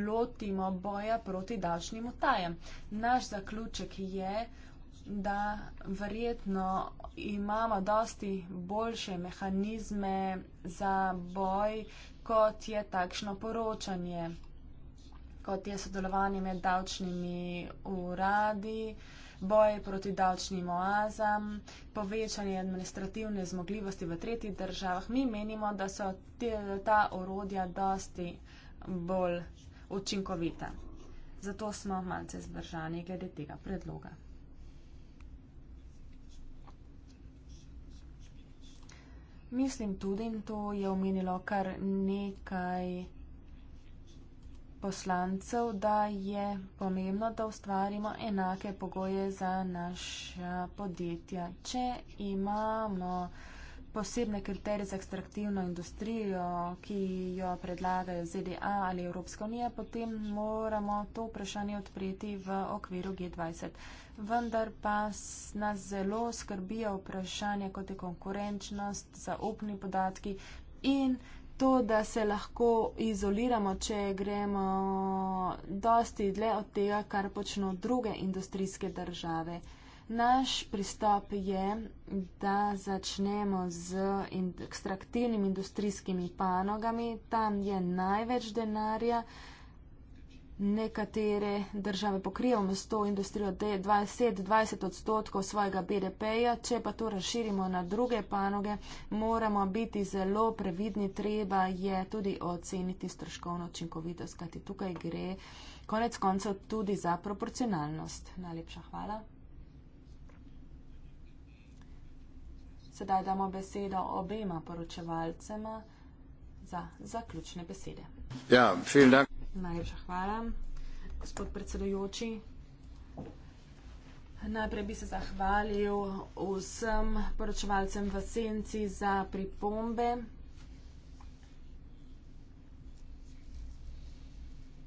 lotimo boja proti davčnim utajem. Naš zaključek je, da verjetno imamo dosti boljše mehanizme za boj, kot je takšno poročanje kot je sodelovanje med davčnimi uradi, boj proti davčnim oazam, povečanje administrativne zmogljivosti v tretjih državah. Mi menimo, da so te, ta orodja dosti bolj učinkovita. Zato smo malce zdržani glede tega predloga. Mislim tudi, in to je omenilo kar nekaj poslancev, da je pomembno, da ustvarimo enake pogoje za naša podjetja. Če imamo posebne kriterije za ekstraktivno industrijo, ki jo predlagajo ZDA ali Evropska unija, potem moramo to vprašanje odpreti v okviru G20. Vendar pa nas zelo skrbijo vprašanja, kot je konkurenčnost, zaupni podatki in to, da se lahko izoliramo, če gremo dosti dlje od tega, kar počnejo druge industrijske države. Naš pristop je, da začnemo z ekstraktivnimi industrijskimi panogami, tam je največ denarja nekatere države pokrivamo s to industrijo 20-20 odstotkov svojega BDP-ja, če pa to razširimo na druge panoge, moramo biti zelo previdni, treba je tudi oceniti stroškovno učinkovitost, kajti tukaj gre konec koncev tudi za proporcionalnost. Najlepša hvala. Sedaj damo besedo obema poročevalcema za zaključne besede. Ja, Najlepša hvala, gospod predsedujoči. Najprej bi se zahvalil vsem poročevalcem v senci za pripombe.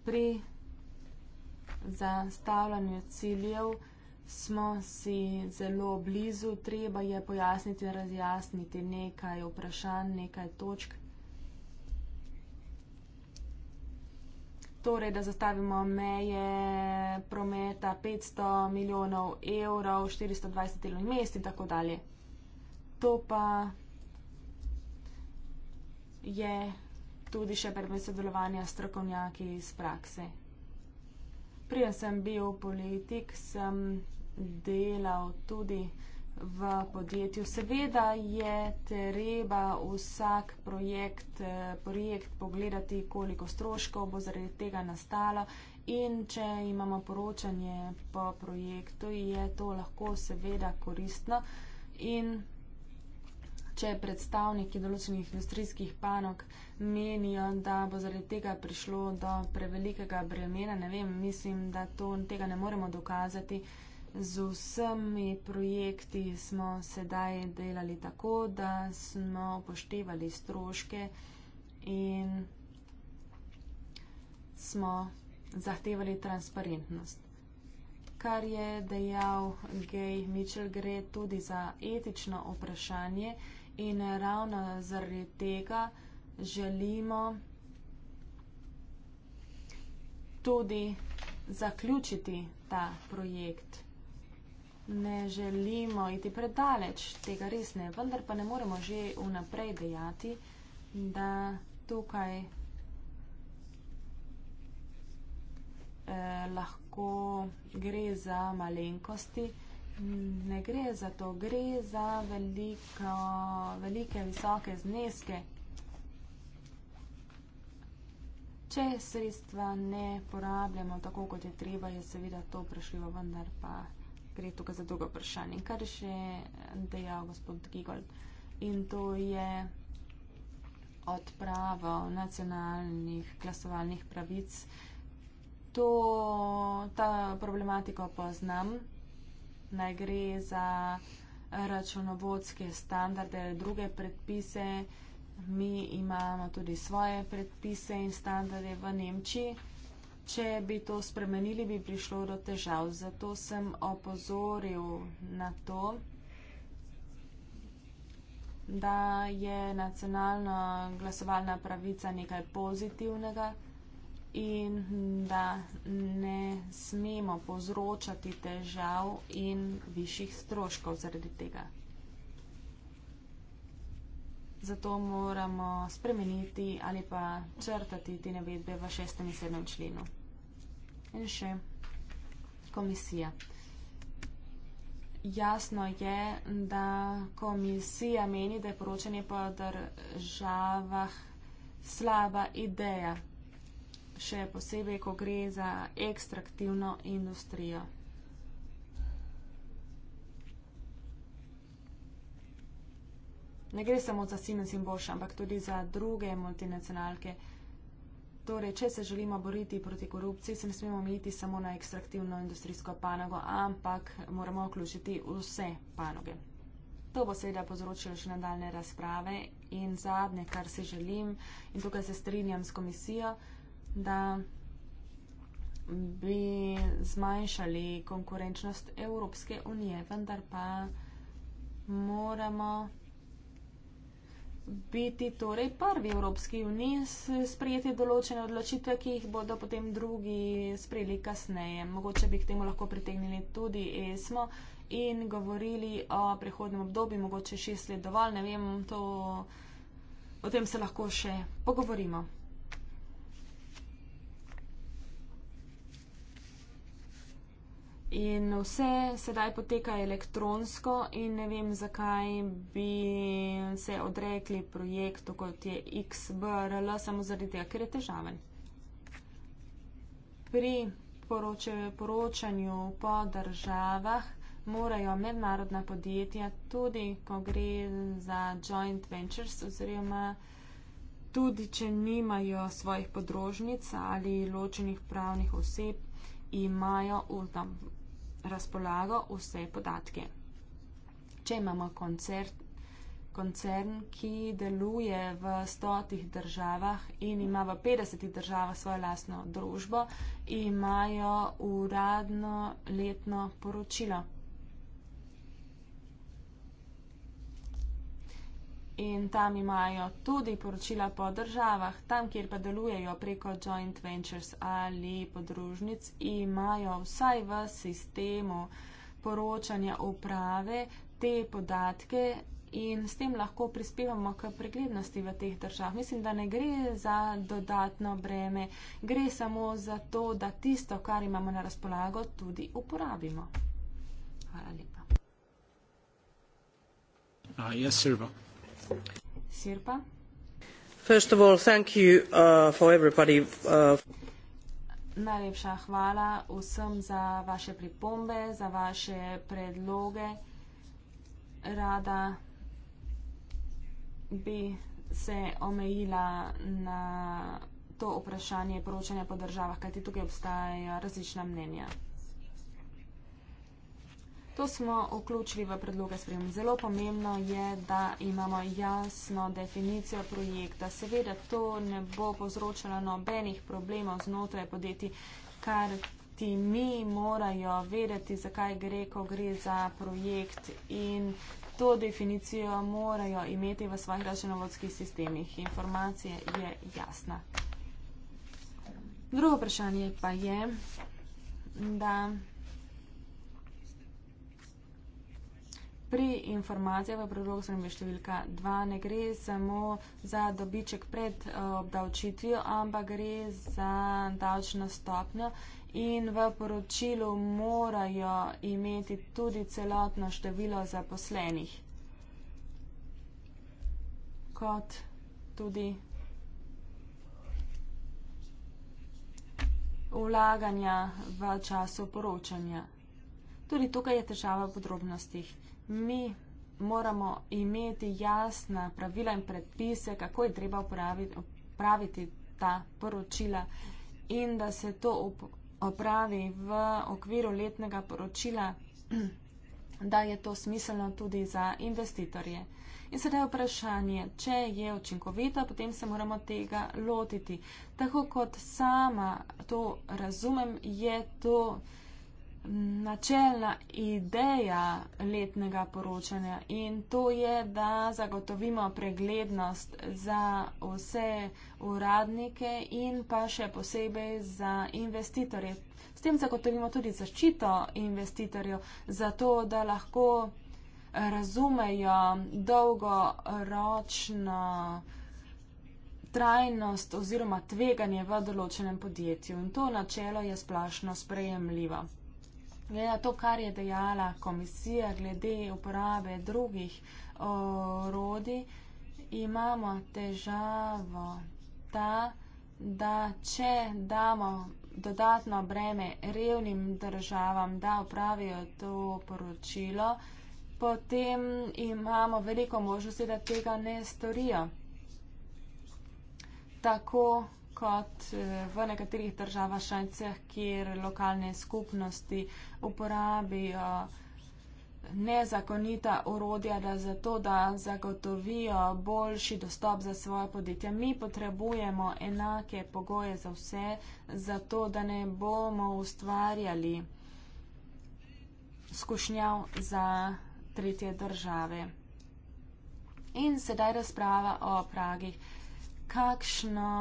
Pri zastavljanju ciljev smo si zelo blizu, treba je pojasniti, razjasniti nekaj vprašanj, nekaj točk, Torej, da zastavimo meje prometa 500 milijonov evrov, 420 delovnih mest in tako dalje. To pa je tudi še predmet sodelovanja strokovnjaki iz prakse. Prijem sem bil politik, sem delal tudi v podjetju. Seveda je treba vsak projekt, eh, projekt pogledati, koliko stroškov bo zaradi tega nastalo in če imamo poročanje po projektu, je to lahko seveda koristno. In če predstavniki določenih industrijskih panok menijo, da bo zaradi tega prišlo do prevelikega bremena, ne vem, mislim, da to, tega ne moremo dokazati. Z vsemi projekti smo sedaj delali tako, da smo upoštevali stroške in smo zahtevali transparentnost. Kar je dejal Gay Mitchell, gre tudi za etično vprašanje in ravno zaradi tega želimo tudi zaključiti ta projekt ne želimo iti predaleč, tega res ne, vendar pa ne moremo že vnaprej dejati, da tukaj eh, lahko gre za malenkosti. Ne gre za to, gre za veliko, velike, visoke zneske. Če sredstva ne porabljamo tako, kot je treba, je seveda to vprašljivo, vendar pa gre tukaj za drugo vprašanje, kar je še dejal gospod Gigol. In to je odpravo nacionalnih glasovalnih pravic. To, ta problematiko poznam. Naj gre za računovodske standarde, druge predpise. Mi imamo tudi svoje predpise in standarde v Nemčiji. Če bi to spremenili, bi prišlo do težav. Zato sem opozoril na to, da je nacionalna glasovalna pravica nekaj pozitivnega in da ne smemo povzročati težav in višjih stroškov zaradi tega zato moramo spremeniti ali pa črtati te navedbe v 6. in 7. členu. In še komisija. Jasno je, da komisija meni, da je poročanje po državah slaba ideja, še posebej, ko gre za ekstraktivno industrijo. ne gre samo za Siemens in Bosch, ampak tudi za druge multinacionalke. Torej, če se želimo boriti proti korupciji, se ne smemo omejiti samo na ekstraktivno industrijsko panogo, ampak moramo vključiti vse panoge. To bo seveda povzročilo še nadaljne razprave in zadnje, kar si želim, in tukaj se strinjam s komisijo, da bi zmanjšali konkurenčnost Evropske unije, vendar pa moramo biti torej prvi v Evropski uniji sprejeti določene odločitve, ki jih bodo potem drugi sprejeli kasneje. Mogoče bi k temu lahko pritegnili tudi ESMO in govorili o prihodnem obdobju, mogoče šest let dovolj, ne vem, to, o tem se lahko še pogovorimo. In vse sedaj poteka elektronsko in ne vem, zakaj bi se odrekli projektu, kot je XBRL, samo zaradi tega, ker je težaven. Pri poročanju po državah morajo mednarodna podjetja, tudi ko gre za joint ventures oziroma tudi, če nimajo svojih podrožnic ali ločenih pravnih oseb, imajo vdom razpolago vse podatke. Če imamo koncert, koncern, ki deluje v stotih državah in ima v 50 državah svojo lastno družbo, imajo uradno letno poročilo. in tam imajo tudi poročila po državah, tam, kjer pa delujejo preko joint ventures ali podružnic, imajo vsaj v sistemu poročanja uprave te podatke in s tem lahko prispevamo k preglednosti v teh državah. Mislim, da ne gre za dodatno breme, gre samo za to, da tisto, kar imamo na razpolago, tudi uporabimo. Hvala lepa. Uh, yes, sir. Sirpa. First of all, thank you uh, for everybody. Uh, Najlepša hvala vsem za vaše pripombe, za vaše predloge. Rada bi se omejila na to vprašanje poročanja po državah, kajti tukaj obstajajo različna mnenja. To smo vključili v predloge sprejem. Zelo pomembno je, da imamo jasno definicijo projekta. Seveda to ne bo povzročalo nobenih problemov znotraj podjetij, kar ti mi morajo vedeti, zakaj gre, ko gre za projekt in to definicijo morajo imeti v svojih računovodskih sistemih. Informacija je jasna. Drugo vprašanje pa je, da. pri informacijah v predlogu spremembe številka 2 ne gre samo za dobiček pred eh, obdavčitvijo, ampak gre za davčno stopnjo in v poročilu morajo imeti tudi celotno število zaposlenih. Kot tudi vlaganja v času poročanja. Tudi tukaj je težava v podrobnostih mi moramo imeti jasna pravila in predpise, kako je treba upraviti ta poročila in da se to opravi v okviru letnega poročila, da je to smiselno tudi za investitorje. In sedaj vprašanje, če je učinkovita, potem se moramo tega lotiti. Tako kot sama to razumem, je to načelna ideja letnega poročanja in to je, da zagotovimo preglednost za vse uradnike in pa še posebej za investitorje. S tem zagotovimo tudi zaščito investitorjev, zato da lahko razumejo dolgoročno trajnost oziroma tveganje v določenem podjetju. In to načelo je splošno sprejemljivo. Ja, to, kar je dejala komisija glede uporabe drugih orodij, imamo težavo ta, da če damo dodatno breme revnim državam, da upravijo to poročilo, potem imamo veliko možnosti, da tega ne storijo. Tako kot eh, v nekaterih državah šancah, kjer lokalne skupnosti uporabijo nezakonita orodja, da zato, da zagotovijo boljši dostop za svoje podjetje. Mi potrebujemo enake pogoje za vse, zato, da ne bomo ustvarjali skušnjav za tretje države. In sedaj razprava o pragih. Kakšno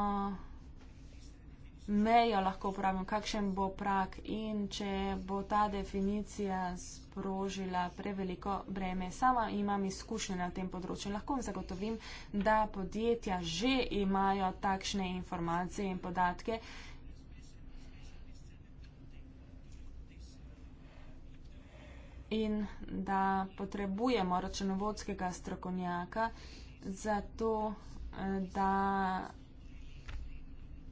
mejo lahko uporabim, kakšen bo prak in če bo ta definicija sprožila preveliko breme. Sama imam izkušnje na tem področju in lahko vam zagotovim, da podjetja že imajo takšne informacije in podatke. In da potrebujemo računovodskega strokovnjaka za to, eh, da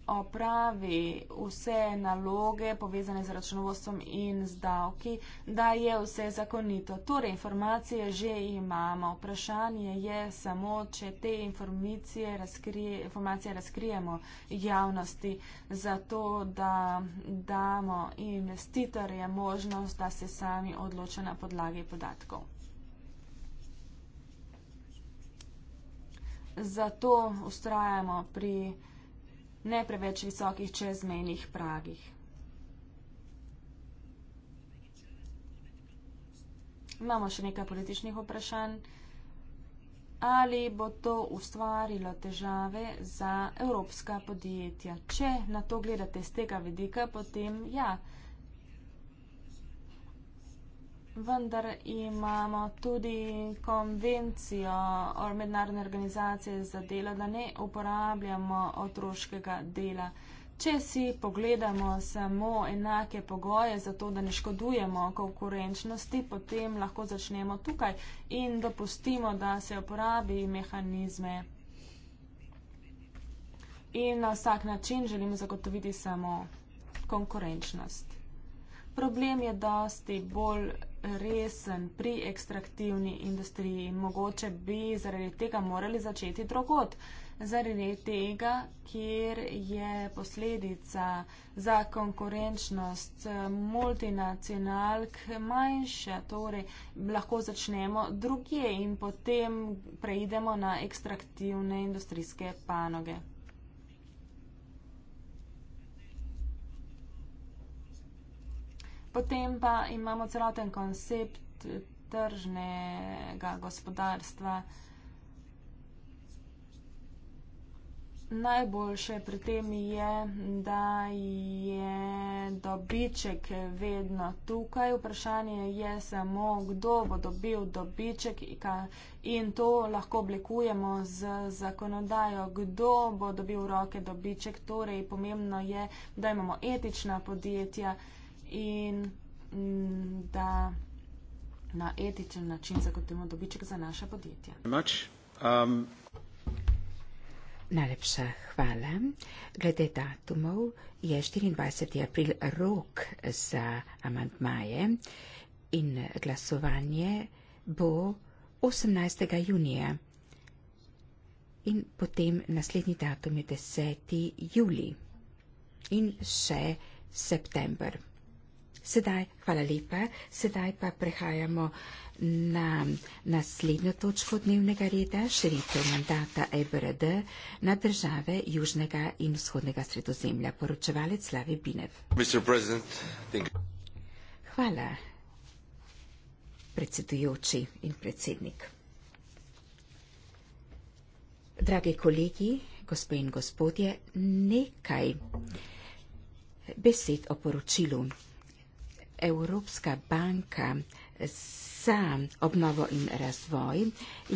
opravi vse naloge povezane z računovostom in z davki, da je vse zakonito. Torej, informacije že imamo. Vprašanje je samo, če te informacije, razkrije, informacije razkrijemo javnosti, zato da damo investitorje možnost, da se sami odloča na podlagi podatkov. Zato ustrajamo pri ne preveč visokih čezmejnih pragih. Imamo še nekaj političnih vprašanj. Ali bo to ustvarilo težave za evropska podjetja? Če na to gledate z tega vidika, potem ja vendar imamo tudi konvencijo mednarodne organizacije za delo, da ne uporabljamo otroškega dela. Če si pogledamo samo enake pogoje za to, da ne škodujemo konkurenčnosti, potem lahko začnemo tukaj in dopustimo, da se uporabi mehanizme. In na vsak način želimo zagotoviti samo konkurenčnost. Problem je dosti bolj resen pri ekstraktivni industriji in mogoče bi zaradi tega morali začeti drugot. Zaradi tega, kjer je posledica za konkurenčnost eh, multinacionalk manjša, torej lahko začnemo drugje in potem preidemo na ekstraktivne industrijske panoge. Potem pa imamo celoten koncept eh, tržnega gospodarstva. Najboljše pri tem je, da je dobiček vedno tukaj. Vprašanje je samo, kdo bo dobil dobiček in to lahko oblikujemo z zakonodajo, kdo bo dobil roke dobiček. Torej, pomembno je, da imamo etična podjetja in m, mm, da na etičen način zagotovimo dobiček za naše podjetje. Um... Najlepša hvala. Glede datumov je 24. april rok za amantmaje in glasovanje bo 18. junija. In potem naslednji datum je 10. juli in še september. Sedaj, hvala lepa. Sedaj pa prehajamo na naslednjo točko dnevnega reda, širitev mandata EBRD na države Južnega in Vzhodnega sredozemlja. Poročevalec Slavi Binev. Hvala, predsedujoči in predsednik. Dragi kolegi, gospe in gospodje, nekaj besed o poročilu. Evropska banka za obnovo in razvoj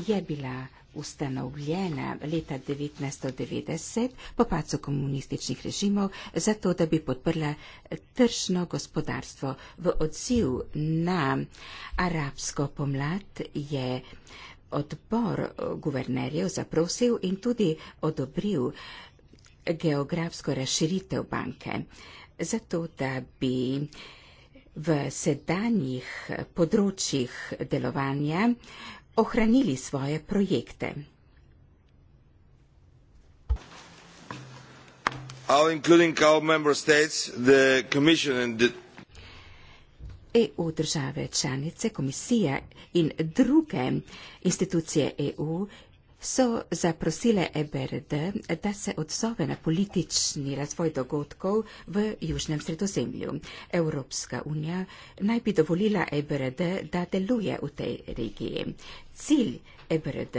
je bila ustanovljena leta 1990 po pacu komunističnih režimov, zato da bi podprla tržno gospodarstvo. V odziv na arabsko pomlad je odbor guvernerjev zaprosil in tudi odobril geografsko razširitev banke, zato da bi v sedanjih področjih delovanja ohranili svoje projekte. EU e države članice, komisija in druge institucije EU so zaprosile EBRD, da se odzove na politični razvoj dogodkov v Južnem sredozemlju. Evropska unija naj bi dovolila EBRD, da deluje v tej regiji. Cilj EBRD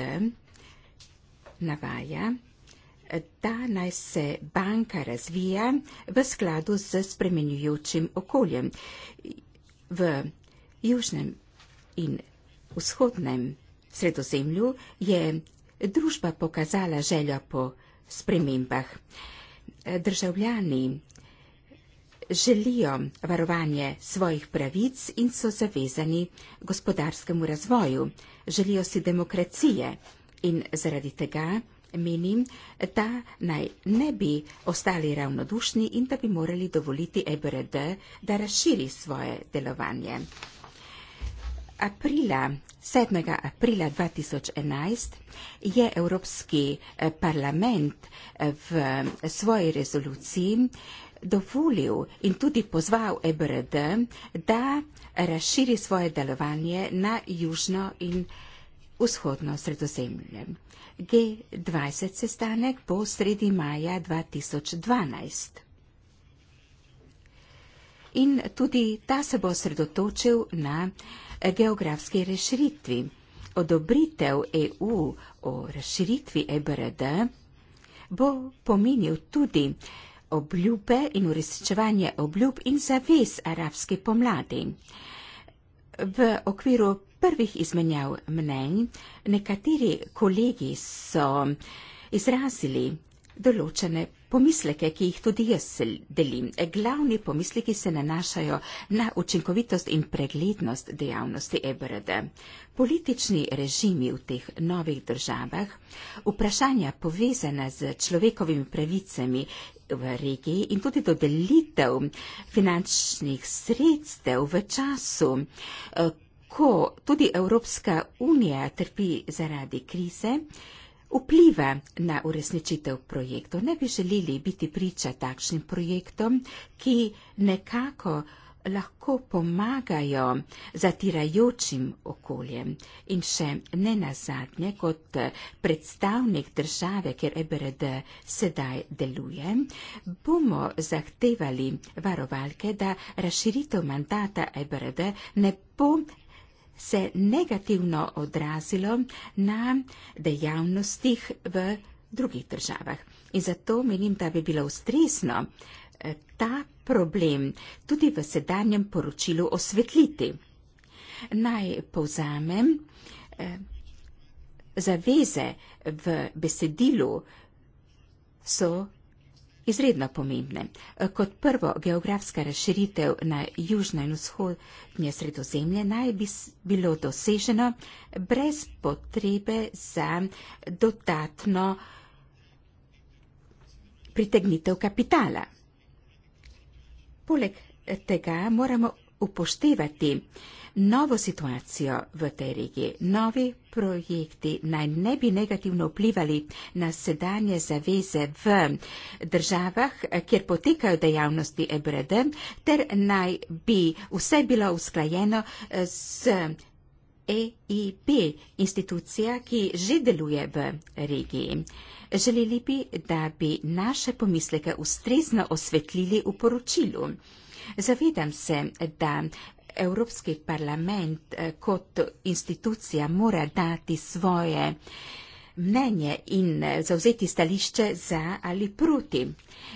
navaja, da naj se banka razvija v skladu z spremenjujočim okoljem v Južnem in Vzhodnem. Sredozemlju je družba pokazala željo po spremembah. Državljani želijo varovanje svojih pravic in so zavezani gospodarskemu razvoju. Želijo si demokracije in zaradi tega menim, da naj ne bi ostali ravnodušni in da bi morali dovoliti EBRD, da razširi svoje delovanje aprila, 7. aprila 2011 je Evropski eh, parlament eh, v eh, svoji rezoluciji dovolil in tudi pozval EBRD, da razširi svoje delovanje na južno in vzhodno sredozemlje. G20 sestanek bo sredi maja 2012 in tudi ta se bo osredotočil na geografski razširitvi. Odobritev EU o razširitvi EBRD bo pomenil tudi obljube in uresničevanje obljub in zavez arabske pomladi. V okviru prvih izmenjav mnenj nekateri kolegi so izrazili določene pomisleke, ki jih tudi jaz delim. Glavni pomisleki se nanašajo na učinkovitost in preglednost dejavnosti EBRD. Politični režimi v teh novih državah, vprašanja povezana z človekovimi pravicami v regiji in tudi dodelitev finančnih sredstev v času, eh, ko tudi Evropska unija trpi zaradi krize, vplive na uresničitev projektov. Ne bi želeli biti priča takšnim projektom, ki nekako lahko pomagajo zatirajočim okoljem. In še ne nazadnje, kot predstavnik države, kjer EBRD sedaj deluje, bomo zahtevali varovalke, da razširitev mandata EBRD ne bo se negativno odrazilo na dejavnostih v drugih državah. In zato menim, da bi bilo ustrezno eh, ta problem tudi v sedanjem poročilu osvetliti. Naj povzamem eh, zaveze v besedilu so izredno pomembne. Eh, Kot prvo, geografska razširitev na južno in vzhodnje sredozemlje naj bi bilo doseženo brez potrebe za dodatno pritegnitev kapitala. Poleg tega moramo upoštevati novo situacijo v tej regiji. Novi projekti naj ne bi negativno vplivali na sedanje zaveze v državah, kjer potekajo dejavnosti EBRD, ter naj bi vse bilo usklajeno s EIP, institucija, ki že deluje v regiji. Želeli bi, da bi naše pomisleke ustrezno osvetlili v poročilu. Zavedam se, da Evropski parlament eh, kot institucija mora dati svoje mnenje in eh, zauzeti stališče za ali proti.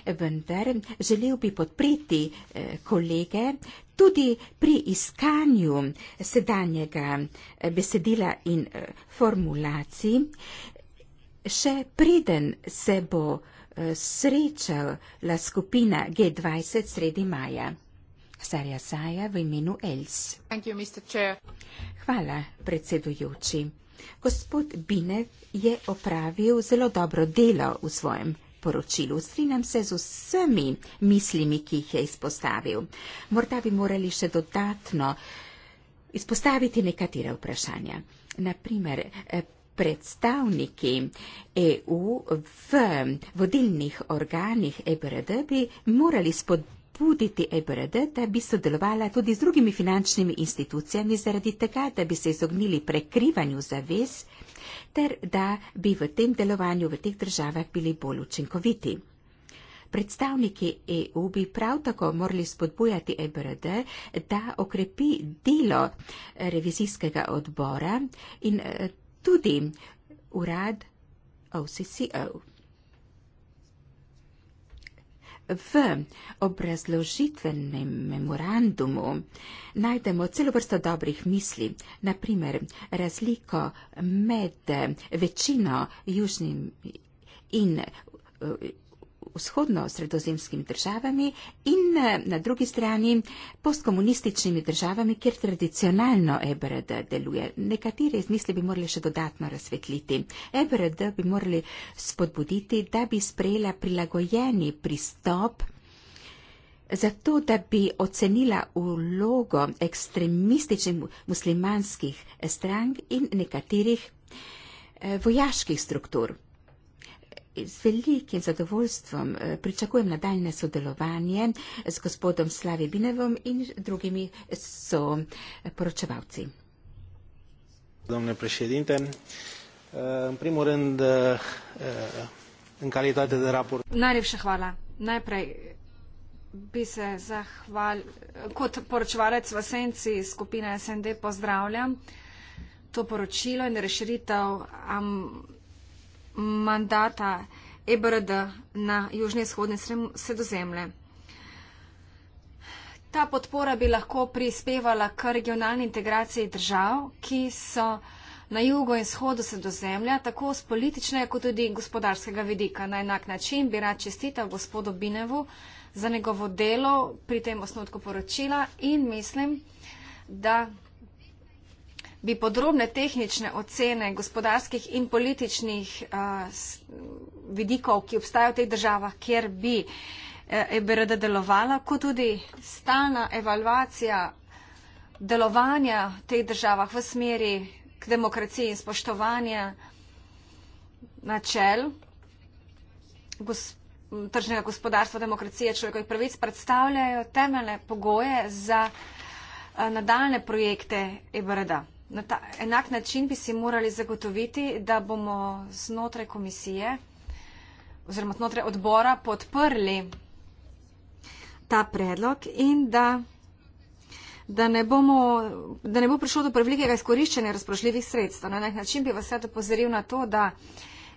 Vendar želel bi podpreti eh, kolege tudi pri iskanju sedanjega besedila in formulacij, še preden se bo srečala skupina G20 sredi maja. Sarja Saja v imenu Els. Hvala, predsedujoči. Gospod Binev je opravil zelo dobro delo v svojem poročilu. Strinjam se z vsemi mislimi, ki jih je izpostavil. Morda bi morali še dodatno izpostaviti nekatere vprašanja. Naprimer, eh, predstavniki EU v vodilnih organih EBRD bi morali spodbuditi EBRD, da bi sodelovala tudi z drugimi finančnimi institucijami zaradi tega, da bi se izognili prekrivanju zavez ter da bi v tem delovanju v teh državah bili bolj učinkoviti. Predstavniki EU bi prav tako morali spodbujati EBRD, da okrepi delo revizijskega odbora in eh, tudi urad OCCO. V obrazložitvenem memorandumu najdemo celo vrsto dobrih misli, naprimer razliko med večino južnim in vzhodno-sredozemskimi državami in eh, na drugi strani postkomunističnimi državami, kjer tradicionalno EBRD deluje. Nekatere izmisli bi morali še dodatno razsvetliti. EBRD bi morali spodbuditi, da bi sprejela prilagojeni pristop. Zato, da bi ocenila ulogo ekstremističnih muslimanskih strank in nekaterih eh, vojaških struktur z velikim zadovoljstvom eh, pričakujem nadaljne sodelovanje z gospodom Slavi Binevom in drugimi so eh, poročevalci. Domne președinte, eh, în primul rând, în calitate de raport... Najlepša hvala. Najprej bi se zahval... Kot poročevalec v Asenci skupine SND pozdravljam to poročilo in rešeritev, ampak mandata EBRD na južne shodne sredozemlje. Ta podpora bi lahko prispevala k regionalni integraciji držav, ki so na jugu in shodu sredozemlja, tako z političnega kot tudi gospodarskega vidika. Na enak način bi rad čestital gospodu Binevu za njegovo delo pri tem osnotku poročila in mislim, da bi podrobne tehnične ocene gospodarskih in političnih uh, vidikov, ki obstajajo v teh državah, kjer bi uh, eh, EBRD delovala, kot tudi stalna evalvacija delovanja v teh državah v smeri k demokraciji in spoštovanja načel gos tržnega gospodarstva, demokracije, človekovih pravic predstavljajo temeljne pogoje za uh, eh, nadaljne projekte EBRD. -a. Na ta enak način bi si morali zagotoviti, da bomo znotraj komisije oziroma znotraj odbora podprli ta predlog in da, da, ne bomo, da ne bo prišlo do prevelikega izkoriščanja razprošljivih sredstev. Na enak način bi vas sad upozoril na to, da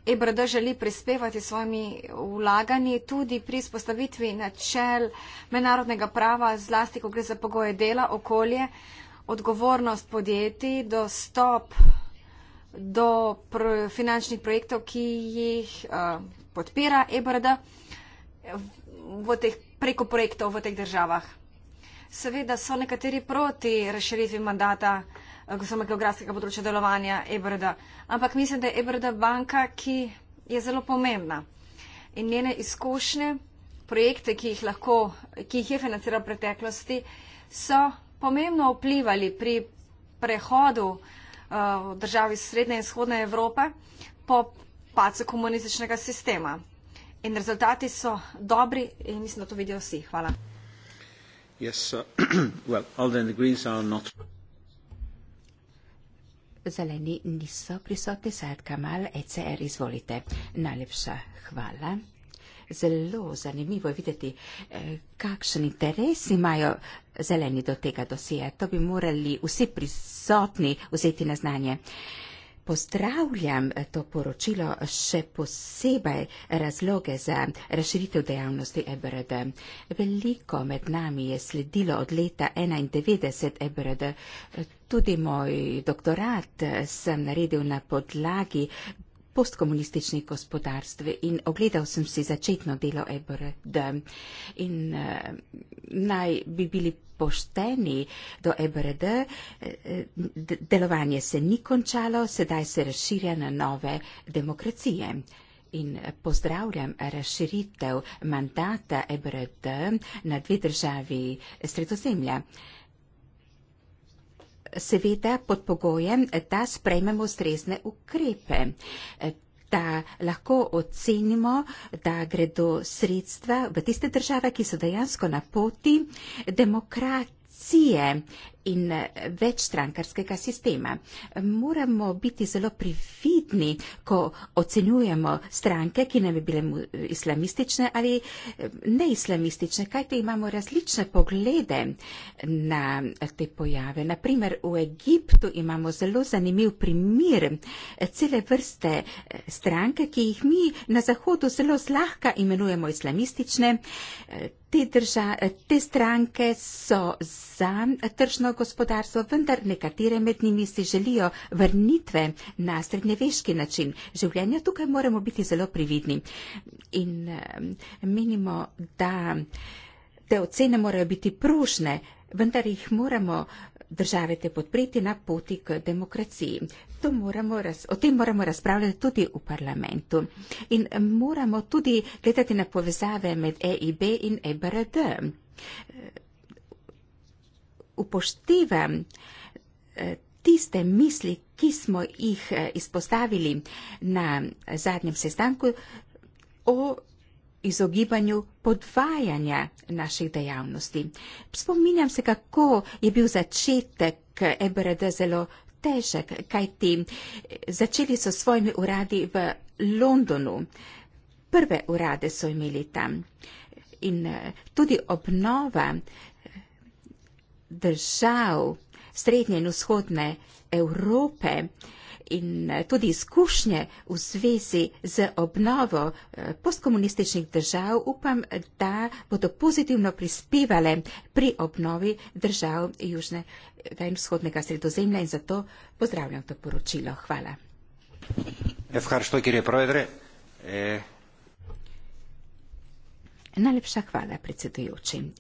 EBRD želi prispevati svojimi vlaganji tudi pri spostavitvi načel mednarodnega prava, zlasti, ko gre za pogoje dela, okolje, uh, odgovornost podjetij, dostop do pr finančnih projektov, ki jih uh, podpira EBRD v teh, preko projektov v teh državah. Seveda so nekateri proti razširitvi mandata gospodine eh, geografskega področja delovanja EBRD, ampak mislim, da je EBRD banka, ki je zelo pomembna in njene izkušnje, projekte, ki jih, lahko, ki jih je financiral v preteklosti, so pomembno vplivali pri prehodu uh, državi srednje in vzhodne Evrope po pacu komunističnega sistema. In rezultati so dobri in mislim, da to vidijo vsi. Hvala. Yes, uh, [clears throat] well, all then the Greens are not. Zeleni niso prisotni, sad Kamal, ECR, izvolite. Najlepša hvala zelo zanimivo videti, eh, kakšen interes imajo zeleni do tega dosije. To bi morali vsi prisotni vzeti na znanje. Pozdravljam eh, to poročilo še posebej razloge za razširitev dejavnosti EBRD. Veliko med nami je sledilo od leta 1991 EBRD. Tudi moj doktorat eh, sem naredil na podlagi postkomunističnih gospodarstv in ogledal sem si začetno delo EBRD. In uh, naj bi bili pošteni do EBRD, eh, delovanje se ni končalo, sedaj se razširja na nove demokracije. In pozdravljam razširitev mandata EBRD na dve državi sredozemlja. Uh, seveda pod pogojem, da sprejmemo strezne ukrepe, da lahko ocenimo, da gredo sredstva v tiste države, ki so dejansko na poti demokracije in eh, večstrankarskega sistema. Moramo biti zelo prividni, ko ocenjujemo stranke, ki ne bi bile islamistične ali eh, neislamistične, kajte imamo različne poglede na eh, te pojave. Naprimer, v Egiptu imamo zelo zanimiv primir cele vrste stranke, ki jih mi na Zahodu zelo zlahka imenujemo islamistične. Te, drža, te stranke so za tržno tržno gospodarstvo, vendar nekatere med njimi si želijo vrnitve na srednjeveški način življenja. Tukaj moramo biti zelo prividni. In menimo, da te ocene morajo biti prušne, vendar jih moramo države te podpreti na poti k demokraciji. Raz, o tem moramo razpravljati tudi v parlamentu. In moramo tudi gledati na povezave med EIB in EBRD upoštevam eh, tiste misli, ki smo jih eh, izpostavili na zadnjem sestanku o izogibanju podvajanja naših dejavnosti. Spominjam se, kako je bil začetek EBRD zelo težek, kajti eh, začeli so svojimi uradi v Londonu. Prve urade so imeli tam. In tudi obnova držav srednje in vzhodne Evrope in eh, tudi izkušnje v zvezi z obnovo eh, postkomunističnih držav, upam, da bodo pozitivno prispevale pri obnovi držav južne eh, in vzhodnega sredozemlja in zato pozdravljam to poročilo. Hvala. Najlepša hvala predsedujočim.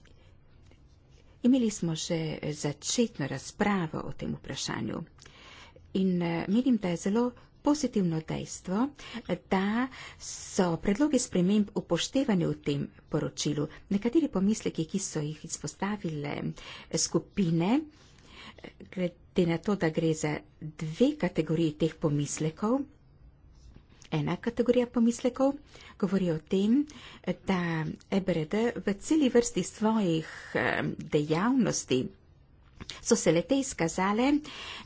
Imeli smo že začetno razpravo o tem vprašanju. In eh, menim, da je zelo pozitivno dejstvo, da so predloge sprememb upoštevani v tem poročilu. Nekateri pomisleki, ki so jih izpostavile eh, skupine, eh, glede na to, da gre za dve kategoriji teh pomislekov, ena kategorija pomislekov govori o tem, da EBRD v celi vrsti svojih dejavnosti so se lete izkazale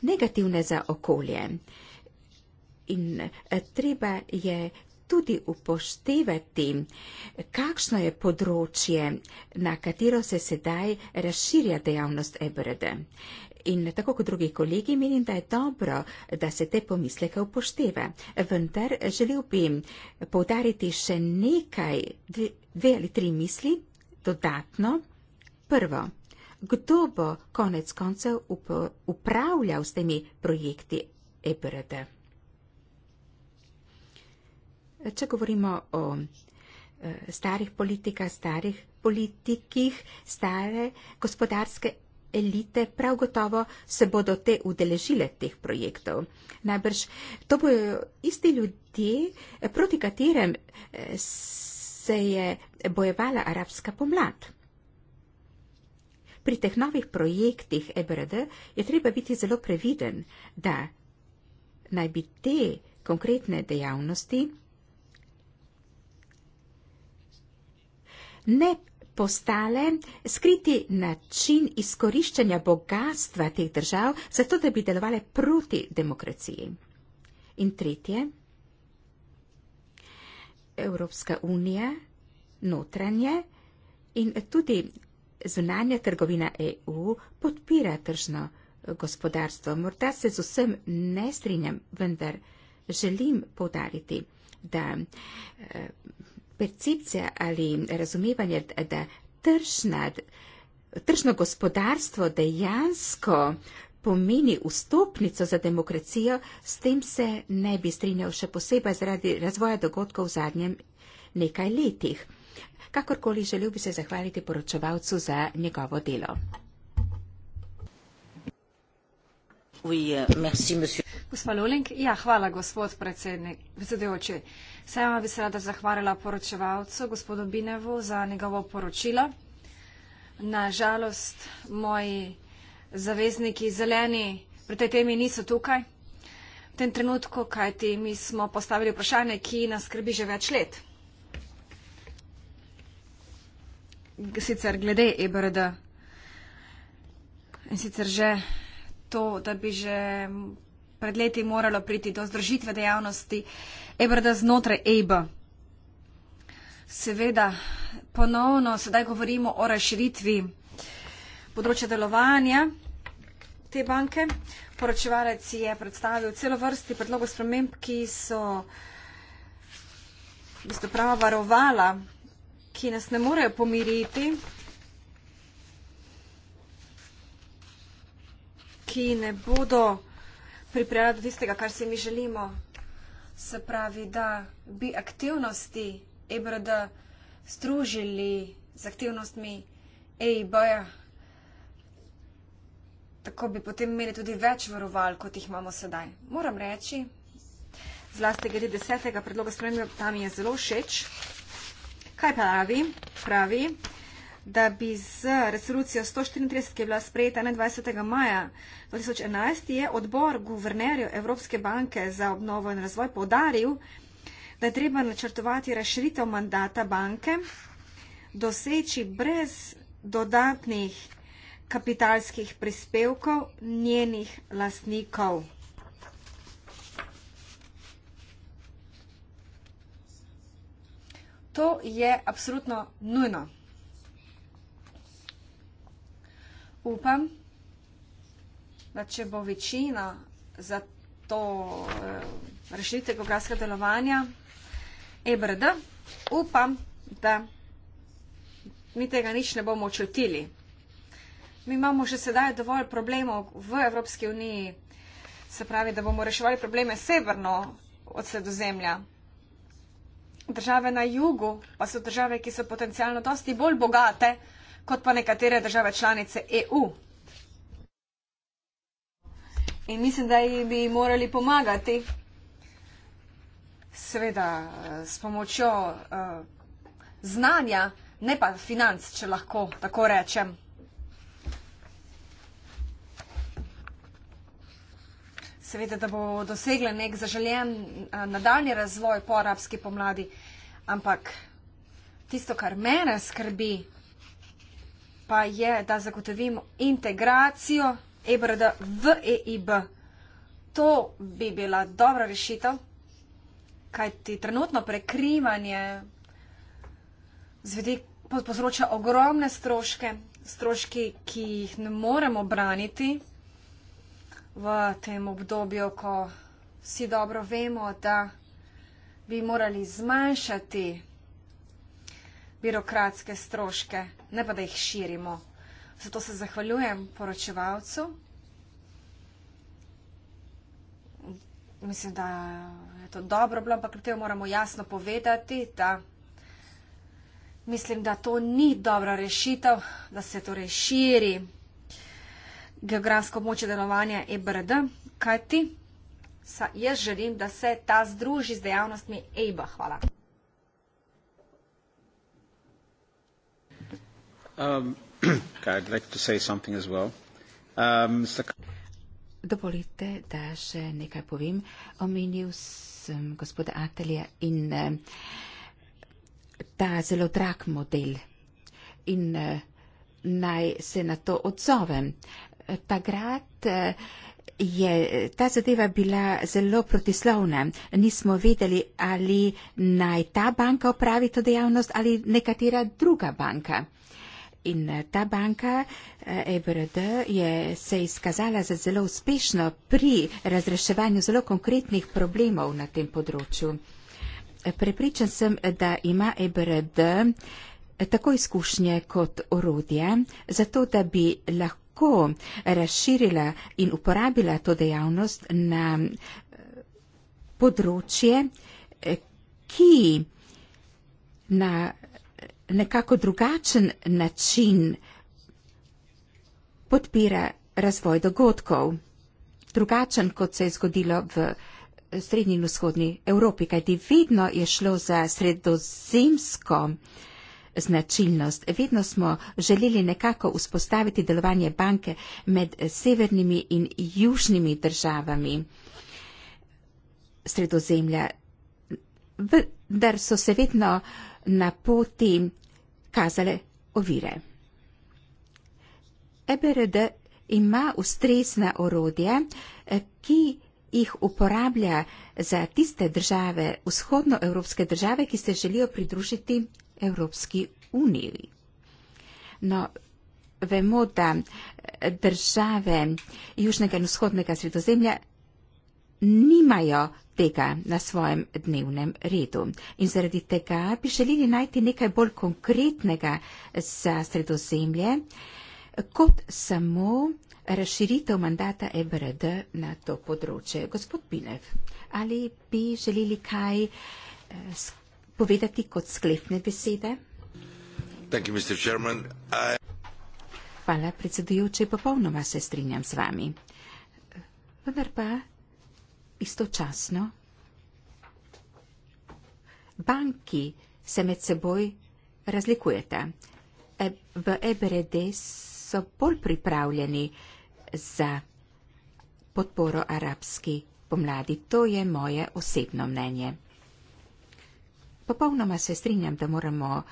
negativne za okolje. In e, treba je tudi upoštevati, kakšno je področje, na katero se sedaj razširja dejavnost EBRD. In tako kot drugi kolegi menim, da je dobro, da se te pomisleke upošteve. Vendar želel bi povdariti še nekaj, dve ali tri misli dodatno. Prvo, kdo bo konec koncev up upravljal s temi projekti EBRD? Če govorimo o eh, starih politikah, starih politikih, stare gospodarske elite prav gotovo se bodo te udeležile teh projektov. Najbrž to bojo isti ljudje, proti katerem eh, se je bojevala arabska pomlad. Pri teh novih projektih EBRD je treba biti zelo previden, da naj bi te konkretne dejavnosti ne postale skriti način izkoriščanja bogatstva teh držav, zato da bi delovali proti demokraciji. In tretje, Evropska unija, notranje in tudi zunanja trgovina EU podpira tržno gospodarstvo. Morda se z vsem ne strinjam, vendar želim povdariti, da. Eh, percepcija ali razumevanje, da tršna, tršno gospodarstvo dejansko pomeni vstopnico za demokracijo, s tem se ne bi strinjal še posebej zaradi razvoja dogodkov v zadnjem nekaj letih. Kakorkoli želel bi se zahvaliti poročevalcu za njegovo delo. Euh, Gospa Lulink, ja, hvala gospod predsednik, predsedujoči. Sama bi se rada zahvalila poročevalcu, gospodu Binevu, za njegovo poročilo. Nažalost, moji zavezniki zeleni pri tej temi niso tukaj. V tem trenutku, kajti mi smo postavili vprašanje, ki nas skrbi že več let. Sicer glede EBRD in sicer že to, da bi že pred leti moralo priti do zdržitve dejavnosti Ebrada znotraj EIB-a. Seveda, ponovno sedaj govorimo o razširitvi področja delovanja te banke. Poročevalec je predstavil celo vrsti predlogov sprememb, ki so v bistvu prava varovala, ki nas ne morejo pomiriti. ki ne bodo pripravljali do tistega, kar si mi želimo. Se pravi, da bi aktivnosti EBRD združili z aktivnostmi EIB-ja, tako bi potem imeli tudi več varoval, kot jih imamo sedaj. Moram reči, zlasti glede desetega predloga spremljajo, tam je zelo všeč. Kaj pravi? Pravi, da bi z resolucijo 134, ki je bila sprejeta 21. maja 2011, je odbor guvernerjev Evropske banke za obnovo in razvoj povdaril, da je treba načrtovati razširitev mandata banke, doseči brez dodatnih kapitalskih prispevkov njenih lastnikov. To je absolutno nujno. upam, da če bo večina za to eh, rešitev geografskega delovanja EBRD, upam, da mi tega nič ne bomo čutili. Mi imamo že sedaj dovolj problemov v Evropski uniji, se pravi, da bomo reševali probleme severno od sredozemlja. Države na jugu pa so države, ki so potencialno dosti bolj bogate, kot pa nekatere države članice EU. In mislim, da jim bi morali pomagati, seveda eh, s pomočjo uh, znanja, ne pa financ, če lahko tako rečem. Seveda, da bo dosegle nek zaželjen eh, nadaljni razvoj po arabski pomladi, ampak tisto, kar mene skrbi, pa je, da zagotovimo integracijo EBRD v EIB. To bi bila dobra rešitev, kajti trenutno prekrivanje zvedi posroča ogromne stroške, stroški, ki jih ne moremo braniti v tem obdobju, ko vsi dobro vemo, da bi morali zmanjšati birokratske stroške, ne pa da jih širimo. Zato se zahvaljujem poročevalcu. Mislim, da je to dobro bilo, ampak te moramo jasno povedati, da mislim, da to ni dobra rešitev, da se torej širi geografsko moče delovanja EBRD, kajti jaz želim, da se ta združi z dejavnostmi EIBA. Hvala. Um, [clears throat] okay, I'd like to say something as well. Um, Dovolite, da še nekaj povem. Omenil sem gospoda Atelja in uh, ta zelo drag model. In uh, naj se na to odzovem. Ta grad uh, je, ta zadeva bila zelo protislovna. Nismo vedeli, ali naj ta banka opravi to dejavnost ali nekatera druga banka. In eh, ta banka EBRD eh, e je se izkazala za zelo uspešno pri razreševanju zelo konkretnih problemov na tem področju. Eh, prepričan sem, da ima EBRD tako izkušnje kot orodje, zato da bi lahko razširila in uporabila to dejavnost na področje, ki na nekako drugačen način podpira razvoj dogodkov, drugačen kot se je zgodilo v srednji in vzhodni Evropi, kajti vedno je šlo za sredozemsko značilnost. Vedno smo želeli nekako vzpostaviti delovanje banke med severnimi in južnimi državami sredozemlja, vendar so se vedno na poti kazale ovire. EBRD ima ustresna orodja, eh, ki jih uporablja za tiste države, vzhodnoevropske države, ki se želijo pridružiti Evropski uniji. No, vemo, da eh, države južnega in vzhodnega sredozemlja nimajo tega na svojem dnevnem redu. In zaradi tega bi želeli najti nekaj bolj konkretnega za sredozemlje, kot samo razširitev mandata EBRD na to področje. Gospod Binev, ali bi želeli kaj eh, povedati kot sklepne besede? Thank you, Mr. Chairman. I... Hvala, predsedujoče, popolnoma se strinjam z vami. Vendar pa istočasno? Banki se med seboj razlikujete. E, v EBRD so bolj pripravljeni za podporo arabski pomladi. To je moje osebno mnenje. Popolnoma se strinjam, da moramo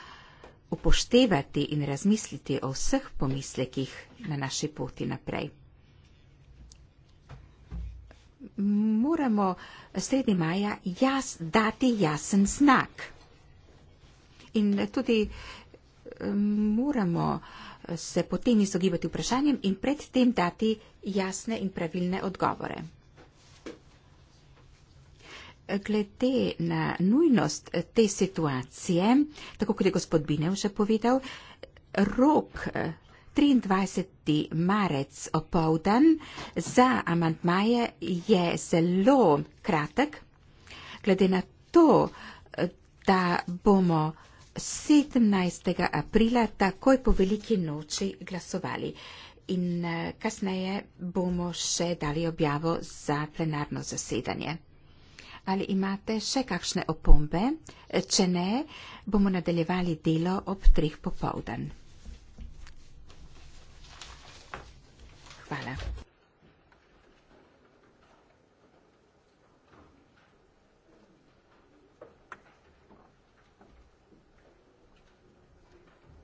upoštevati in razmisliti o vseh pomislekih na naši poti naprej moramo sredi maja jas, dati jasen znak. In tudi eh, moramo eh, se potem izogibati vprašanjem in predtem dati jasne in pravilne odgovore. Glede na nujnost eh, te situacije, tako kot je gospod Binev že povedal, rok 23. marec opovdan za amantmaje je zelo kratek, glede na to, da bomo 17. aprila takoj po veliki noči glasovali. In eh, kasneje bomo še dali objavo za plenarno zasedanje. Ali imate še kakšne opombe? Eh, če ne, bomo nadaljevali delo ob treh popovdan. Hvala.